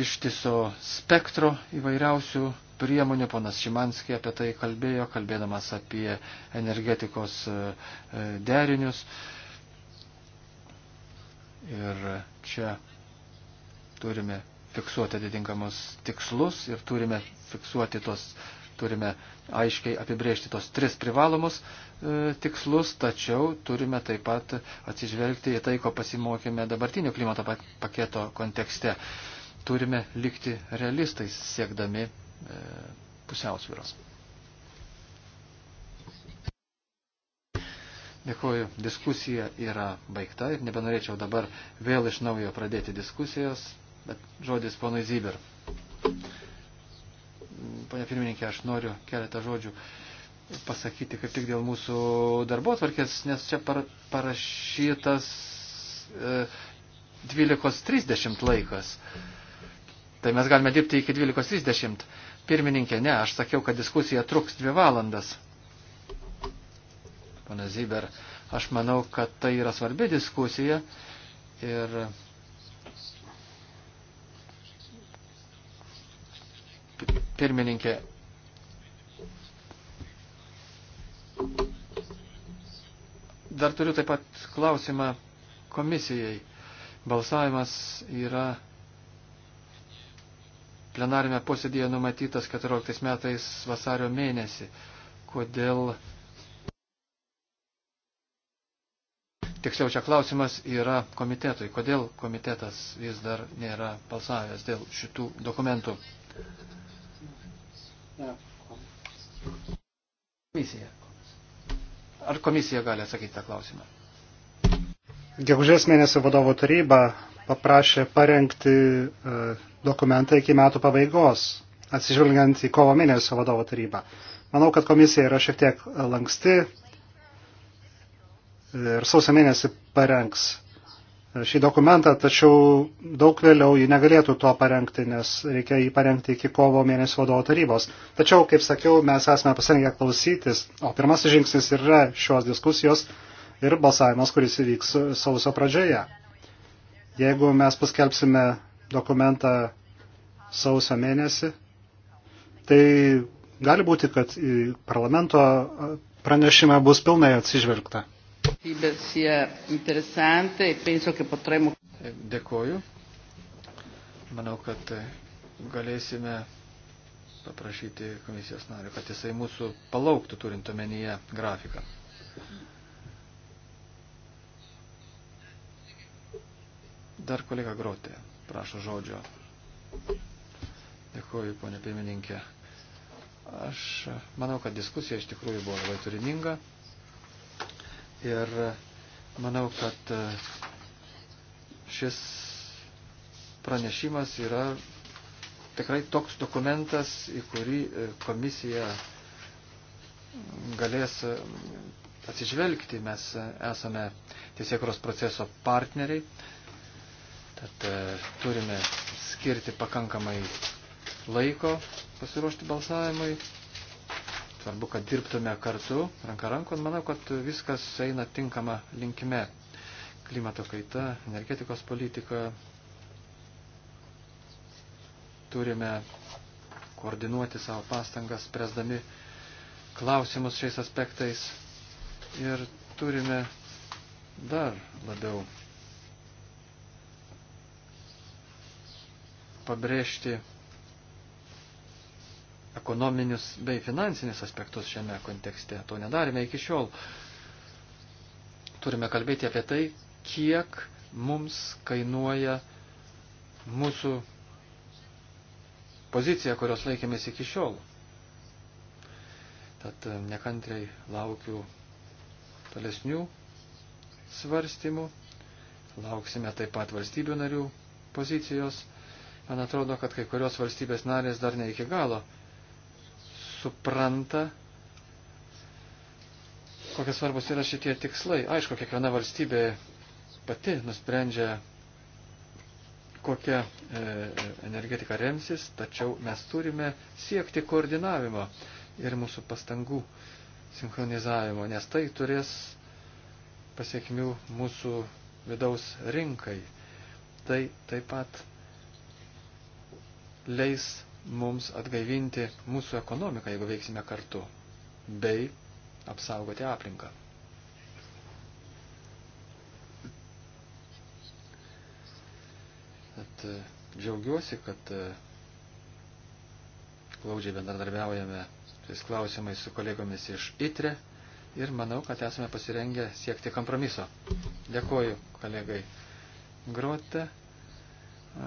ištiso spektro įvairiausių priemonių. Ponas Šimanski apie tai kalbėjo, kalbėdamas apie energetikos e, e, derinius. Ir čia turime fiksuoti atitinkamus tikslus ir turime fiksuoti tos, turime aiškiai apibrėžti tos tris privalomus e, tikslus, tačiau turime taip pat atsižvelgti į tai, ko pasimokėme dabartinio klimato paketo kontekste. Turime likti realistais siekdami E, pusiausvyros. Dėkuoju, diskusija yra baigta ir nebenorėčiau dabar vėl iš naujo pradėti diskusijos, bet žodis ponui Zyber. Pane pirmininkė, aš noriu keletą žodžių pasakyti kaip tik dėl mūsų darbo tvarkės, nes čia par, parašytas e, 12.30 laikas. Tai mes galime dirbti iki 12.30. Pirmininkė, ne, aš sakiau, kad diskusija truks dvi valandas. Pana Zyber, aš manau, kad tai yra svarbi diskusija ir pirmininkė. Dar turiu taip pat klausimą komisijai. Balsavimas yra plenarime posėdėje numatytas 14 metais vasario mėnesį. Kodėl? Tiksliau, čia klausimas yra komitetui. Kodėl komitetas vis dar nėra balsavęs dėl šitų dokumentų? Komisija. Ar komisija gali atsakyti tą klausimą? Gegužės mėnesio vadovo taryba paprašė parengti e, dokumentą iki metų pabaigos, atsižvelgiant į kovo mėnesio vadovo tarybą. Manau, kad komisija yra šiek tiek lanksti ir sausio mėnesį parengs e, šį dokumentą, tačiau daug vėliau ji negalėtų to parengti, nes reikia jį parengti iki kovo mėnesio vadovo tarybos. Tačiau, kaip sakiau, mes esame pasirengę klausytis, o pirmasis žingsnis yra šios diskusijos ir balsavimas, kuris įvyks sausio pradžioje. Jeigu mes paskelbsime dokumentą sausio mėnesį, tai gali būti, kad į parlamento pranešimą bus pilnai atsižvelgta. Dėkoju. Manau, kad galėsime paprašyti komisijos nario, kad jisai mūsų palauktų turint omenyje grafiką. Dar kolega Grotė prašo žodžio. Dėkuoju, ponė pirmininkė. Aš manau, kad diskusija iš tikrųjų buvo labai turininga. Ir manau, kad šis pranešimas yra tikrai toks dokumentas, į kurį e, komisija galės e, atsižvelgti. Mes e, esame tiesiekros proceso partneriai Tad e, turime skirti pakankamai laiko pasiruošti balsavimui. Svarbu, kad dirbtume kartu, ranka rankon. Manau, kad viskas eina tinkama linkime. Klimato kaita, energetikos politika. Turime koordinuoti savo pastangas, presdami klausimus šiais aspektais. Ir turime dar labiau pabrėžti ekonominius bei finansinius aspektus šiame kontekste. To nedarėme iki šiol. Turime kalbėti apie tai, kiek mums kainuoja mūsų pozicija, kurios laikėmės iki šiol. Tad e, nekantriai laukiu tolesnių svarstymų. Lauksime taip pat valstybių narių pozicijos. Man atrodo, kad kai kurios valstybės narės dar ne iki galo supranta, kokie svarbus yra šitie tikslai. Aišku, kiekviena valstybė pati nusprendžia, kokia e, energetika remsis, tačiau mes turime siekti koordinavimo ir mūsų pastangų sinchronizavimo, nes tai turės pasiekmių mūsų vidaus rinkai. Tai taip pat leis mums atgaivinti mūsų ekonomiką, jeigu veiksime kartu, bei apsaugoti aplinką. At, e, džiaugiuosi, kad e, glaudžiai bendradarbiaujame tais klausimais su kolegomis iš ITRE ir manau, kad esame pasirengę siekti kompromiso. Dėkuoju kolegai Grote.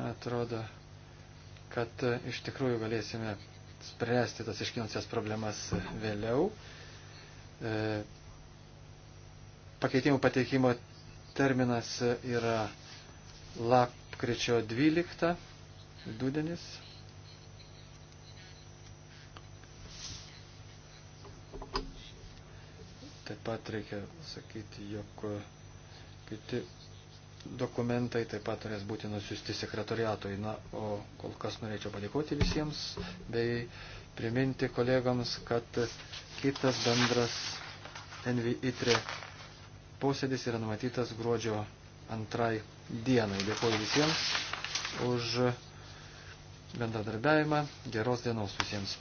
Atrodo, kad e, iš tikrųjų galėsime spręsti tas iškinusias problemas vėliau. E, pakeitimų pateikimo terminas yra lapkričio 12 vidudienis. Taip pat reikia sakyti, jog kiti dokumentai taip pat turės būti nusiusti sekretoriatui. Na, o kol kas norėčiau padėkoti visiems bei priminti kolegams, kad kitas bendras Envi Itre posėdis yra numatytas gruodžio antrai dienai. Dėkuoju visiems už bendradarbiavimą. Geros dienos visiems.